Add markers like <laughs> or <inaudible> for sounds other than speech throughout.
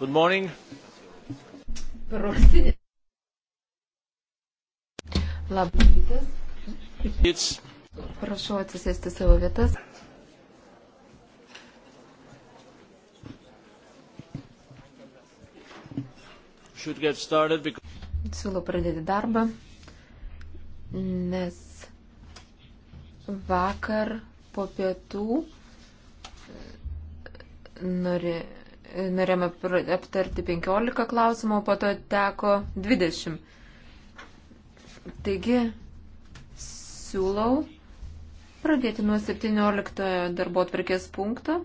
Good morning. Prastinė. Labas rytas. It's... Prašau atsisėsti savo vietas. Because... Siūlau pradėti darbą, nes vakar po pietų e, nori norėjome aptarti 15 klausimų, po to teko 20. Taigi, siūlau pradėti nuo 17 darbo atvarkės punkto.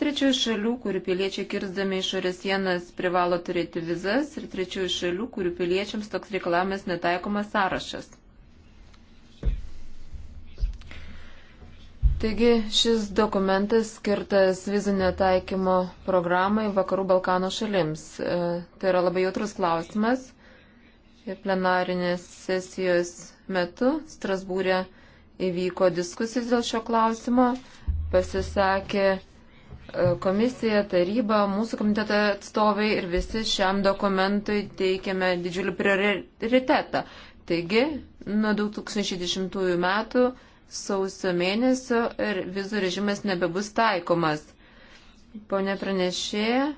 Trečiųjų šalių, kurių piliečiai kirzdami išorės sienas privalo turėti vizas ir trečiųjų šalių, kurių piliečiams toks reikalavimas netaikomas sąrašas. Taigi šis dokumentas skirtas vizinio taikymo programai Vakarų Balkano šalims. E, tai yra labai jautrus klausimas. Ir plenarinės sesijos metu Strasbūrė įvyko diskusijas dėl šio klausimo. Pasisakė e, komisija, taryba, mūsų komiteto atstovai ir visi šiam dokumentui teikiame didžiulį prioritetą. Taigi, nuo 2010 metų sausio mėnesio ir vizų režimas nebebus taikomas. Pone pranešėja e,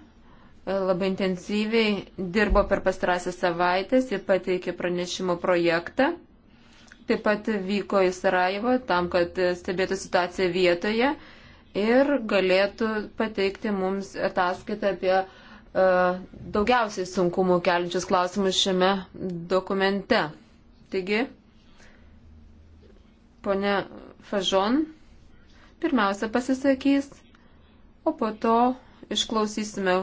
labai intensyviai dirbo per pastarąsias savaitės, ji pateikė pranešimo projektą. Taip pat vyko į Sarajevą tam, kad stebėtų situaciją vietoje ir galėtų pateikti mums ataskaitą apie uh, daugiausiai sunkumų keliančius klausimus šiame dokumente. Taigi, Pone Fažon pirmiausia pasisakys, o po to išklausysime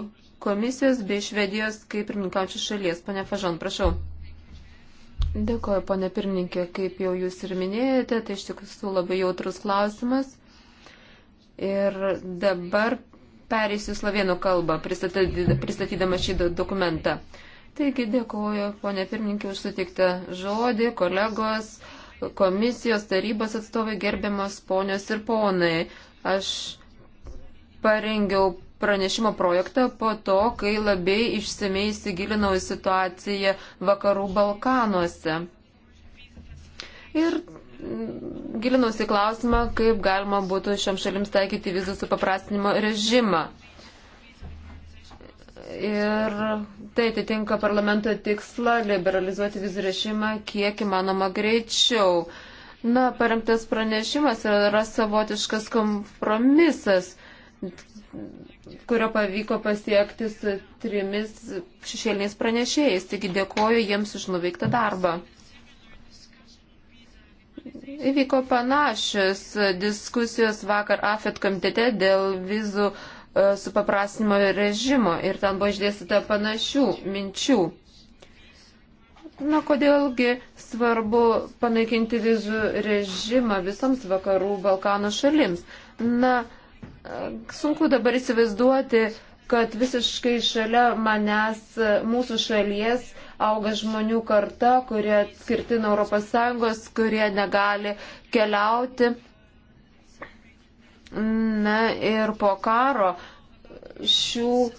komisijos bei Švedijos kaip pirmininkaučių šalies. Pone Fažon, prašau. Dėkoju, ponė pirmininkė, kaip jau jūs ir minėjote, tai iš tikrųjų labai jautrus klausimas. Ir dabar perėsiu slovėnų kalbą, pristatydama šį dokumentą. Taigi dėkoju, ponė pirmininkė, už sutiktą žodį, kolegos. Uh, komisijos tarybos atstovai, gerbiamas ponios ir ponai. Aš parengiau pranešimo projektą po to, kai labai išsamei įsigilinau į situaciją vakarų Balkanuose. Ir gilinausi klausimą, kaip galima būtų šiam šalims taikyti vizų supaprastinimo režimą. Ir tai atitinka parlamento tikslą liberalizuoti vizų režimą kiek įmanoma greičiau. Na, paremtas pranešimas yra savotiškas kompromisas, kurio pavyko pasiekti su trimis šešėliniais pranešėjais. Taigi dėkoju jiems už nuveiktą darbą. Įvyko panašios diskusijos vakar AFET komitete dėl vizų E, supaprastinimo režimo ir ten buvo išdėstyta panašių minčių. Na, kodėlgi svarbu panaikinti vizų režimą visoms vakarų Balkanų šalims? Na, e, sunku dabar įsivaizduoti, kad visiškai šalia manęs e, mūsų šalies auga žmonių karta, kurie atskirti nuo ES, kurie negali keliauti Na ir po karo šių e,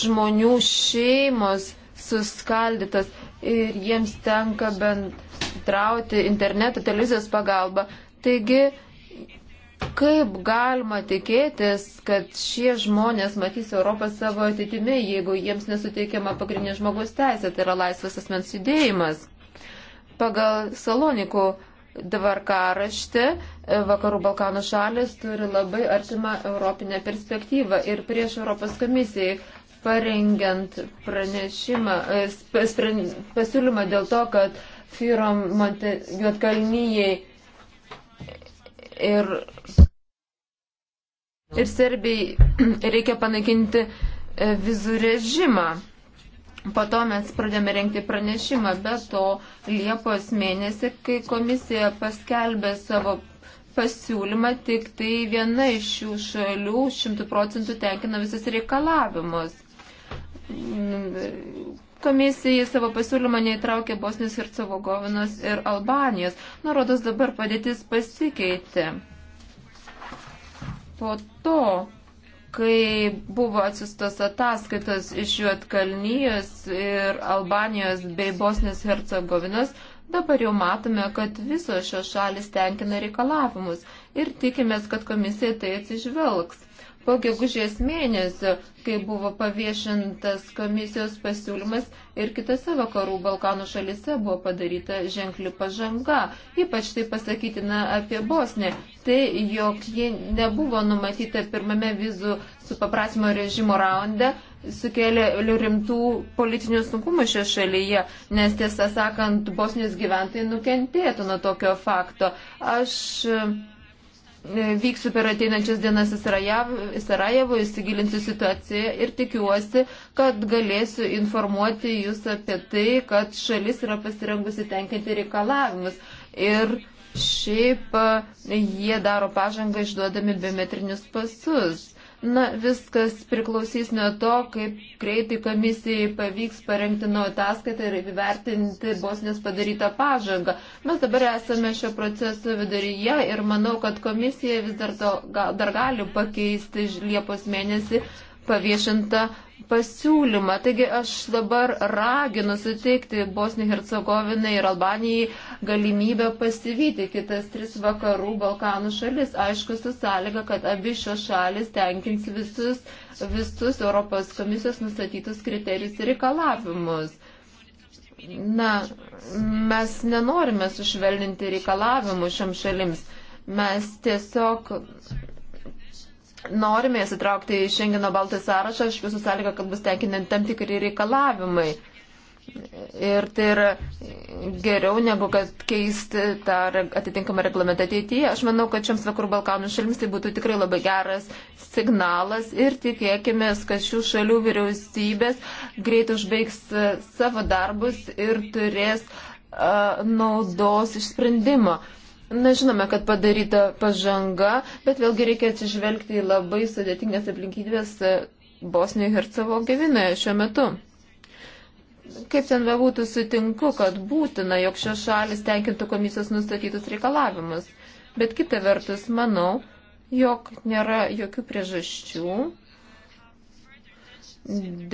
žmonių šeimos suskaldytos ir jiems tenka bendrauti interneto televizijos pagalba. Taigi, kaip galima tikėtis, kad šie žmonės matys Europą savo ateitimi, jeigu jiems nesuteikiama pagrindinė žmogus teisė, tai yra laisvas asmens judėjimas. Pagal Salonikų tvarkaraštį e, Vakarų Balkanų šalis turi labai artimą europinę perspektyvą ir prieš Europos komisijai parengiant pranešimą, e, pasiūlymą dėl to, kad Fyrom Juotkalnyjei ir, ir Serbijai <clears throat> reikia panaikinti e, vizų režimą. Po to mes pradėjome renkti pranešimą, be to Liepos mėnesį, kai komisija paskelbė savo pasiūlymą, tik tai viena iš šių šalių šimtų procentų tenkina visus reikalavimus. Komisija į savo pasiūlymą neįtraukė Bosnijos ir Cevogovinos ir Albanijos. Nurodos dabar padėtis pasikeitė. Po to kai buvo atsistos ataskaitos iš Juotkalnyjos ir Albanijos bei Bosnijos Hercegovinos, dabar jau matome, kad visos šios šalis tenkina reikalavimus ir tikimės, kad komisija tai atsižvelgs. Po gegužės mėnesio, kai buvo paviešintas komisijos pasiūlymas ir kitose vakarų Balkanų šalise buvo padaryta ženkli pažanga. Ypač tai pasakytina apie Bosnę. Tai, jog ji nebuvo numatyta pirmame vizų supaprasimo režimo raunde, sukėlė rimtų politinių sunkumų šioje šalyje, nes tiesą sakant, Bosnijos gyventojai nukentėtų nuo tokio fakto. Aš vyksiu per ateinančias dienas į Sarajevo, įsigilinsiu situaciją ir tikiuosi, kad galėsiu informuoti jūs apie tai, kad šalis yra pasirengusi tenkinti reikalavimus. Ir šiaip jie daro pažangą išduodami biometrinius pasus. Na, viskas priklausys nuo to, kaip greitai komisijai pavyks parengti nuo ataskaitą ir įvertinti Bosnės padarytą pažangą. Mes dabar esame šio proceso viduryje ir manau, kad komisija vis dar, to, gal, dar gali pakeisti Liepos mėnesį paviešintą pasiūlymą. Taigi aš dabar raginu suteikti Bosnijai, Hercegovinai ir Albanijai galimybę pasivyti kitas tris vakarų Balkanų šalis. Aišku, su sąlyga, kad abi šios šalis tenkins visus, visus Europos komisijos nustatytus kriterijus ir reikalavimus. Na, mes nenorime sušvelninti reikalavimų šiam šalims. Mes tiesiog norime įsitraukti į Šengeno baltą sąrašą, aš visų sąlygą, kad bus tenkinami tam tikri reikalavimai. Ir tai yra geriau negu kad keisti tą atitinkamą reglamentą ateityje. Aš manau, kad šiems vakarų Balkanų šalims tai būtų tikrai labai geras signalas ir tikėkime, kad šių šalių vyriausybės greit užbaigs e, savo darbus ir turės uh, naudos išsprendimo. Uh, Na, žinome, kad padaryta pažanga, bet vėlgi reikia atsižvelgti į labai sudėtingas aplinkybės e, Bosnijoje ir Hercegovinoje šiuo metu. Kaip ten bebūtų, sutinku, kad būtina, jog šios šalis tenkintų komisijos nustatytus reikalavimus. Bet kita vertus, manau, jog nėra jokių priežasčių,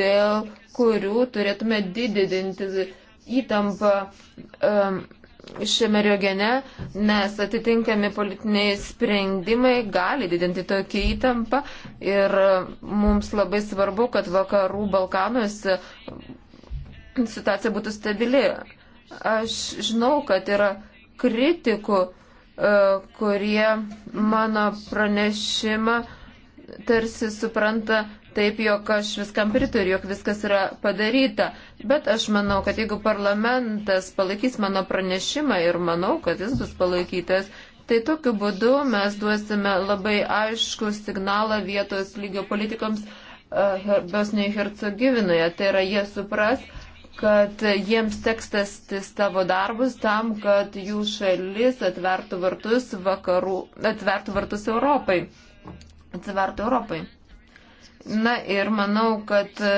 dėl kurių turėtume didinti įtampą. Um, šiame regione, nes atitinkami politiniai sprendimai gali didinti tokį įtampą ir mums labai svarbu, kad vakarų Balkanuose situacija būtų stabili. Aš žinau, kad yra kritikų, e, kurie mano pranešimą tarsi supranta taip, jog aš viskam pritariu, jog viskas yra padaryta. Bet aš manau, kad jeigu parlamentas palaikys mano pranešimą ir manau, kad jis bus palaikytas, tai tokiu būdu mes duosime labai aišku signalą vietos lygio politikams uh, e, Bosnijoje Hercegivinoje. Tai yra, jie supras, kad jiems teks testis tavo darbus tam, kad jų šalis atvertų vartus vakarų, atvertų vartus Europai. Atsivertų Europai. Na ir manau, kad e,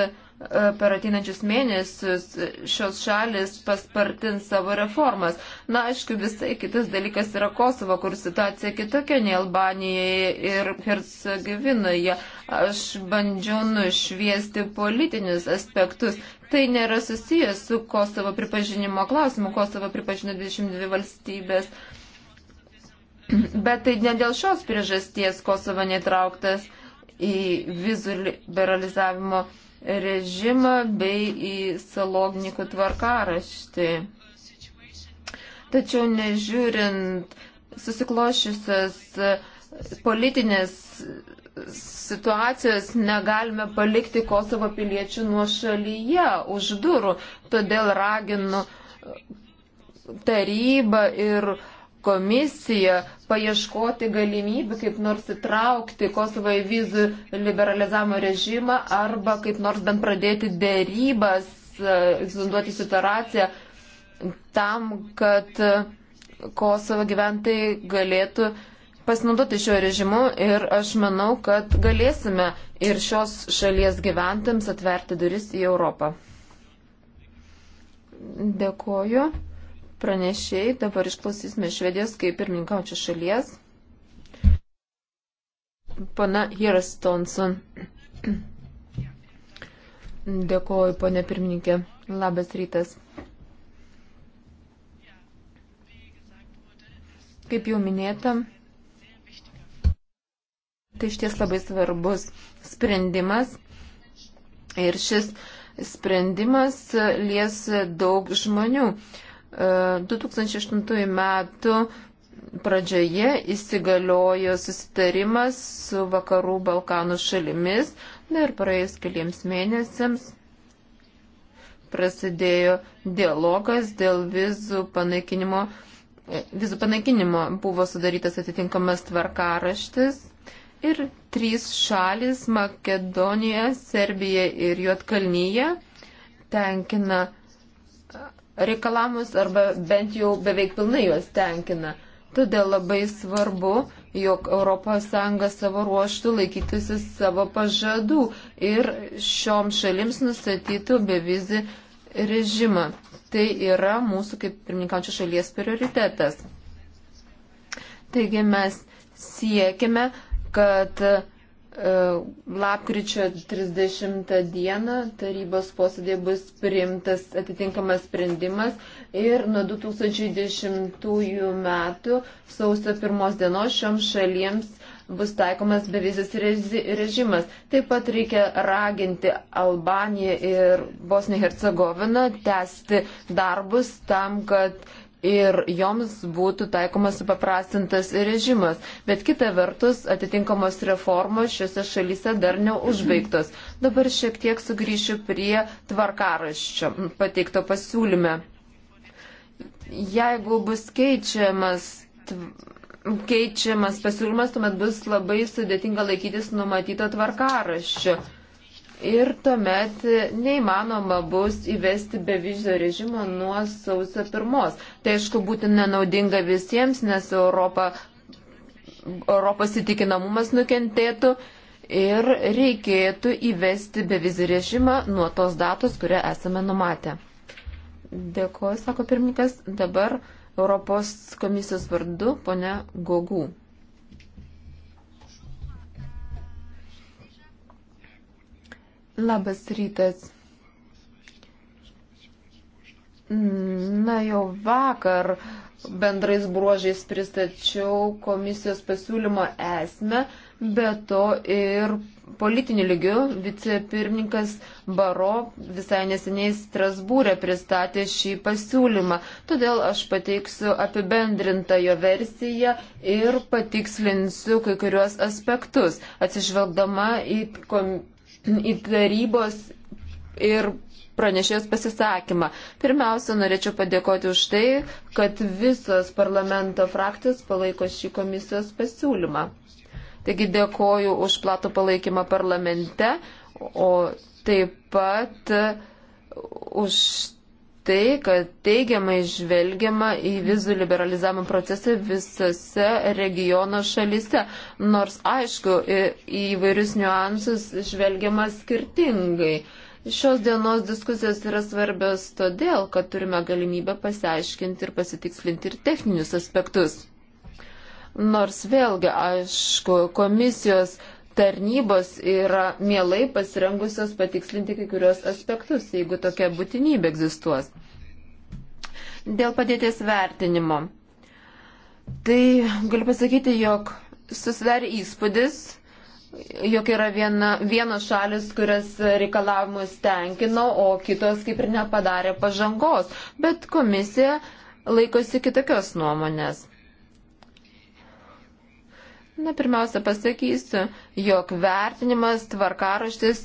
per ateinančius mėnesius šios šalis paspartins savo reformas. Na, aišku, visai kitas dalykas yra Kosovo, kur situacija kitokia nei Albanijoje ir Hercegovinoje. Aš bandžiau nušviesti politinius aspektus. Tai nėra susijęs su Kosovo pripažinimo klausimu. Kosovo pripažino 22 valstybės. Bet tai ne dėl šios priežasties Kosovo netrauktas į vizų liberalizavimo režimą bei į salognikų tvarkaraštį. Tačiau nežiūrint susiklošiusios politinės situacijos negalime palikti Kosovo piliečių nuo šalyje, už durų. Todėl raginu tarybą ir uh, komisiją paieškoti galimybių kaip nors įtraukti Kosovo į vizų liberalizavimo režimą arba kaip nors bent pradėti dėrybas, e, egzistuoti situaciją tam, kad Kosovo gyventojai galėtų pasinaudoti šiuo režimu ir aš manau, kad galėsime ir šios šalies gyventojams atverti duris į Europą. Dėkoju pranešėjai. Dabar išklausysime Švedijos kaip pirmininkaučio šalies. Pana Hiras Tonson. Dėkoju, ponė pirmininkė. Labas rytas. Kaip jau minėta, tai išties labai svarbus sprendimas. Ir šis sprendimas lies daug žmonių. 2008 metų pradžioje įsigaliojo susitarimas su vakarų Balkanų šalimis na, ir praėjus keliems mėnesiams prasidėjo dialogas dėl vizų panaikinimo. Vizų panaikinimo buvo sudarytas atitinkamas tvarkaraštis ir trys šalis - Makedonija, Serbija ir Juotkalnyje - tenkina reikalavimus arba bent jau beveik pilnai juos tenkina. Todėl labai svarbu, jog ES savo ruoštų laikytųsi savo pažadų ir šiom šalims nustatytų bevizį režimą. Tai yra mūsų kaip pirmininkančio šalies prioritetas. Taigi mes siekime, kad uh, E, lapkričio 30 dieną tarybos posėdėje bus priimtas atitinkamas sprendimas ir nuo 2010 metų sausio 1 dienos šioms šalims bus taikomas bevizis režimas. Taip pat reikia raginti Albaniją ir Bosniją Hercegoviną tęsti darbus tam, kad ir joms būtų taikomas supaprastintas režimas. Bet kita vertus, atitinkamos reformos šiuose šalyse dar neužbaigtos. Dabar šiek tiek sugrįšiu prie tvarkaraščio pateikto pasiūlyme. Jeigu bus keičiamas keičiamas pasiūlymas, tuomet bus labai sudėtinga laikytis numatyto tvarkaraščio. Ir tuomet neįmanoma bus įvesti bevizio režimo nuo sausio pirmos. Tai aišku būtų nenaudinga visiems, nes Europa, Europos įtikinamumas nukentėtų ir reikėtų įvesti bevizį režimą nuo tos datos, kurią esame numatę. Dėkuoju, sako pirmininkas. Dabar Europos komisijos vardu ponia Gogų. Labas rytas. Na jau vakar bendrais bruožais pristačiau komisijos pasiūlymo esmę, be to ir politiniu lygiu vicepirmininkas Baro visai neseniai Strasbūrė pristatė šį pasiūlymą. Todėl aš pateiksiu apibendrintą jo versiją ir patikslinsiu kai kuriuos aspektus, atsižvelgdama į komisijos į tarybos ir pranešėjos pasisakymą. Pirmiausia, norėčiau padėkoti už tai, kad visos parlamento frakcijos palaiko šį komisijos pasiūlymą. Taigi dėkoju už platų palaikymą parlamente, o taip pat už tai, kad teigiamai žvelgiama į vizų liberalizavimo procesą visose regiono šalise, nors aišku, į įvairius niuansus žvelgiama skirtingai. Šios dienos diskusijos yra svarbios todėl, kad turime galimybę pasiaiškinti ir pasitikslinti ir techninius aspektus. Nors vėlgi, aišku, komisijos tarnybos yra mielai pasirengusios patikslinti kai kurios aspektus, jeigu tokia būtinybė egzistuos. Dėl padėties vertinimo. Tai galiu pasakyti, jog susidarė įspūdis, jog yra viena, vienos šalis, kurias reikalavimus tenkino, o kitos kaip ir nepadarė pažangos. Bet komisija laikosi kitokios nuomonės. Na, pirmiausia, pasakysiu, jog vertinimas, tvarkaraštis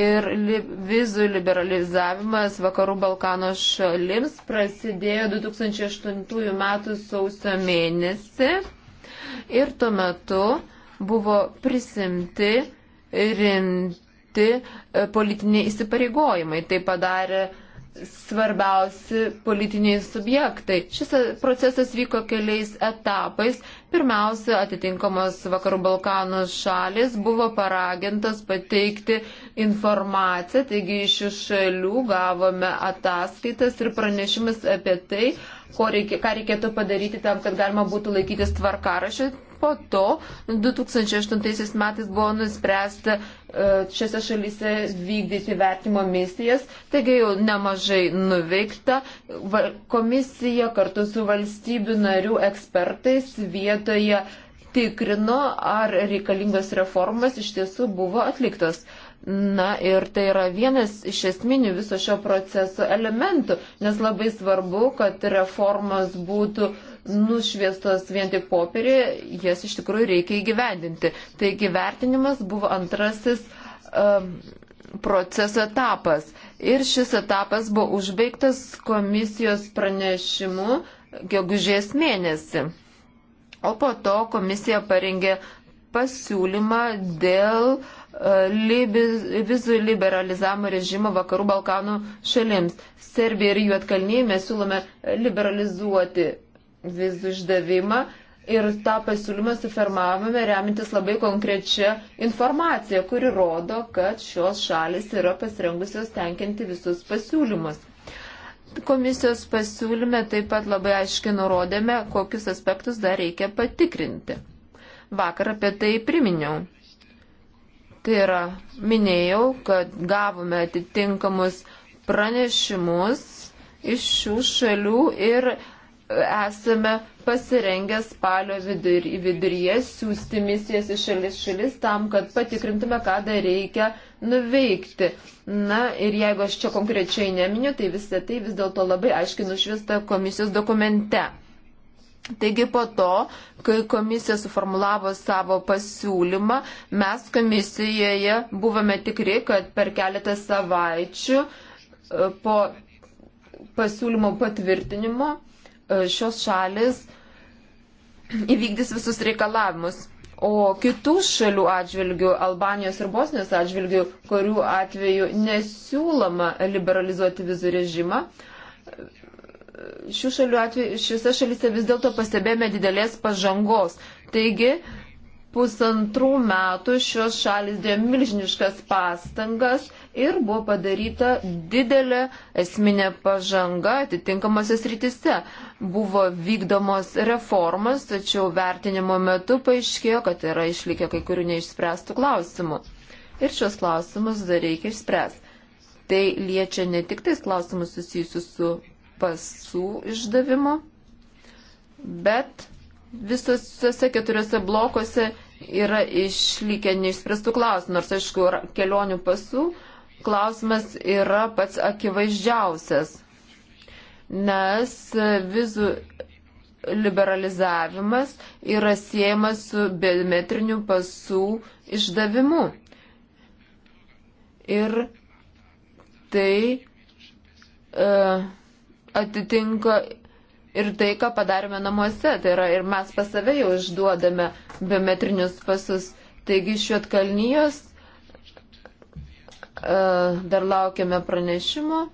ir li vizų liberalizavimas Vakarų Balkano šalims prasidėjo 2008 m. sausio mėnesį ir tuo metu buvo prisimti rimti e, politiniai įsipareigojimai. Tai padarė svarbiausi politiniai subjektai. Šis procesas vyko keliais etapais. Pirmiausia, atitinkamos Vakarų Balkanų šalis buvo paragintos pateikti informaciją, taigi iš šių šalių gavome ataskaitas ir pranešimus apie tai, reikia, ką reikėtų padaryti tam, kad galima būtų laikytis tvarkarašio po to 2008 metais buvo nuspręsta e, šiose šalyse vykdyti vertimo misijas, taigi jau nemažai nuveikta. Komisija kartu su valstybių narių ekspertais vietoje tikrino, ar reikalingos reformas iš tiesų buvo atliktos. Na ir tai yra vienas iš esminių viso šio proceso elementų, nes labai svarbu, kad reformos būtų uh, nušviestos vien tik popierį, jas iš tikrųjų reikia įgyvendinti. Taigi vertinimas buvo antrasis um, proceso etapas. Ir šis etapas buvo užbaigtas komisijos pranešimu gegužės mėnesį. O po to komisija parengė pasiūlymą dėl uh, vizų liberalizavimo režimo vakarų Balkanų šalims. Serbija ir Juotkalnyje mes siūlome liberalizuoti vizų išdavimą ir tą pasiūlymą suformavome remintis labai konkrečia informacija, kuri rodo, kad šios šalis yra pasirengusios tenkinti visus pasiūlymus. Komisijos pasiūlyme taip pat labai aiškiai nurodėme, kokius aspektus dar reikia patikrinti. Vakar apie tai priminiau. Tai yra, minėjau, kad gavome atitinkamus pranešimus iš šių šalių ir esame pasirengę spalio vidury, viduryje siūsti misijas į šalis šalis tam, kad patikrintume, ką dar reikia nuveikti. Na ir jeigu aš čia konkrečiai neminiu, tai visą tai vis dėlto labai aiškiai nušvista komisijos dokumente. Taigi po to, kai komisija suformulavo savo pasiūlymą, mes komisijoje buvome tikri, kad per keletą savaičių e, po pasiūlymo patvirtinimo šios šalis įvykdys visus reikalavimus. O kitų šalių atžvilgių, Albanijos ir Bosnijos atžvilgių, kurių atveju nesiūloma liberalizuoti vizų režimą, šių šalių atveju, šiuose šalyse vis dėlto pastebėjome didelės pažangos. Taigi, pusantrų metų šios šalis dėjo milžiniškas pastangas ir buvo padaryta didelė esminė pažanga atitinkamosios rytise. Buvo vykdomos reformas, tačiau vertinimo metu paaiškėjo, kad yra išlikę kai kurių neišspręstų klausimų. Ir šios klausimus dar reikia išspręsti. Tai liečia ne tik tais klausimus susijusius su pasų išdavimu, bet visose keturiose blokuose yra išlikę neišspręstų klausimų, nors aišku, kelionių pasų klausimas yra pats akivaizdžiausias, nes vizų liberalizavimas yra siejamas su biometrinių pasų išdavimu. Ir tai uh, atitinka ir tai, ką padarėme namuose. Tai yra ir mes pas save jau išduodame biometrinius pasus. Taigi iš Juotkalnyjos e, dar laukiame pranešimo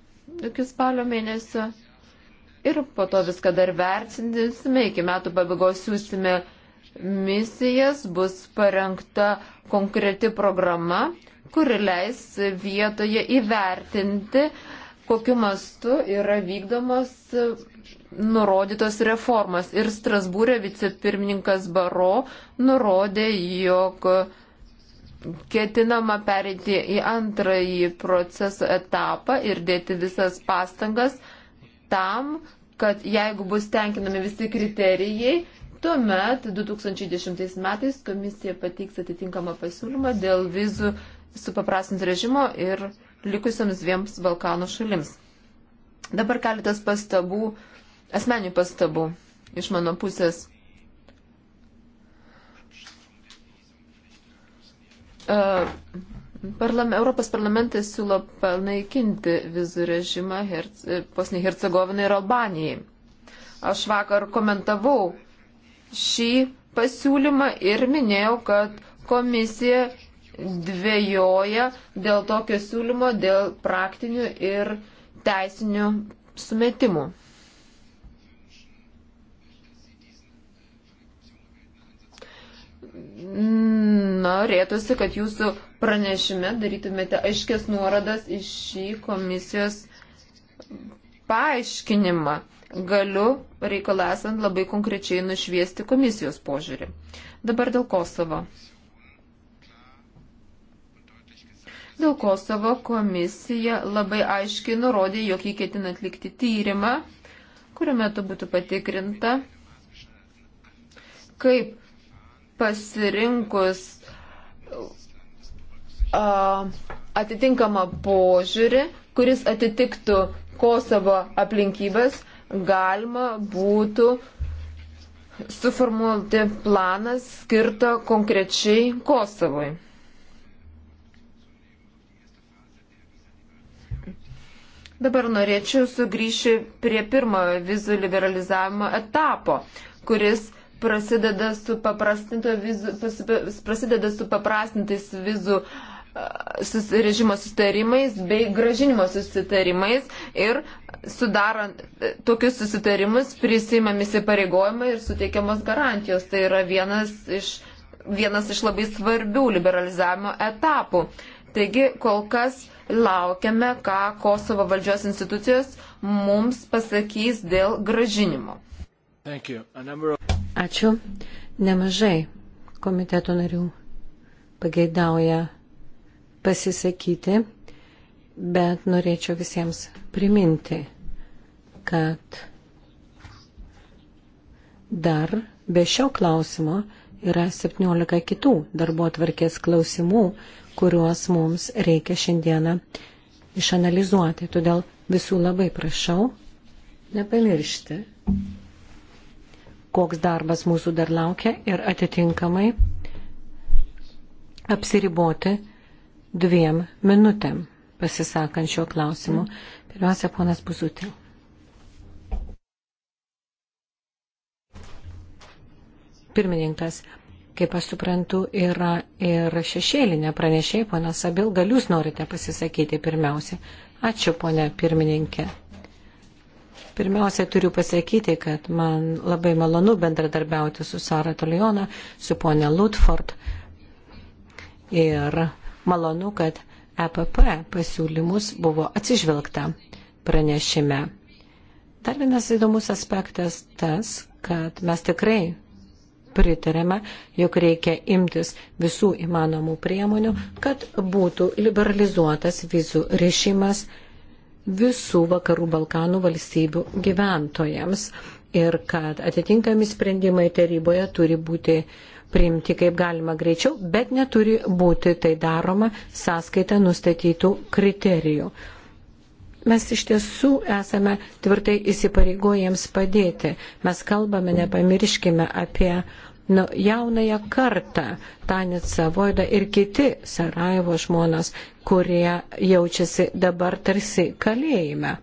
iki spalio mėnesio. Ir po to viską dar vertinsime, iki metų pabaigos siūsime misijas, bus parengta konkreti programa, kuri leis vietoje įvertinti, kokiu mastu yra vykdomos nurodytos reformas. Ir Strasbūrė vicepirmininkas Baro nurodė, jog ketinama perėti į antrąjį proceso etapą ir dėti visas pastangas tam, kad jeigu bus tenkinami visi kriterijai, tuomet 2010 metais komisija pateiks atitinkamą pasiūlymą dėl vizų supaprastint režimo ir likusiams dviems Balkanų šalims. Dabar keletas pastabų uh, asmenių pastabų iš mano pusės. Uh, e, Parlam, Europos parlamentas siūlo panaikinti vizų režimą Herc, Posniai e, Hercegovinai ir Albanijai. Aš vakar komentavau šį pasiūlymą ir minėjau, kad komisija dvėjoja dėl tokio siūlymo, dėl praktinių ir teisinių sumetimų. norėtųsi, kad jūsų pranešime darytumėte aiškės nuorodas į šį komisijos paaiškinimą. Galiu reikalasant labai konkrečiai nušviesti komisijos požiūrį. Dabar dėl Kosovo. Dėl Kosovo komisija labai aiškiai nurodė, jog jį ketina atlikti tyrimą, kuriuo metu būtų patikrinta, kaip pasirinkus uh, atitinkamą požiūrį, kuris atitiktų Kosovo aplinkybės, galima būtų suformuoti planą skirtą konkrečiai Kosovui. Dabar norėčiau sugrįžti prie pirmojo vizų liberalizavimo etapo, kuris prasideda su, vizu, prasideda su paprastintais vizų sus, režimo susitarimais bei gražinimo susitarimais ir sudarant e, tokius susitarimus prisimami įsipareigojimai ir suteikiamos garantijos. Tai yra vienas iš, vienas iš labai svarbių liberalizavimo etapų. Taigi kol kas laukiame, ką Kosovo valdžios institucijos mums pasakys dėl gražinimo. Of... Ačiū. Nemažai komiteto narių pageidauja pasisakyti, bet norėčiau visiems priminti, kad dar be šio klausimo yra 17 kitų darbo atvarkės klausimų, kuriuos mums reikia šiandieną išanalizuoti. Todėl visų labai prašau nepamiršti koks darbas mūsų dar laukia ir atitinkamai apsiriboti dviem minutėm pasisakant šiuo klausimu. Pirmiausia, ponas Buzutil. Pirmininkas, kaip aš suprantu, yra ir šešėlinė pranešėja, ponas Abil, gal jūs norite pasisakyti pirmiausia. Ačiū, ponė pirmininkė. Pirmiausia, turiu pasakyti, kad man labai malonu bendradarbiauti su Sara Toliona, su ponia Lutford. Ir malonu, kad EPP pasiūlymus buvo atsižvelgta pranešime. Dar vienas įdomus aspektas tas, kad mes tikrai pritarėme, jog reikia imtis visų įmanomų priemonių, kad būtų liberalizuotas vizų režimas visų vakarų Balkanų valstybių gyventojams ir kad atitinkami sprendimai taryboje turi būti priimti kaip galima greičiau, bet neturi būti tai daroma sąskaita nustatytų kriterijų. Mes iš tiesų esame tvirtai įsipareigojams padėti. Mes kalbame, nepamirškime apie uh, nu, jaunąją kartą, Tanica Voida ir kiti Sarajevo žmonės, kurie jaučiasi dabar tarsi kalėjime.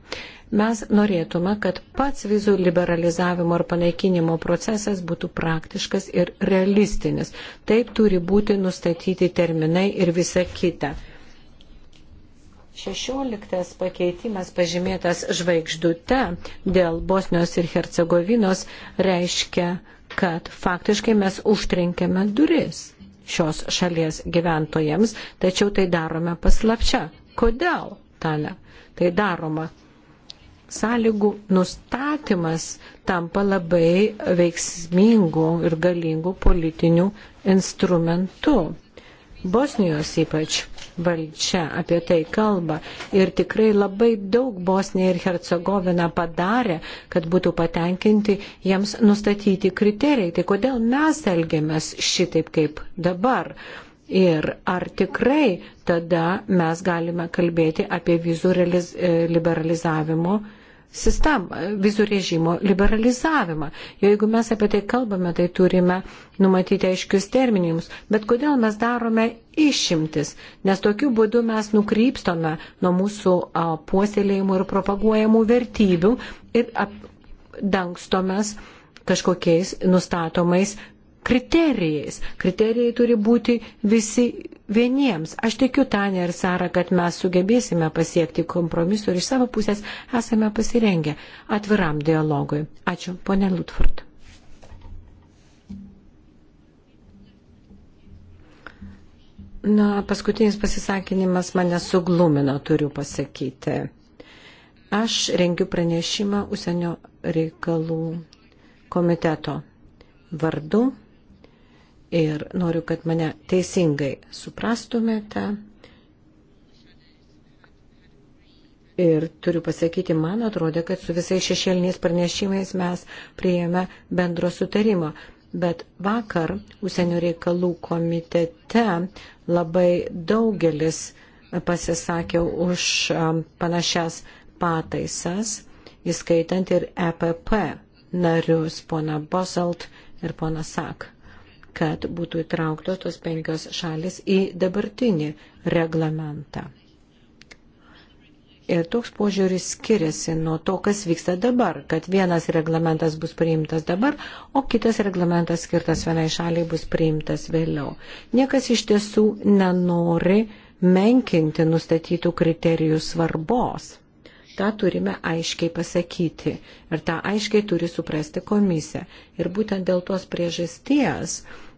Mes norėtume, kad pats vizų liberalizavimo ir panaikinimo procesas būtų praktiškas ir realistinis. Taip turi būti nustatyti terminai ir visa kita. Šešioliktas pakeitimas pažymėtas žvaigždute dėl Bosnios ir Hercegovinos reiškia uh, kad faktiškai mes užtrenkėme duris šios šalies gyventojams, tačiau tai darome paslapčia. Kodėl, Tale, tai daroma? Sąlygų nustatymas tampa labai veiksmingų ir galingų politinių instrumentų. Bosnijos ypač valdžia apie tai kalba ir tikrai labai daug Bosnija ir Hercegovina padarė, kad būtų patenkinti jiems nustatyti kriterijai. Tai kodėl mes elgiamės šitaip kaip dabar? Ir ar tikrai tada mes galime kalbėti apie vizų e, liberalizavimo sistemą, vizų režimo liberalizavimą. Jeigu mes apie tai kalbame, tai turime numatyti aiškius terminimus. Bet kodėl mes darome išimtis? Nes tokiu būdu mes nukrypstome nuo mūsų a, puoselėjimų ir propaguojamų vertybių ir ap, dangstomės kažkokiais nustatomais kriterijais. Kriterijai turi būti visi vieniems. Aš tikiu Tanė ir Sara, kad mes sugebėsime pasiekti kompromisu ir iš savo pusės esame pasirengę atviram dialogui. Ačiū, ponė Lutford. Na, paskutinis pasisakinimas mane suglumino, turiu pasakyti. Aš rengiu pranešimą užsienio reikalų komiteto vardu ir noriu, kad mane teisingai suprastumėte. Ir turiu pasakyti, man atrodė, kad su visais šešėliniais pranešimais mes prieėmė bendro sutarimo. Bet vakar užsienio reikalų komitete labai daugelis pasisakė už um, panašias pataisas, įskaitant ir EPP narius, pona Boselt ir pona Sak kad būtų įtrauktos tos penkios šalis į dabartinį reglamentą. Ir toks požiūris skiriasi nuo to, kas vyksta dabar, kad vienas reglamentas bus priimtas dabar, o kitas reglamentas skirtas vienai šaliai bus priimtas vėliau. Niekas iš tiesų nenori menkinti nustatytų kriterijų svarbos. Ta turime aiškiai pasakyti ir tą aiškiai turi suprasti komisija. Ir būtent dėl tos priežasties,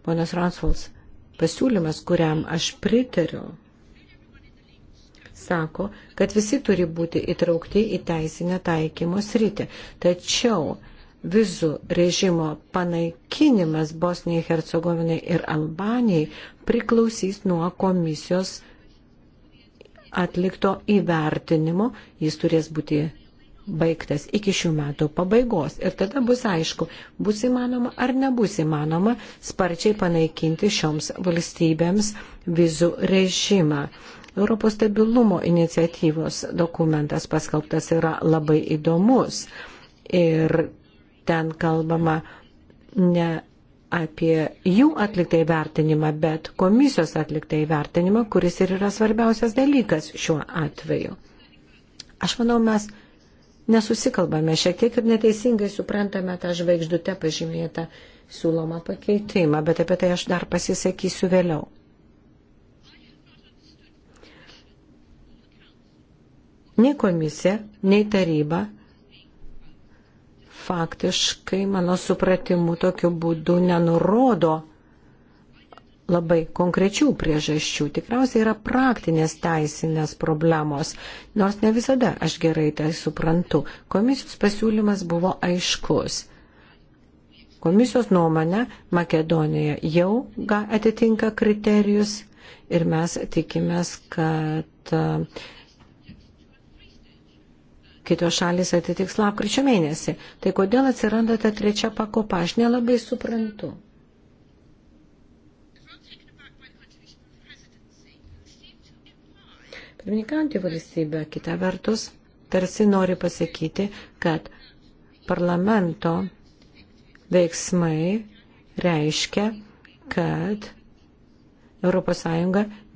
ponas Ransvols, pasiūlymas, kuriam aš pritariu, sako, kad visi turi būti įtraukti į teisinę taikymo sritį. Tačiau vizų režimo panaikinimas Bosnijai, Hercegovinai ir Albanijai priklausys nuo komisijos atlikto įvertinimo, jis turės būti baigtas iki šių metų pabaigos. Ir tada bus aišku, bus įmanoma ar nebus įmanoma sparčiai panaikinti šioms valstybėms vizų režimą. Europos stabilumo iniciatyvos dokumentas paskelbtas yra labai įdomus ir ten kalbama ne apie jų atliktą įvertinimą, bet komisijos atliktą įvertinimą, kuris ir yra svarbiausias dalykas šiuo atveju. Aš manau, mes nesusikalbame šiek tiek ir neteisingai suprantame tą žvaigždutę pažymėtą siūlomą pakeitimą, bet apie tai aš dar pasisakysiu vėliau. Nei komisija, nei taryba faktiškai, mano supratimu, tokiu būdu nenurodo labai konkrečių priežasčių. Tikriausiai yra praktinės teisinės problemos, nors ne visada aš gerai tai suprantu. Komisijos pasiūlymas buvo aiškus. Komisijos nuomonė Makedonija jau atitinka kriterijus ir mes tikimės, kad kitos šalis atitiks lapkričio mėnesį. Tai kodėl atsiranda ta trečia pakopa, aš nelabai suprantu. Pirmininkantį valstybę, kita vertus, tarsi nori pasakyti, kad parlamento veiksmai reiškia, kad ES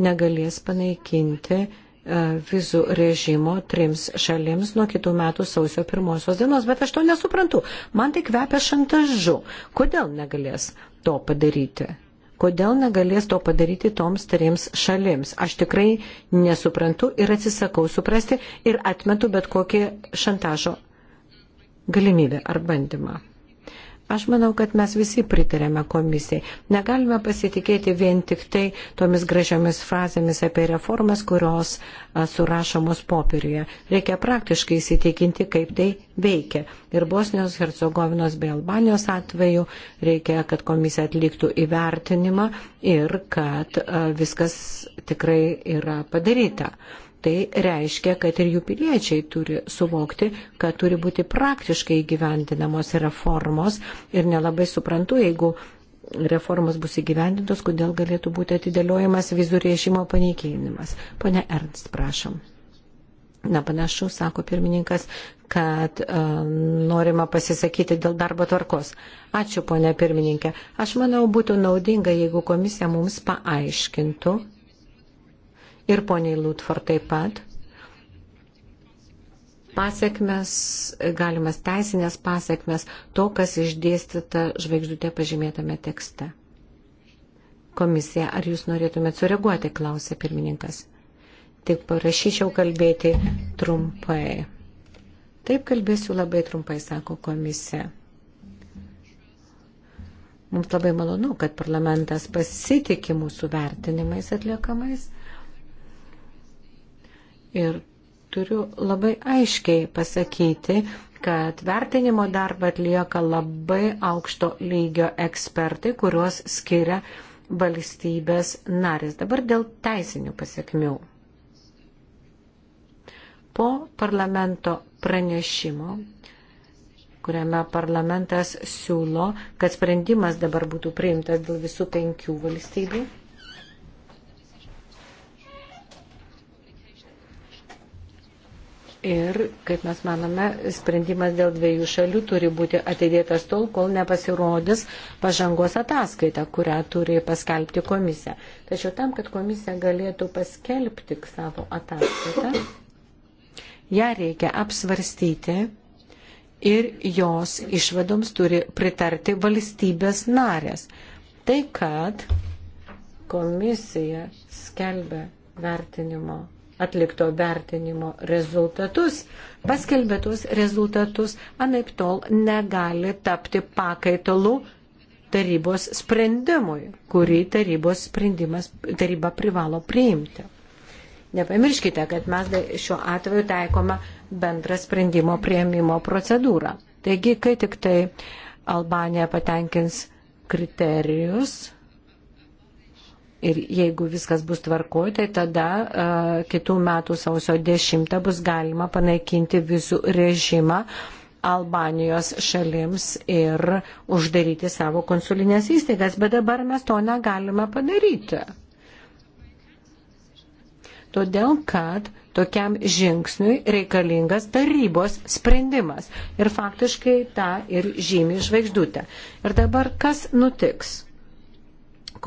negalės panaikinti E, vizų režimo trims šalims nuo kitų metų sausio pirmosios dienos, bet aš to nesuprantu. Man tai kvepia šantažu. Kodėl negalės to padaryti? Kodėl negalės to padaryti toms trims šalims? Aš tikrai nesuprantu ir atsisakau suprasti ir atmetu bet kokį šantažo galimybę ar bandymą. Aš manau, kad mes visi pritarėme komisijai. Negalime pasitikėti vien tik tai tomis gražiomis frazėmis apie reformas, kurios a, surašomos popieriuje. Reikia praktiškai įsitikinti, kaip tai veikia. Ir Bosnijos, Hercegovinos bei Albanijos atveju reikia, kad komisija atliktų įvertinimą ir kad a, viskas tikrai yra padaryta. Tai reiškia, kad ir jų piliečiai turi suvokti, kad turi būti praktiškai įgyvendinamos reformos ir nelabai suprantu, jeigu reformos bus įgyvendintos, kodėl galėtų būti atidėliojamas vizų režimo paneikinimas. Pone Ernst, prašom. Na, panašu, sako pirmininkas, kad e, norima pasisakyti dėl darbo tvarkos. Ačiū, ponė pirmininkė. Aš manau, būtų naudinga, jeigu komisija mums paaiškintų, ir poniai Lutfor taip pat. Pasiekmes, galimas teisinės pasiekmes to, kas išdėstyta žvaigždutė pažymėtame tekste. Komisija, ar jūs norėtumėte sureaguoti, klausė pirmininkas. Tik parašyčiau kalbėti trumpai. Taip kalbėsiu labai trumpai, sako komisija. Mums labai malonu, kad parlamentas pasitikė mūsų vertinimais atliekamais Ir turiu labai aiškiai pasakyti, kad vertinimo darbą atlieka labai aukšto lygio ekspertai, kuriuos skiria valstybės narės. Dabar dėl teisinių pasiekmių. Po parlamento pranešimo, kuriame parlamentas siūlo, kad sprendimas dabar būtų priimtas dėl visų penkių valstybių Ir, kaip mes manome, sprendimas dėl dviejų šalių turi būti atidėtas tol, kol nepasirodys pažangos ataskaita, kurią turi paskelbti komisija. Tačiau tam, kad komisija galėtų paskelbti savo ataskaitą, ją reikia apsvarstyti ir jos išvadoms turi pritarti valstybės narės. Tai, kad komisija skelbia vertinimo atlikto vertinimo rezultatus, paskelbė tuos rezultatus, anaip tol negali tapti pakaitalu tarybos sprendimui, kurį tarybos sprendimas taryba privalo priimti. Nepamirškite, kad mes šiuo atveju taikome bendrą sprendimo prieimimo procedūrą. Taigi, kai tik tai Albanija patenkins kriterijus, Ir jeigu viskas bus tvarkoj, tai tada a, kitų metų sausio 10 bus galima panaikinti vizų režimą Albanijos šalims ir uždaryti savo konsulinės įstaigas, bet dabar mes to negalime padaryti. Todėl, kad tokiam žingsniui reikalingas tarybos sprendimas. Ir faktiškai tą ir žymi žvaigždutę. Ir dabar kas nutiks?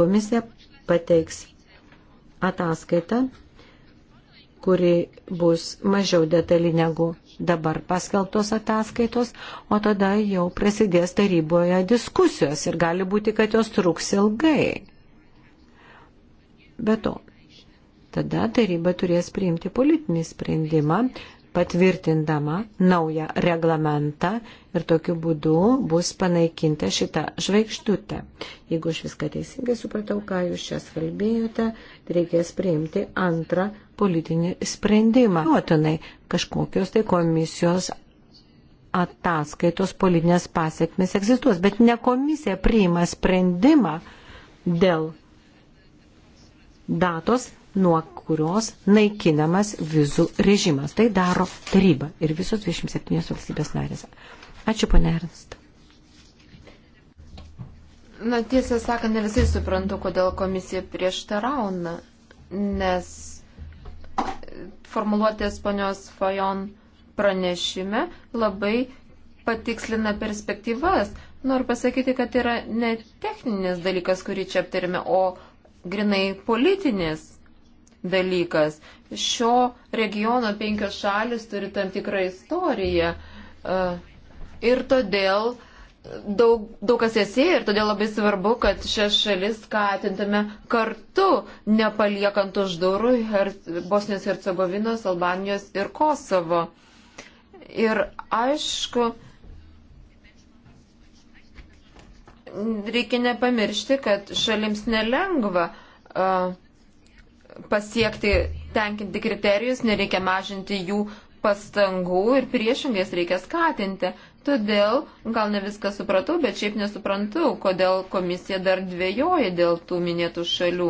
Komisija pateiks ataskaitą, kuri bus mažiau detali negu dabar paskelbtos ataskaitos, o tada jau prasidės taryboje diskusijos ir gali būti, kad jos truks ilgai. Be to, tada taryba turės priimti politinį sprendimą patvirtindama naują reglamentą ir tokiu būdu bus panaikinta šita žvaigždutė. Jeigu aš viską teisingai supratau, ką jūs čia svalbėjote, reikės priimti antrą politinį sprendimą. Nuotinai kažkokios tai komisijos ataskaitos politinės pasiekmes egzistuos, bet ne komisija priima sprendimą dėl datos nuo kurios naikinamas vizų režimas. Tai daro taryba ir visos 27 valstybės narės. Ačiū, ponė Ernst. Na, tiesą sakant, ne visai suprantu, kodėl komisija prieštarauna, nes formuluotės ponios Fajon pranešime labai patikslina perspektyvas. Noriu pasakyti, kad tai yra ne techninis dalykas, kurį čia aptarėme, o grinai politinis dalykas. Šio regiono penkios šalis turi tam tikrą istoriją e, ir todėl daug, daug kas esi ir todėl labai svarbu, kad šias šalis skatintume kartu, nepaliekant už durų her, Bosnijos Hercegovinos, Albanijos ir Kosovo. Ir aišku, reikia nepamiršti, kad šalims nelengva uh, pasiekti tenkinti kriterijus, nereikia mažinti jų pastangų ir priešingais reikia skatinti. Todėl gal ne viską supratau, bet šiaip nesuprantu, kodėl komisija dar dvėjoja dėl tų minėtų šalių.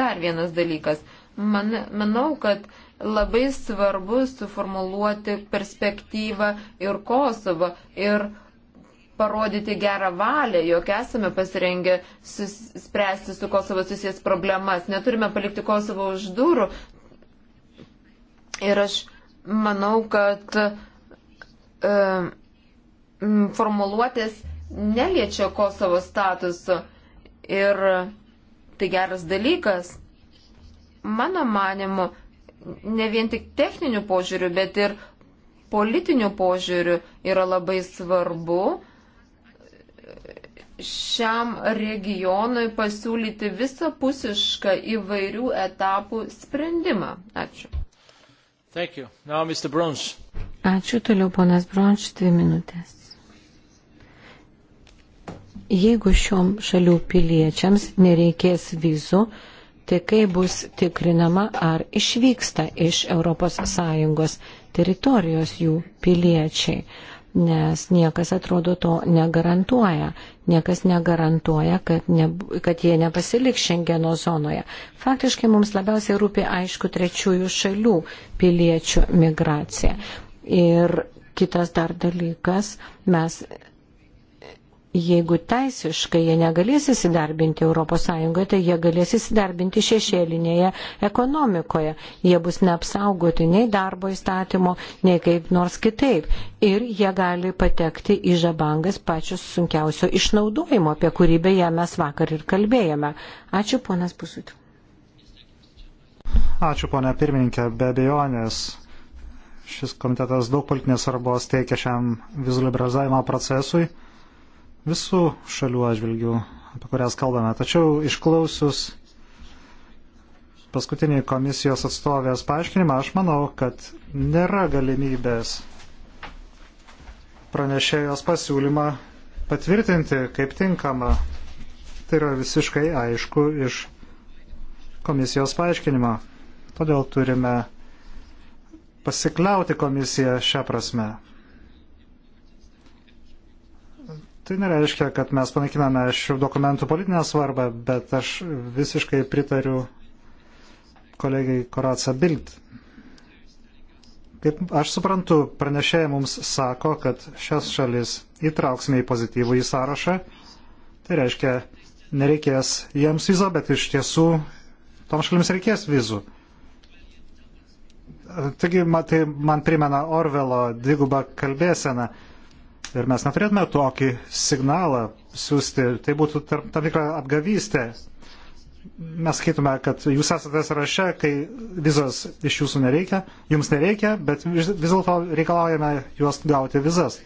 Dar vienas dalykas. Man, manau, kad labai svarbu suformuluoti perspektyvą ir Kosovą. Ir uh, parodyti gerą valią, jog esame pasirengę spręsti su Kosovo susijęs problemas, neturime palikti Kosovo už durų. Ir aš manau, kad e, formuluotės neliečia Kosovo statuso ir tai geras dalykas. Mano manimu, ne vien tik techninių požiūrių, bet ir politinių požiūrių yra labai svarbu, šiam regionui pasiūlyti visapusišką įvairių etapų sprendimą. Ačiū. Now, Ačiū toliau, ponas Bronš, dvi minutės. Jeigu šiom šalių piliečiams nereikės vizų, tai kaip bus tikrinama, ar išvyksta iš ES teritorijos jų piliečiai, nes niekas atrodo to negarantuoja niekas negarantuoja, kad, ne, kad jie nepasilik Šengeno zonoje. Faktiškai mums labiausiai rūpi, aišku, trečiųjų šalių piliečių migracija. Ir kitas dar dalykas, mes jeigu teisiškai jie negalės įsidarbinti ES, tai jie galės įsidarbinti šešėlinėje ekonomikoje. Jie bus neapsaugoti nei darbo įstatymo, nei kaip nors kitaip. Ir jie gali patekti į žabangas pačios sunkiausio išnaudojimo, apie kurį beje mes vakar ir kalbėjome. Ačiū, ponas Pusut. Ačiū, ponia pirmininkė, be abejonės šis komitetas daug politinės svarbos teikia šiam vizų liberalizavimo procesui visų šalių atžvilgių, apie kurias kalbame. Tačiau išklausius paskutinį komisijos atstovės paaiškinimą, aš manau, kad nėra galimybės pranešėjos pasiūlymą patvirtinti kaip tinkama. Tai yra visiškai aišku iš komisijos paaiškinimo. Todėl turime pasikliauti komisiją šią prasme. Tai nereiškia, kad mes panaikiname šių dokumentų politinę svarbą, bet aš visiškai pritariu kolegai Koratsa Bild. Kaip aš suprantu, pranešėjai mums sako, kad šias šalis įtrauksime į pozityvų į sąrašą. Tai reiškia, nereikės jiems vizo, bet iš tiesų tom šalims reikės vizų. Taigi, tai man primena Orvelo dvigubą kalbėseną Ir mes neturėtume tokį signalą siūsti. Tai būtų tarp, tam tikra apgavystė. Mes skaitume, kad jūs esate sąraše, kai vizos iš jūsų nereikia, jums nereikia, bet vis dėlto reikalaujame juos gauti vizas.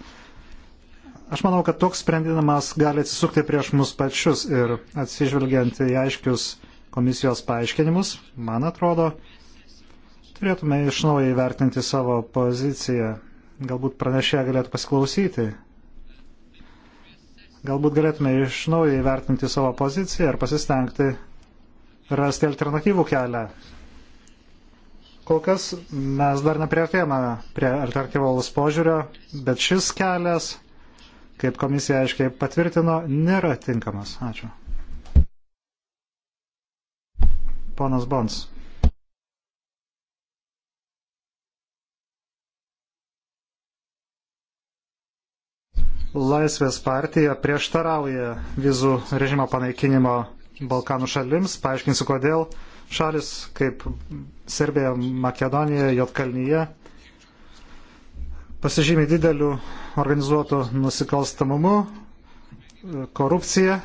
Aš manau, kad toks sprendimas gali atsisukti prieš mus pačius ir atsižvelgiant į aiškius komisijos paaiškinimus, man atrodo, turėtume iš naujo įvertinti savo poziciją Galbūt pranešėją galėtų pasiklausyti. Galbūt galėtume iš naujo įvertinti savo poziciją ir pasistengti rasti alternatyvų kelią. Kol kas mes dar neprieartėjame prie alternatyvaus požiūrio, bet šis kelias, kaip komisija aiškiai patvirtino, nėra tinkamas. Ačiū. Ponas Bons. Laisvės partija prieštarauja vizų režimo panaikinimo Balkanų šalims. Paaiškinsiu, kodėl šalis kaip Serbija, Makedonija, Jotkalnyje pasižymė dideliu organizuotu nusikalstamumu, korupcija.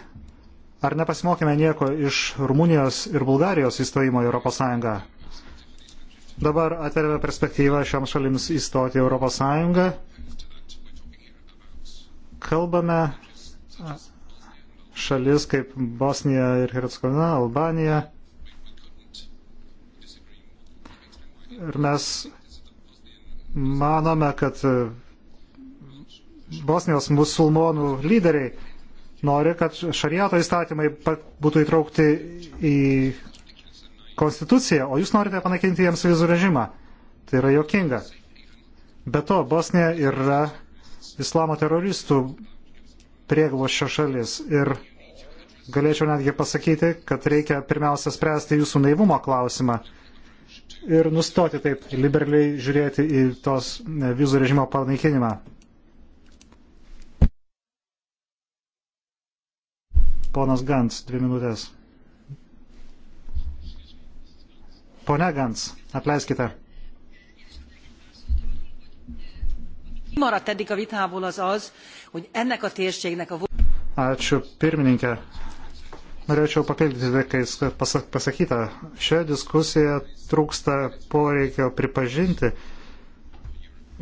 Ar nepasimokime nieko iš Rumunijos ir Bulgarijos įstojimo į ES? Dabar atverėme perspektyvą šioms šalims įstoti į ES kalbame šalis kaip Bosnija ir Hercegovina, Albanija. Ir mes manome, kad e, Bosnijos musulmonų lyderiai nori, kad šariato įstatymai būtų įtraukti į konstituciją, o jūs norite panaikinti jiems vizų režimą. Tai yra jokinga. Be to, Bosnija yra islamo teroristų prieglošio šalis. Ir galėčiau netgi pasakyti, kad reikia pirmiausia spręsti jūsų naivumo klausimą ir nustoti taip liberaliai žiūrėti į tos e, vizų režimo panaikinimą. Ponas Gans, dvi minutės. Pone Gans, atleiskite. Maradt eddig a vitából az az, hogy ennek a térségnek a... Ačiū pirmininkė. Norėčiau papildyti tai, kas pasakyta. Šioje diskusijoje trūksta poreikio pripažinti,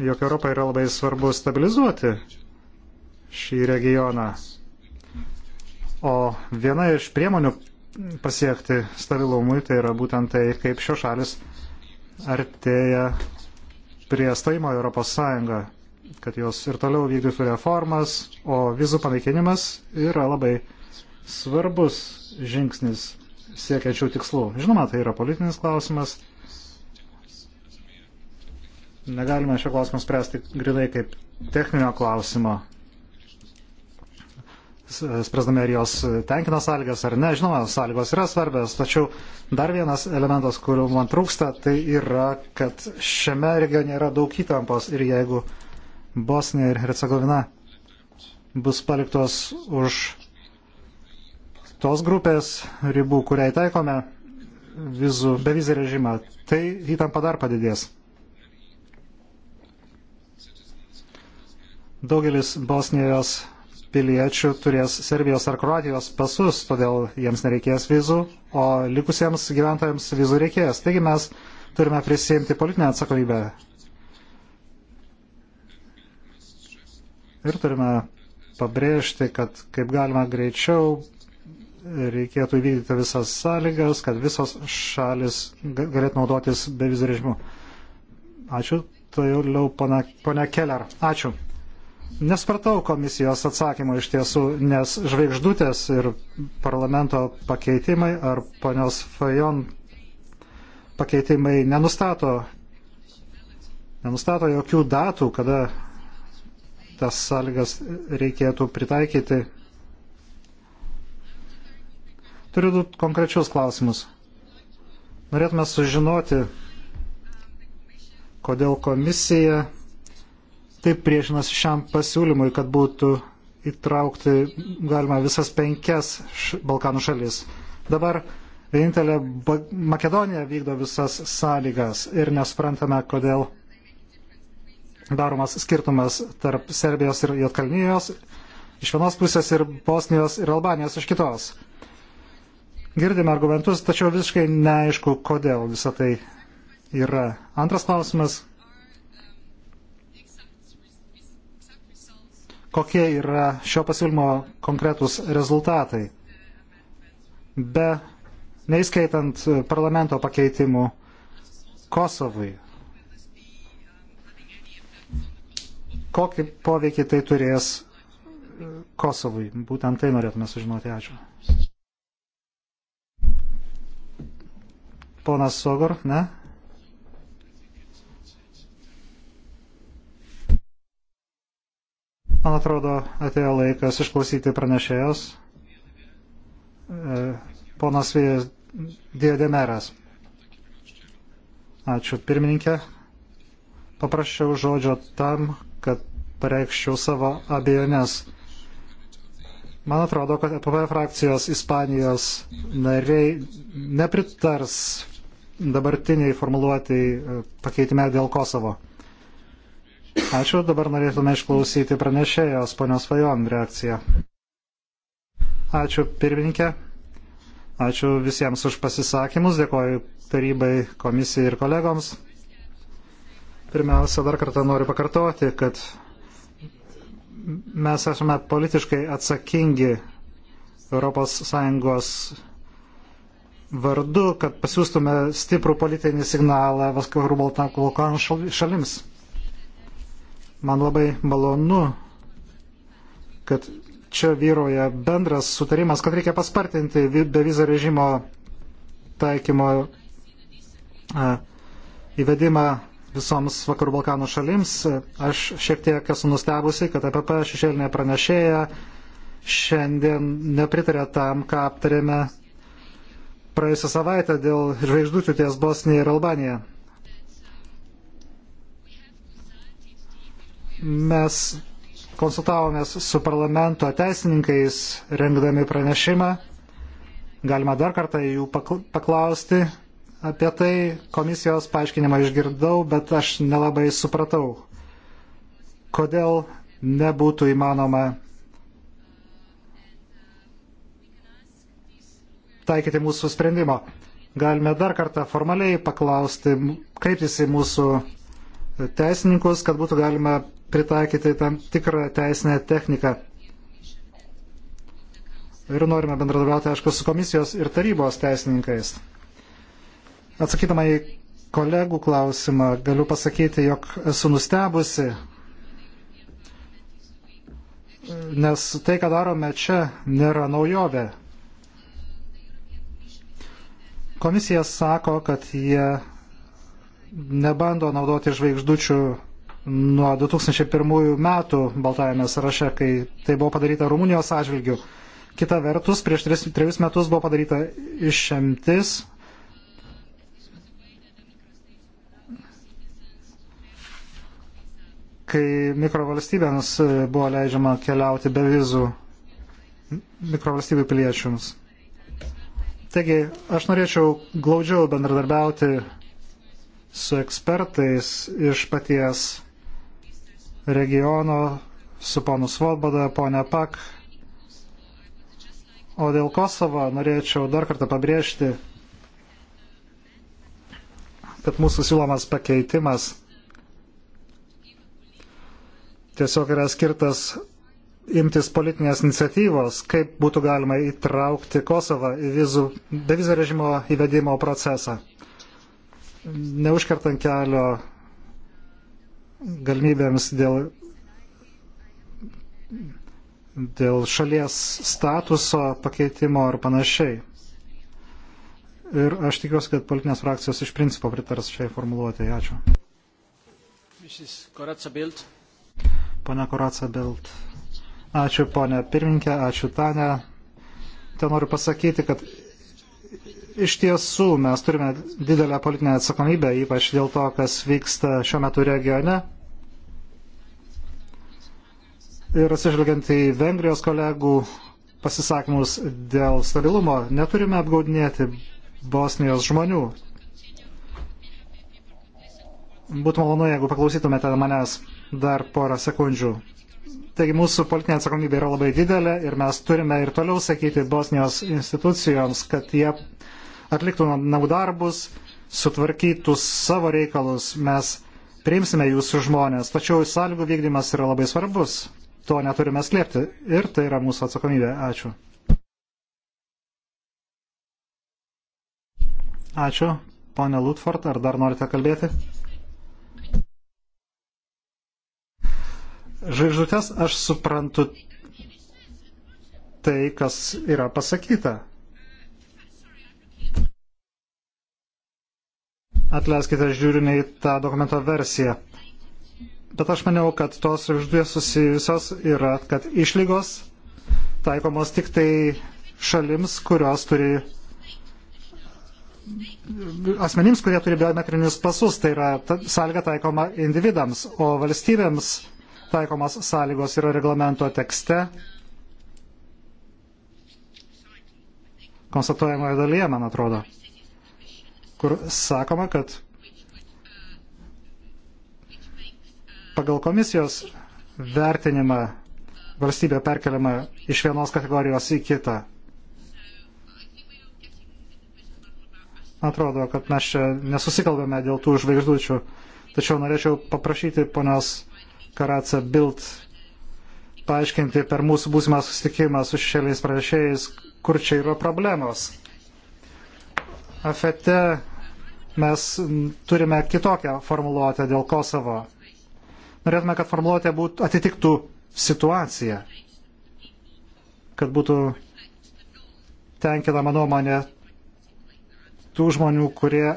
jog Europą yra labai svarbu stabilizuoti šį regioną. O viena iš priemonių pasiekti stabilumui tai yra būtent tai, kaip šios šalis artėja prie stojimo Europos Sąjungą kad jos ir toliau vykdytų reformas, o vizų panaikinimas yra labai svarbus žingsnis siekiančių tikslų. Žinoma, tai yra politinis klausimas. Negalime šio klausimo spręsti grinai kaip techninio klausimo, spręsdami ar jos tenkina sąlygas ar ne. Žinoma, sąlygos yra svarbios, tačiau dar vienas elementas, kurio man trūksta, tai yra, kad šiame regione yra daug įtampos ir jeigu Bosnija ir Hercegovina bus paliktos už tos grupės ribų, kuriai taikome vizų, bevizį režimą, tai įtampa dar padidės. Daugelis Bosnijos piliečių turės Serbijos ar Kroatijos pasus, todėl jiems nereikės vizų, o likusiems gyventojams vizų reikės. Taigi mes turime prisimti politinę atsakomybę Ir turime pabrėžti, kad kaip galima greičiau reikėtų įvykdyti visas sąlygas, kad visos šalis galėtų naudotis bevizų režimu. Ačiū. Toliau ponia Keller. Ačiū. Nespartau komisijos atsakymo iš tiesų, nes žvaigždutės ir parlamento pakeitimai ar ponios Fajon pakeitimai nenustato, nenustato jokių datų, kada tas sąlygas reikėtų pritaikyti. Turiu du konkrečius klausimus. Norėtume sužinoti, kodėl komisija taip priešinasi šiam pasiūlymui, kad būtų įtraukti galima visas penkias Balkanų šalis. Dabar vienintelė Makedonija vykdo visas sąlygas ir nesprantame, kodėl daromas skirtumas tarp Serbijos ir Jotkalnyjos iš vienos pusės ir Bosnijos ir Albanijos iš kitos. Girdime argumentus, tačiau visiškai neaišku, kodėl visą tai yra. Antras klausimas. Kokie yra šio pasiūlymo konkretūs rezultatai? Be neįskaitant parlamento pakeitimų Kosovui. kokį poveikį tai turės e, Kosovui. Būtent tai norėtume sužinoti. Ačiū. Ponas Sogor, ne? Man atrodo, atėjo laikas išklausyti pranešėjos. E, ponas Vėjas Diedemeras. Ačiū pirmininkė. Paprašiau žodžio tam, pareikščiau savo abejonės. Man atrodo, kad EPP frakcijos Ispanijos nariai nepritars dabartiniai formuluotėjai e, pakeitime dėl Kosovo. Ačiū, dabar norėtume išklausyti pranešėjos ponios Fajon reakciją. Ačiū pirmininkė, ačiū visiems už pasisakymus, dėkoju tarybai, komisijai ir kolegoms. Pirmiausia, dar kartą noriu pakartoti, kad mes esame politiškai atsakingi ES vardu, kad pasiūstume stiprų politinį signalą Vakarų Balkanų šalims. Man labai malonu, kad čia vyroja bendras sutarimas, kad reikia paspartinti bevizą režimo taikymo įvedimą visoms Vakarų Balkanų šalims. Aš šiek tiek esu nustebusi, kad APP e šešėlinė pranešėja šiandien nepritarė tam, ką aptarėme praėjusią savaitę dėl žvaigždučių ties Bosnija ir Albanija. Mes konsultavomės su parlamento teisininkais, rengdami pranešimą. Galima dar kartą jų paklausti, Apie tai komisijos paaiškinimą išgirdau, bet aš nelabai supratau, kodėl nebūtų įmanoma taikyti mūsų sprendimo. Galime dar kartą formaliai paklausti, kreiptis į mūsų teisininkus, kad būtų galima pritaikyti tam tikrą teisinę techniką. Ir norime bendradarbiauti, aišku, su komisijos ir tarybos teisininkais. Atsakydama į kolegų klausimą, galiu pasakyti, jog esu nustebusi, nes tai, ką darome čia, nėra naujovė. Komisija sako, kad jie nebando naudoti žvaigždučių nuo 2001 metų baltajame sąraše, kai tai buvo padaryta Rumunijos atžvilgių. Kita vertus, prieš trejus metus buvo padaryta išimtis kai mikrovalstybėms buvo leidžiama keliauti be vizų mikrovalstybių piliečiams. Taigi, aš norėčiau glaudžiau bendradarbiauti su ekspertais iš paties regiono, su ponu Svoboda, ponia Pak. O dėl Kosovo norėčiau dar kartą pabrėžti, kad mūsų siūlomas pakeitimas tiesiog yra skirtas imtis politinės iniciatyvos, kaip būtų galima įtraukti Kosovą į vizų, devizų režimo įvedimo procesą, neužkertant kelio galimybėms dėl, dėl šalies statuso pakeitimo ar panašiai. Ir aš tikiuosi, kad politinės frakcijos iš principo pritars šiai formuluotėjai. Ačiū. Mrs. Koratsa Bild. Pane Koratsa Belt. Ačiū, ponė pirminkė, ačiū, Tane. Ten noriu pasakyti, kad iš tiesų mes turime didelę politinę atsakomybę, ypač dėl to, kas vyksta šiuo metu regione. Ir atsižvelgiant į Vengrijos kolegų pasisakymus dėl stabilumo, neturime apgaudinėti Bosnijos žmonių. Būtų malonu, jeigu paklausytumėte manęs dar porą sekundžių. Taigi mūsų politinė atsakomybė yra labai didelė ir mes turime ir toliau sakyti Bosnijos institucijoms, kad jie atliktų namų darbus, sutvarkytų savo reikalus, mes priimsime jūsų žmonės, tačiau sąlygų vykdymas yra labai svarbus, to neturime slėpti ir tai yra mūsų atsakomybė. Ačiū. Ačiū. Pone Lutford, ar dar norite kalbėti? žvaigždutės aš suprantu tai, kas yra pasakyta. Atleiskite, žiūriu ne į tą dokumento versiją. Bet aš maniau, kad tos žvaigždutės susijusios yra, kad išlygos taikomos tik tai šalims, kurios turi asmenims, kurie turi biometrinius pasus, tai yra ta, sąlyga taikoma individams, o valstybėms taikomas sąlygos yra reglamento tekste. Konstatuojamoje dalyje, man atrodo, kur sakoma, kad pagal komisijos vertinimą valstybė perkeliama iš vienos kategorijos į kitą. Atrodo, kad mes čia nesusikalbame dėl tų žvaigždučių, tačiau norėčiau paprašyti ponios Karatsa Bild paaiškinti per mūsų būsimą susitikimą su šešėliais pranešėjais, kur čia yra problemos. Afete mes turime kitokią formuluotę dėl Kosovo. Norėtume, kad formuluotė būtų, atitiktų situaciją, kad būtų tenkinama nuomonė tų žmonių, kurie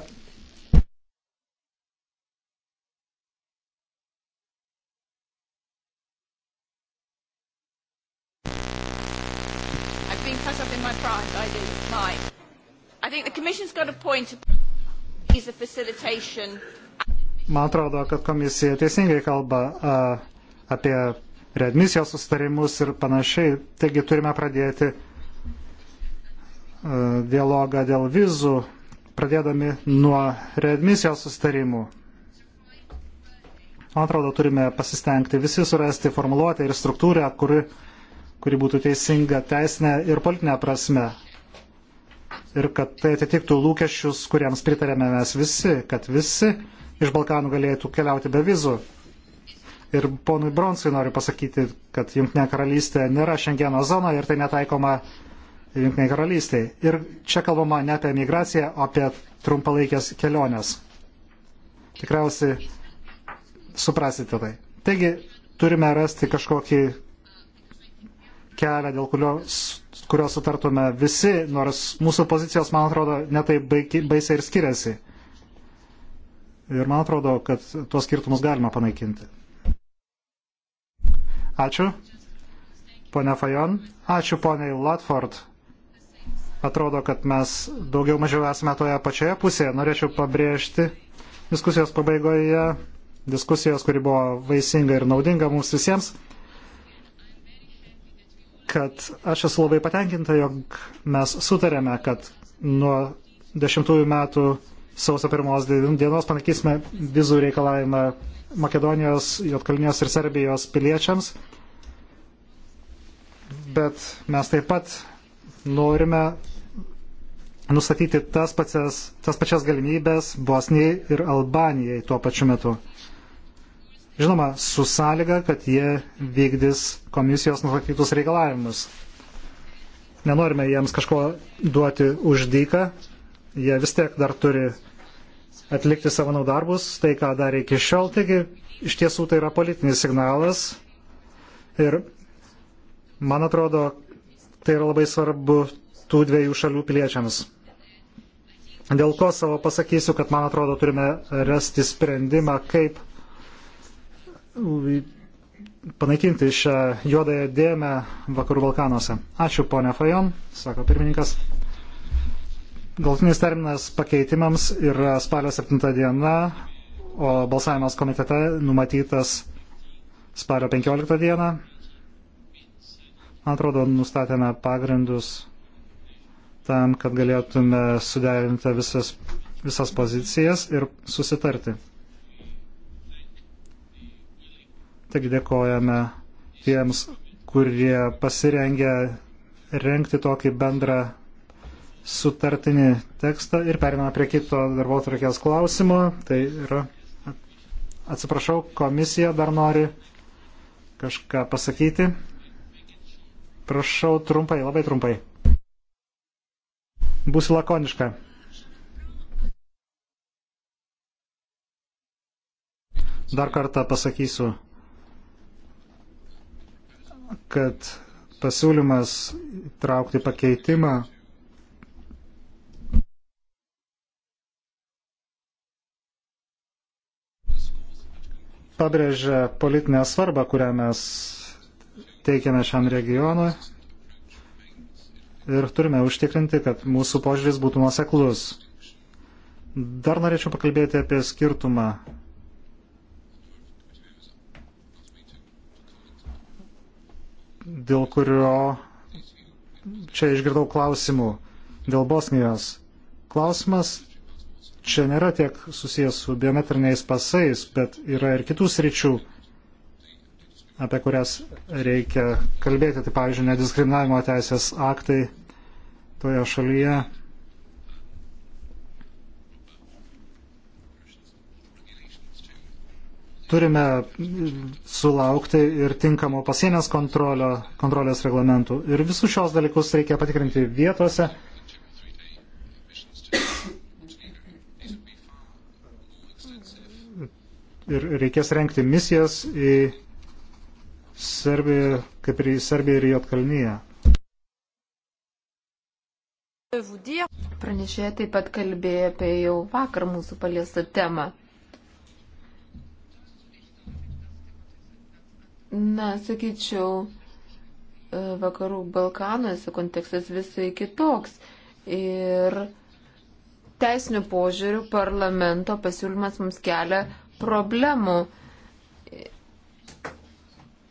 think the Commission's got a point about visa facilitation. Man atrodo, kad komisija teisingai kalba uh, apie readmisijos sustarimus ir panašiai. Taigi turime pradėti uh, dialogą dėl vizų, pradėdami nuo readmisijos sustarimų. Man atrodo, turime pasistengti visi surasti formuluotę ir struktūrą, kuri, kuri būtų teisinga teisinė ir politinė prasme ir kad tai atitiktų lūkesčius, kuriems pritarėme mes visi, kad visi iš Balkanų galėtų keliauti be vizų. Ir ponui Bronsui noriu pasakyti, kad Junktinė karalystė nėra Šengeno zona ir tai netaikoma Junktiniai karalystiai. Ir čia kalbama ne apie migraciją, o apie trumpalaikės keliones. Tikriausiai suprasite tai. Taigi turime rasti kažkokį kelią, dėl kurio kurios sutartume visi, nors mūsų pozicijos, man atrodo, netai baisiai ir skiriasi. Ir man atrodo, kad tuos skirtumus galima panaikinti. Ačiū. Pone Fajon. Ačiū poniai Latford. Atrodo, kad mes daugiau mažiau esame toje pačioje pusėje. Norėčiau pabrėžti diskusijos pabaigoje, diskusijos, kuri buvo vaisinga ir naudinga mums visiems kad aš esu labai patenkinta, jog mes sutarėme, kad nuo dešimtųjų metų sausio pirmos dienos panakysime vizų reikalavimą Makedonijos, Jotkalnijos ir Serbijos piliečiams. Bet mes taip pat norime nustatyti tas, pačias, tas pačias galimybės Bosnijai ir Albanijai tuo pačiu metu. Žinoma, su sąlyga, kad jie vykdys komisijos nusakytus reikalavimus. Nenorime jiems kažko duoti uždyką, jie vis tiek dar turi atlikti savo naudarbus, tai ką darė iki šiol, taigi iš tiesų tai yra politinis signalas ir man atrodo, tai yra labai svarbu tų dviejų šalių piliečiams. Dėl ko savo pasakysiu, kad man atrodo turime rasti sprendimą, kaip panaikinti šią juodąją dėmę Vakarų Balkanuose. Ačiū ponia Fajon, sako pirmininkas. Galtinis terminas pakeitimams yra spalio 7 diena, o balsavimas komitete numatytas spalio 15 dieną. Man atrodo, nustatėme pagrindus tam, kad galėtume suderinti visas, visas pozicijas ir susitarti. Taigi dėkojame tiems, kurie pasirengė renkti tokį bendrą sutartinį tekstą ir periname prie kito darbo tvarkės klausimo. Tai yra, atsiprašau, komisija dar nori kažką pasakyti. Prašau trumpai, labai trumpai. Būsiu lakoniška. Dar kartą pasakysiu, kad pasiūlymas traukti pakeitimą pabrėžia politinę svarbą, kurią mes teikiame šiam regionui ir turime užtikrinti, kad mūsų požiūris būtų nuoseklus. Dar norėčiau pakalbėti apie skirtumą dėl kurio čia išgirdau klausimų dėl Bosnijos. Klausimas čia nėra tiek susijęs su biometriniais pasais, bet yra ir kitų sričių, apie kurias reikia kalbėti. Tai pavyzdžiui, nediskriminavimo teisės aktai toje šalyje turime sulaukti ir tinkamo pasienės kontrolio, kontrolės reglamentų. Ir visus šios dalykus reikia patikrinti vietose. Ir reikės renkti misijas į Serbiją, kaip ir į Serbiją ir į Jotkalnyje. Pranešėja taip pat kalbėjo apie jau vakar mūsų paliestą temą. Na, sakyčiau, e, vakarų Balkanuose kontekstas visai kitoks. Ir teisinių požiūrių parlamento pasiūlymas mums kelia problemų.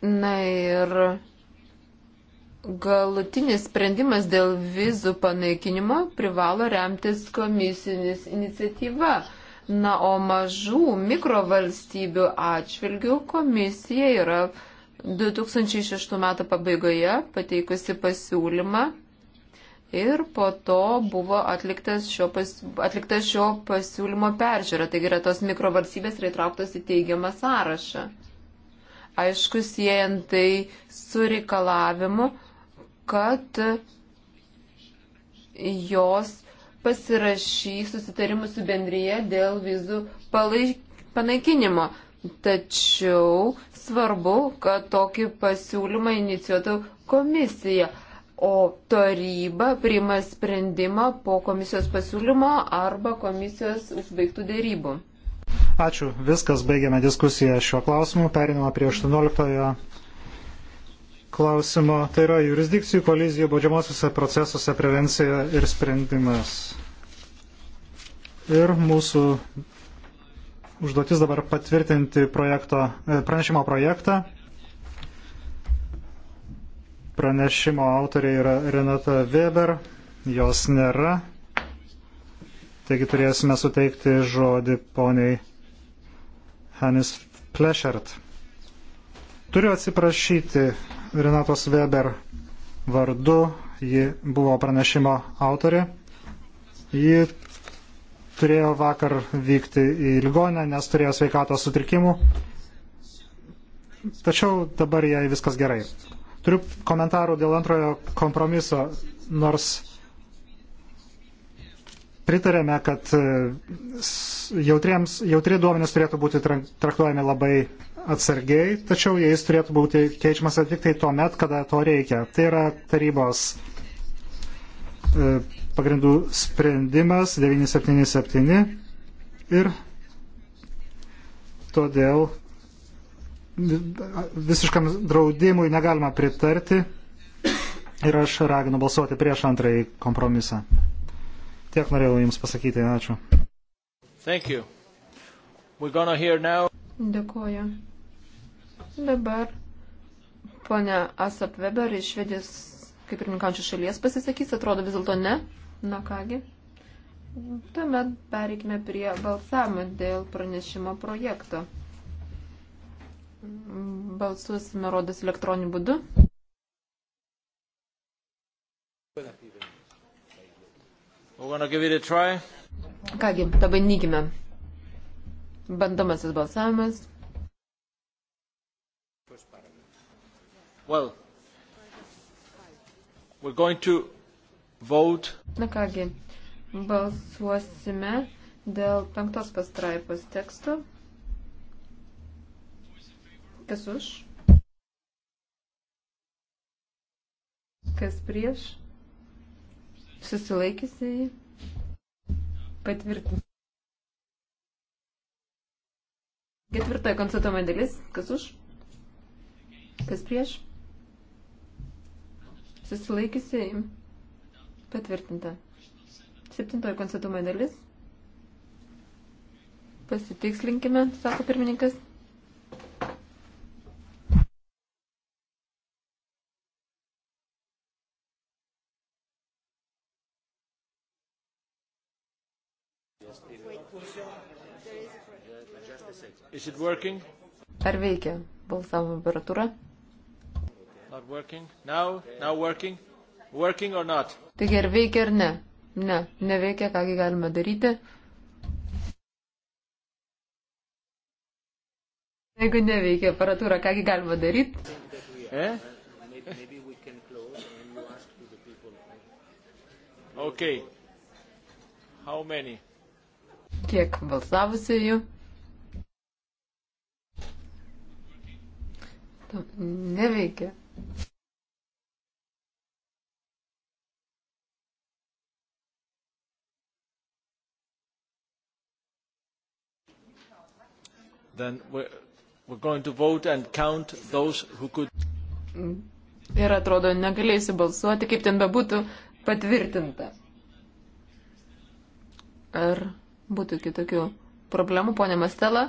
Na ir galutinis sprendimas dėl vizų panaikinimo privalo remtis komisinis iniciatyva. Na, o mažų mikrovalstybių atšvilgių komisija yra 2006 metų pabaigoje pateikusi pasiūlymą ir po to buvo atliktas šio, pas, atliktas šio pasiūlymo peržiūra. Taigi yra tos mikrovalstybės yra įtrauktos į teigiamą sąrašą. Aišku, siejant tai su reikalavimu, kad jos pasirašys susitarimus su bendryje dėl vizų palaik... panaikinimo. Tačiau svarbu, kad tokį pasiūlymą inicijuotų komisija, o taryba priima sprendimą po komisijos pasiūlymo arba komisijos užbaigtų dėrybų. Ačiū. Viskas. Baigiame diskusiją šiuo klausimu. Perinama prie 18 klausimo. Tai yra jurisdikcijų kolizijų baudžiamosiuose procesuose prevencija ir sprendimas. Ir mūsų užduotis dabar patvirtinti projekto, e, pranešimo projektą. Pranešimo autoriai yra Renata Weber, jos nėra. Taigi turėsime suteikti žodį poniai Hanis Plešert. Turiu atsiprašyti Renatos Weber vardu. Ji buvo pranešimo autorė. Ji turėjo vakar vykti į ligonę, nes turėjo sveikatos sutrikimų. Tačiau dabar jai viskas gerai. Turiu komentarų dėl antrojo kompromiso, nors pritarėme, kad e, jautriems, jautri duomenys turėtų būti traktuojami labai atsargiai, tačiau jais turėtų būti keičiamas tik tai tuo met, kada to reikia. Tai yra tarybos e, pagrindų sprendimas 977 ir todėl visiškam draudimui negalima pritarti ir aš raginu balsuoti prieš antrąjį kompromisą. Tiek norėjau Jums pasakyti, ačiū. Dėkuoju. Dabar ponia Asap Weber iš Švedijos kaip ir minkančių šalies pasisakys, atrodo vis dėlto ne. Na kągi. Tuomet pereikime prie balsavimo dėl pranešimo projekto. Balsuosime rodas elektroniniu būdu. Kągi, dabar nygime. Bandomasis balsavimas. Well, we're going to vote. Na kągi, balsuosime dėl penktos pastraipos teksto. Kas už? Kas prieš? Susilaikysiai? Patvirtinti. Ketvirtoji konstatuojama dalis. Kas už? Kas prieš? susilaikysiai patvirtinta. Septintoji konstatumai dalis. Pasitikslinkime, sako pirmininkas. Ar veikia balsavimo aparatūra? Not working? Now? Now working? Working or not? Taigi ar veikia ar ne? Ne, neveikia, kągi galime daryti. Jeigu neveikia aparatūra, kągi galima daryti? Eh? Okay. How many? Kiek balsavusiųjų? Neveikia. Then we're, we're going to vote and count those who could. Ir atrodo, negalėsiu balsuoti, kaip ten bebūtų patvirtinta. Ar būtų kitokių problemų, ponė Mastela?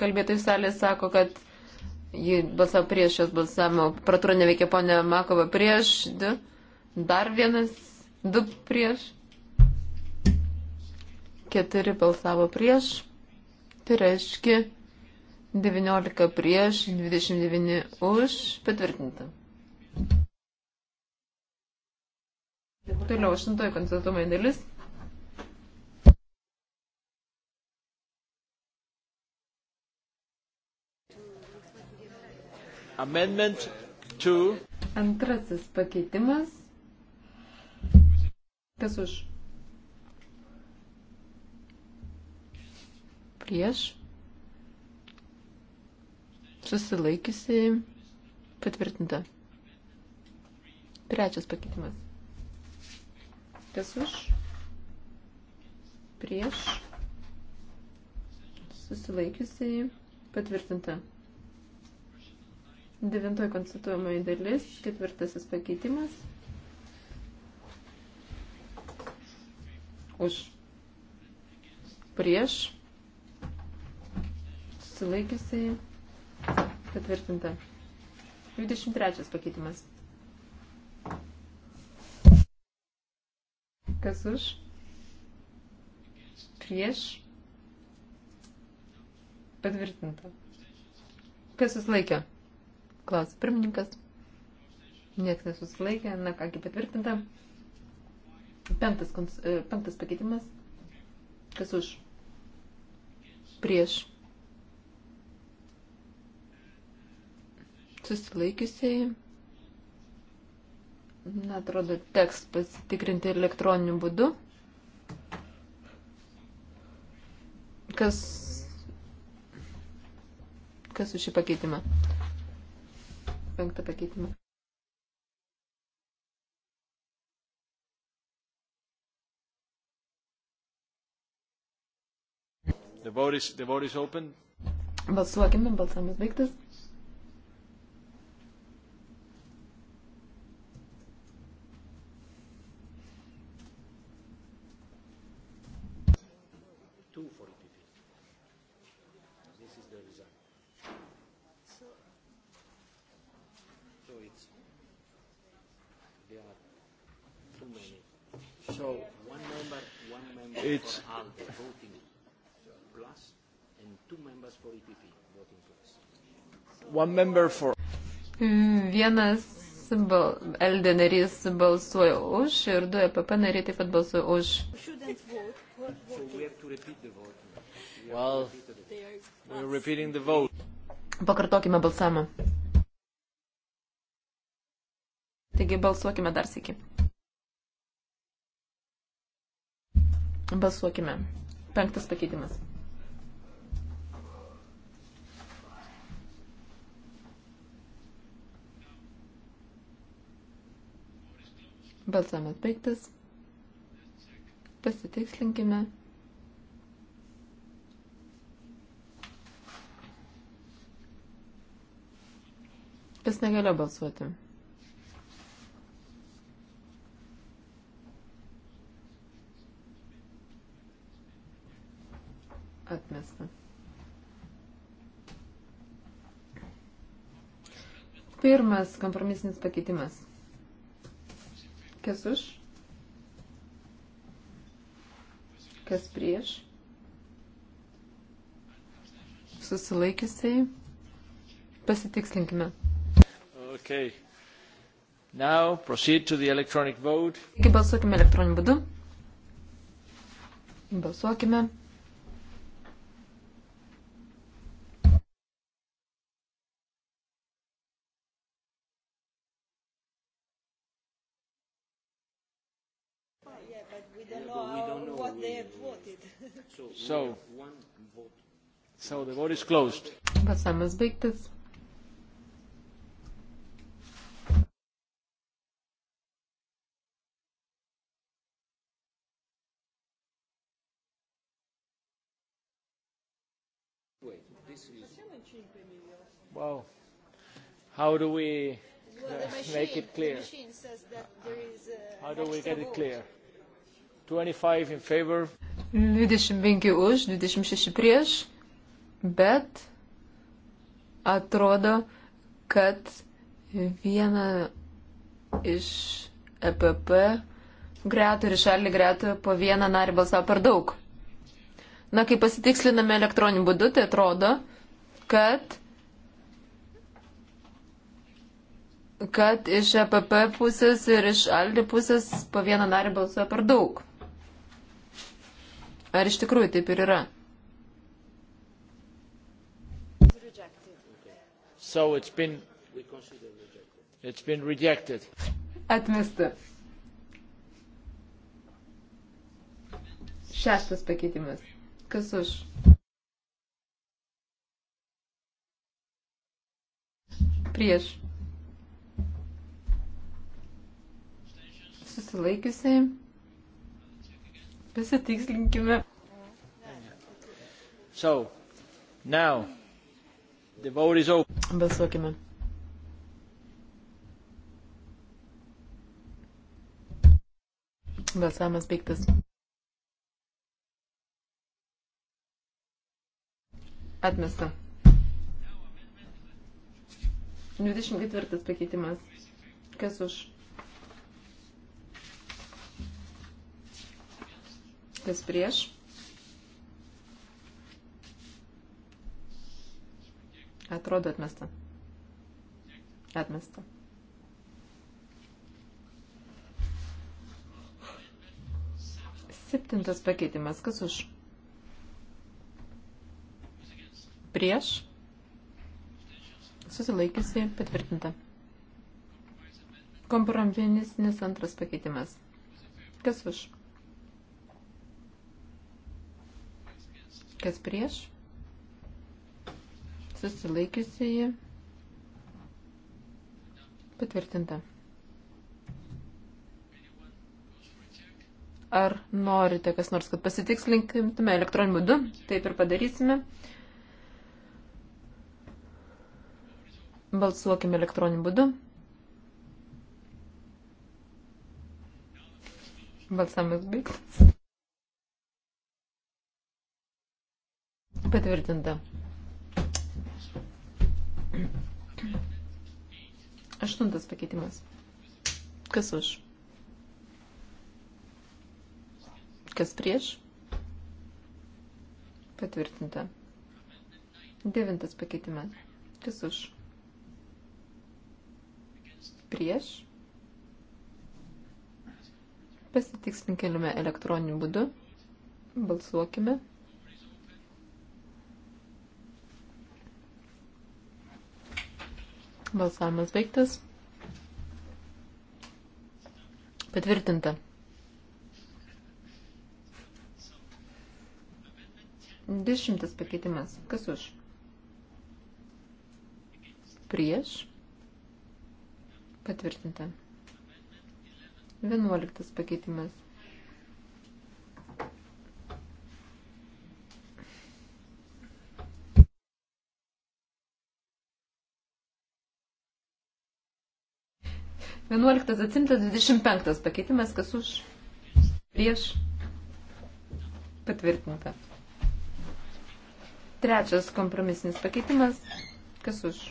kalbėtojų salės sako, kad ji balsavo prieš šios balsavimo, pratūra neveikia ponė Makova prieš, du, dar vienas, du prieš, keturi balsavo prieš, tai reiškia 19 prieš, 29 už, patvirtinta. Toliau aštuntoji konstatuojama dalis. Amendment 2. Antrasis pakeitimas. Kas už? Prieš. Susilaikiusi. Patvirtinta. Trečias pakeitimas. Kas už? Prieš. Susilaikiusi. Patvirtinta. Devintoji konstatuojamoji dalis, ketvirtasis pakeitimas. Už. Prieš. Sulaikiusiai. Patvirtinta. 23 pakeitimas. Kas už? Prieš. Patvirtinta. Kas susilaikė? Klaus pirmininkas. Niekas nesusilaikė. Na kągi, patvirtinta. Penktas, kons, e, penktas pakeitimas. Kas už? Prieš. Susilaikiusiai. Na, atrodo, teks pasitikrinti elektroniniu būdu. Kas, kas už šį pakeitimą? penktą pakeitimą. The vote is, the vote is open. Balsuokime, balsavimas baigtas. For... Mm, vienas bal, LD narys balsuoja už ir du EPP nariai taip pat balsuoja už. Well, Pakartokime balsavimą. Taigi balsuokime dar sėki. Balsuokime. Penktas pakeitimas. Balsamas baigtas. Pasitikslinkime. Kas negalėjo balsuoti? Atmesta. Pirmas kompromisinis pakeitimas. Kas už? Kas prieš? Susilaikiusiai. Pasitikslinkime. Okay. Now proceed to the electronic vote. Taigi balsuokime elektroniniu būdu. Balsuokime. So, so the vote is closed. Balsavimas baigtas. Wow. How do we well, uh, the machine, <laughs> make it clear? The machine says that there is, uh, How do we get it call? clear? 25 už, 26 prieš, bet atrodo, kad vieną iš EPP gretų ir šalį gretų po vieną narį balsavo per daug. Na, kai pasitiksliname elektroniniu būdu, tai atrodo, kad kad iš EPP pusės ir iš Aldi pusės po vieną narį balsuoja per daug. Ar iš tikrųjų taip ir yra? So it's been, it's been rejected. Atmesta. Šeštas pakeitimas. Kas už? Prieš. Susilaikiusiai. Pasitikslinkime. So, now, the vote is open. Balsuokime. Balsavimas baigtas. Atmesta. 24 pakeitimas. Kas už? kas prieš. Atrodo atmesta. Atmesta. Septintas pakeitimas. Kas už? Prieš. Susilaikiusi patvirtinta. Kompromisinis antras pakeitimas. Kas už? kas prieš, susilaikiusieji, patvirtinta. Ar norite kas nors, kad pasitikslinkintume elektroniniu būdu? Taip ir padarysime. Balsuokime elektroniniu būdu. Balsamas baigtas. Patvirtinta. Aštuntas pakeitimas. Kas už? Kas prieš? Patvirtinta. Devintas pakeitimas. Kas už? Prieš? Pasitikslinkime elektroniniu būdu. Balsuokime. Balsavimas baigtas. Patvirtinta. Dešimtas pakeitimas. Kas už? Prieš. Patvirtinta. Vienuoliktas pakeitimas. 11 atsimtas, 25 pakeitimas, kas už, prieš, patvirtinta. Trečias kompromisinis pakeitimas, kas už,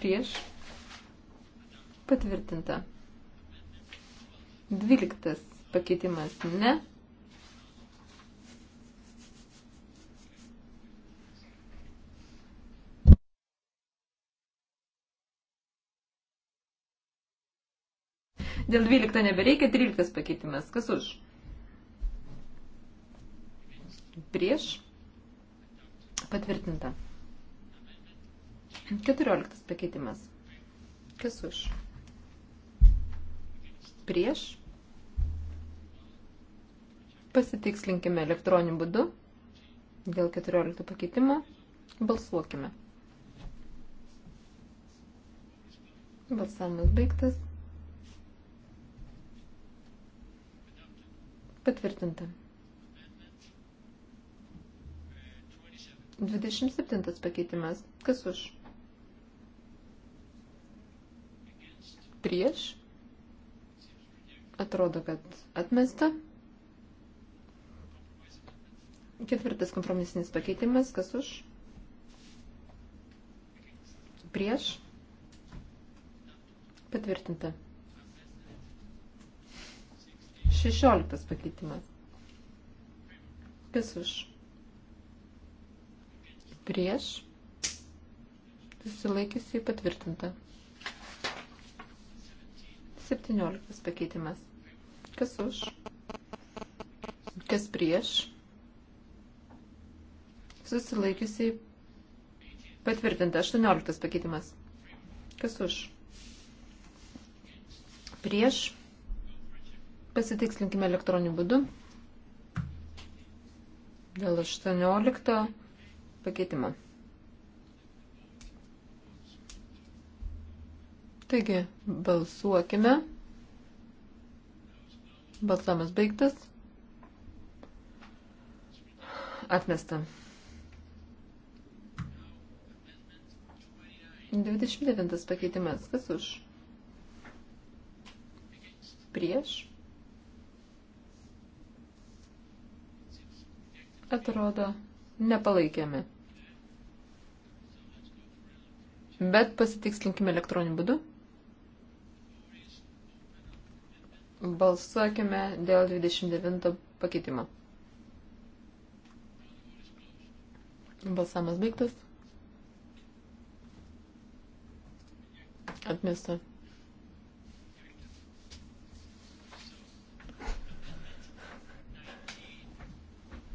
prieš, patvirtinta. Dvyliktas pakeitimas, ne, Dėl 12 nebereikia, 13 pakeitimas. Kas už? Prieš. Patvirtinta. 14 pakeitimas. Kas už? Prieš. Pasitikslinkime elektroniniu būdu. Dėl 14 pakeitimo balsuokime. Balsavimas baigtas. Patvirtinta. 27 pakeitimas. Kas už? Prieš. Atrodo, kad atmesta. Ketvirtas kompromisinis pakeitimas. Kas už? Prieš. Patvirtinta. 16 pakeitimas. Kas už? Prieš. Susilaikiusiai patvirtinta. 17 pakeitimas. Kas už? Kas prieš? Susilaikiusiai patvirtinta. 18 pakeitimas. Kas už? Prieš Pasitikslinkime elektroniniu būdu. Dėl 18 pakeitimo. Taigi, balsuokime. Balsamas baigtas. Atmesta. 29 pakeitimas. Kas už? Prieš. atrodo nepalaikėme. Bet pasitikslinkime elektroniniu būdu. Balsuokime dėl 29 pakeitimo. Balsamas baigtas. Atmesta.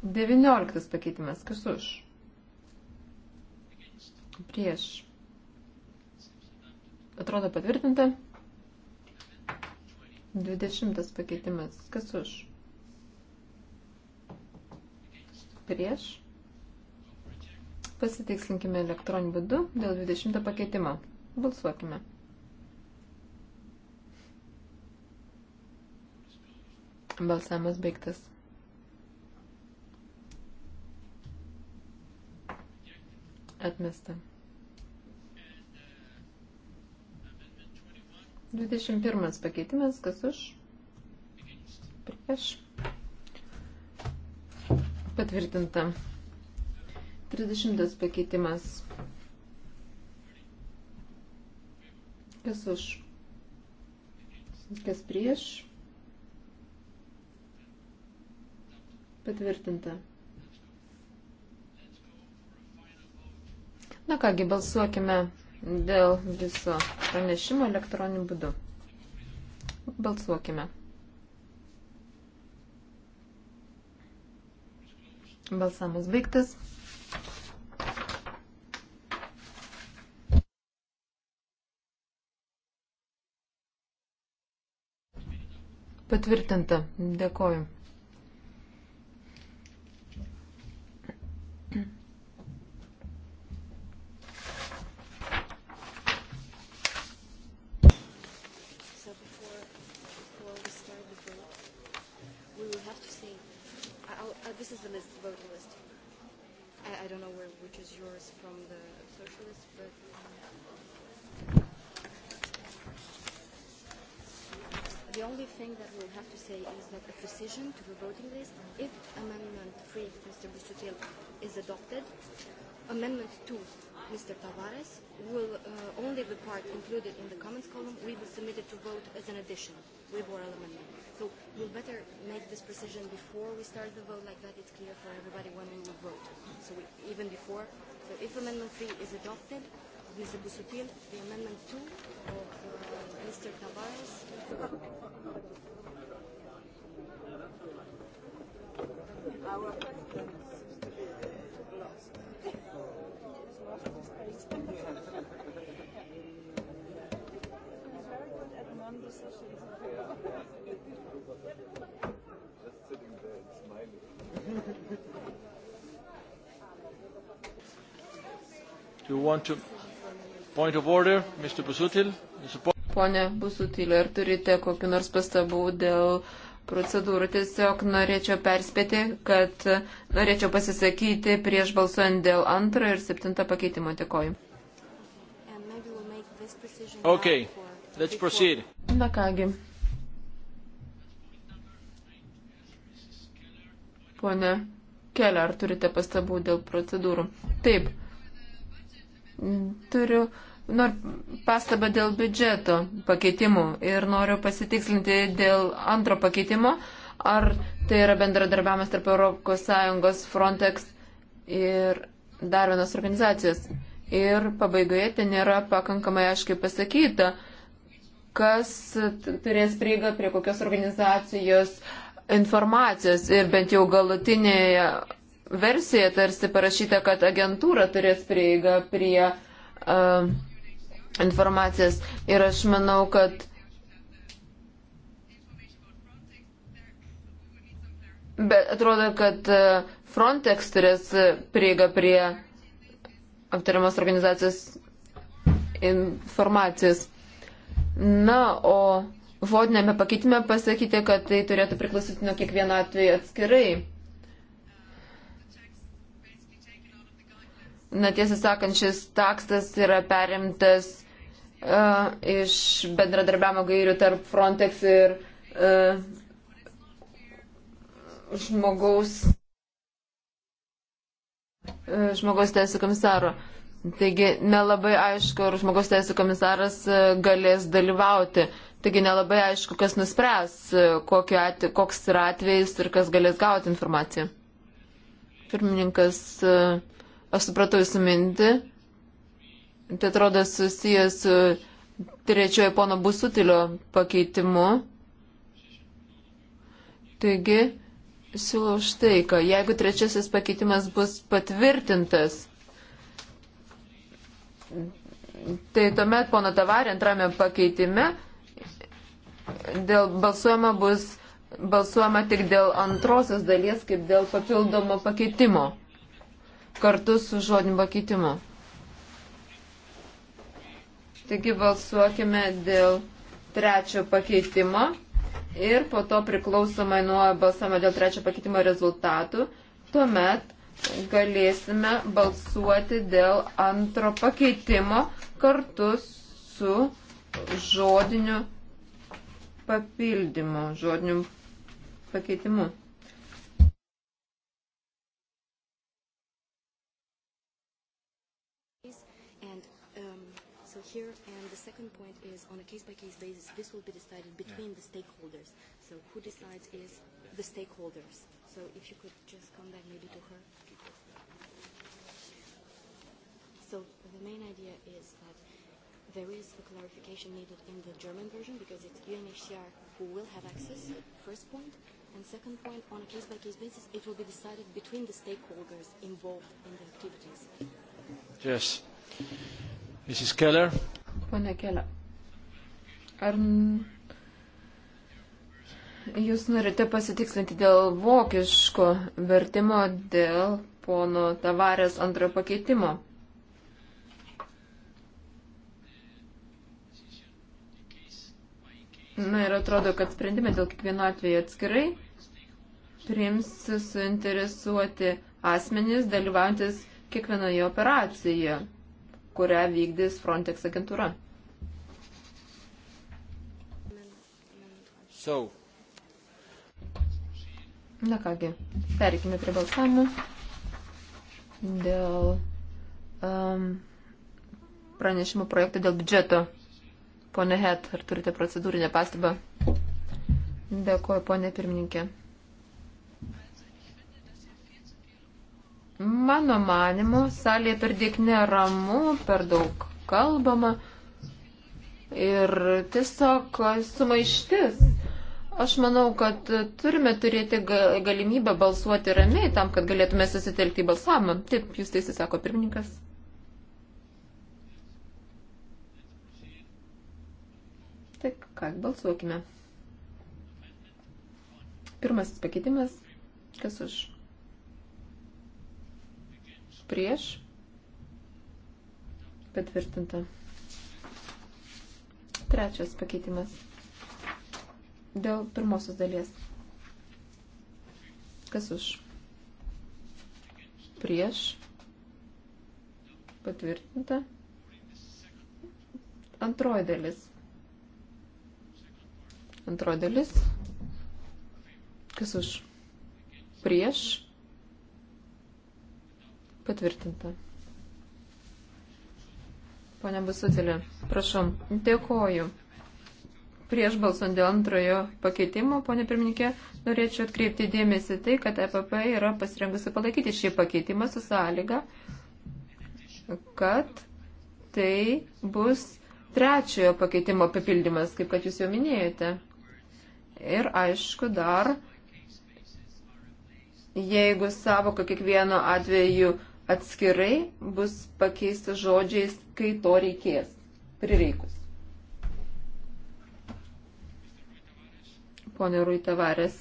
19 pakeitimas. Kas už? Prieš. Atrodo patvirtinta. 20 pakeitimas. Kas už? Prieš. Pasitikslinkime elektroniniu būdu dėl 20 pakeitimo. Balsuokime. Balsavimas baigtas. Atmesta. 21 pakeitimas, kas už? Prieš. Patvirtinta. 30 pakeitimas. Kas už? Kas prieš? Patvirtinta. Na kągi, balsuokime dėl viso pranešimo elektroniniu būdu. Balsuokime. Balsamas baigtas. Patvirtinta. Dėkoju. is an addition with oral amendment. So we'll better make this precision before we start the vote, like that it's clear for everybody when we will vote. So we, even before, so if Amendment 3 is adopted, Mr. Busutil, the Amendment 2 of uh, Mr. Tavares. Our Just sitting there and smiling. Do you want to point of order, Mr. Busutil? Pone Busutil, ar turite kokiu nors pastabų dėl procedūrų? Tiesiog norėčiau perspėti, kad norėčiau pasisakyti prieš balsuojant dėl antrą ir septintą pakeitimo. Dėkoju. Okay. Let's proceed. Na kągi, Pone Kelia, ar turite pastabų dėl procedūrų? Taip. Turiu noriu pastabą dėl biudžeto pakeitimų ir noriu pasitikslinti dėl antro pakeitimo, ar tai yra bendradarbiavimas tarp ES, Frontex ir dar vienos organizacijos. Ir pabaigoje ten yra pakankamai aiškiai pasakyta, kas turės prieigą prie kokios organizacijos uh, informacijos ir bent jau galutinėje versijoje tarsi parašyta, kad agentūra turės prieigą prie uh, informacijos. Ir aš manau, kad Bet atrodo, kad uh, Frontex turės prieigą prie aptariamos organizacijos informacijos. Na, o vodinėme pakeitime pasakyti, kad tai turėtų priklausyti nuo kiekvieno atveju atskirai. Na tiesą sakant, šis takstas yra perimtas uh, iš bendradarbiavimo gairių tarp Frontex ir uh, žmogaus, uh, žmogaus teisų komisaro. Taigi nelabai aišku, ar žmogaus teisų komisaras uh, galės dalyvauti. Uh, Taigi nelabai aišku, kas nuspręs, e, atve, koks yra atvejis ir kas galės gauti informaciją. Pirmininkas, e, aš supratau jūsų mintį. Tai atrodo susijęs su trečiojo pono busutilio pakeitimu. Taigi, siūlau štai, kad jeigu trečiasis pakeitimas bus patvirtintas, tai tuomet pono tavarė antrame pakeitime dėl balsuojama bus balsuojama tik dėl antrosios dalies, kaip dėl papildomo pakeitimo, kartu su žodiniu pakeitimu. Taigi balsuokime dėl trečio pakeitimo ir po to priklausomai nuo balsamo dėl trečio pakeitimo rezultatų, tuomet galėsime balsuoti dėl antro pakeitimo kartu su žodiniu papildymu, žodiniu pakeitimu. Um, here, and the second point is on a case-by-case -case basis, this will be decided between yeah. the stakeholders. So who decides is the stakeholders. So if you could just come back maybe to her. So the main idea is that there is a clarification needed in the German version because it's UNHCR who will have access, first point. And second point, on a case-by-case -case basis, it will be decided between the stakeholders involved in the activities. Yes. Mrs. Keller. Pane Keller. Ar jūs norite pasitikslinti dėl vokiško vertimo dėl pono Tavarės antrojo pakeitimo? Na ir atrodo, kad sprendimą dėl kiekvieno atveju atskirai priims suinteresuoti asmenys dalyvaujantis kiekvienoje operacijoje, kurią vykdys Frontex agentūra. So. Na kągi, perikime prie balsavimų dėl um, pranešimo projekto dėl biudžeto. Pone Het, ar turite procedūrinę pastabą? Dėkuoju, ponė pirmininkė. Mano manimu, salėje per dėk neramu, per daug kalbama ir tiesiog sumaištis. Aš manau, kad turime turėti galimybę balsuoti ramiai tam, kad galėtume susitelkti į balsavimą. Taip, jūs teisė sako pirmininkas. Tai ką, balsuokime. Pirmasis pakeitimas. Kas už? Prieš. Patvirtinta. Trečias pakeitimas. Dėl pirmosios dalies. Kas už? Prieš. Patvirtinta. Antroji dalis. Antro dalis. Kas už? Prieš. Patvirtinta. Pane Busutilė, prašom, dėkoju. Prieš balsuant dėl antrojo pakeitimo, ponė pirmininkė, norėčiau atkreipti dėmesį tai, kad EPP yra pasirengusi palaikyti šį pakeitimą su sąlyga, kad tai bus trečiojo pakeitimo papildymas, kaip kad jūs jau minėjote. Ir aišku, dar, jeigu savoka kiekvieno atveju atskirai bus pakeista žodžiais, kai to reikės, prireikus. Pone Rui Tavarės.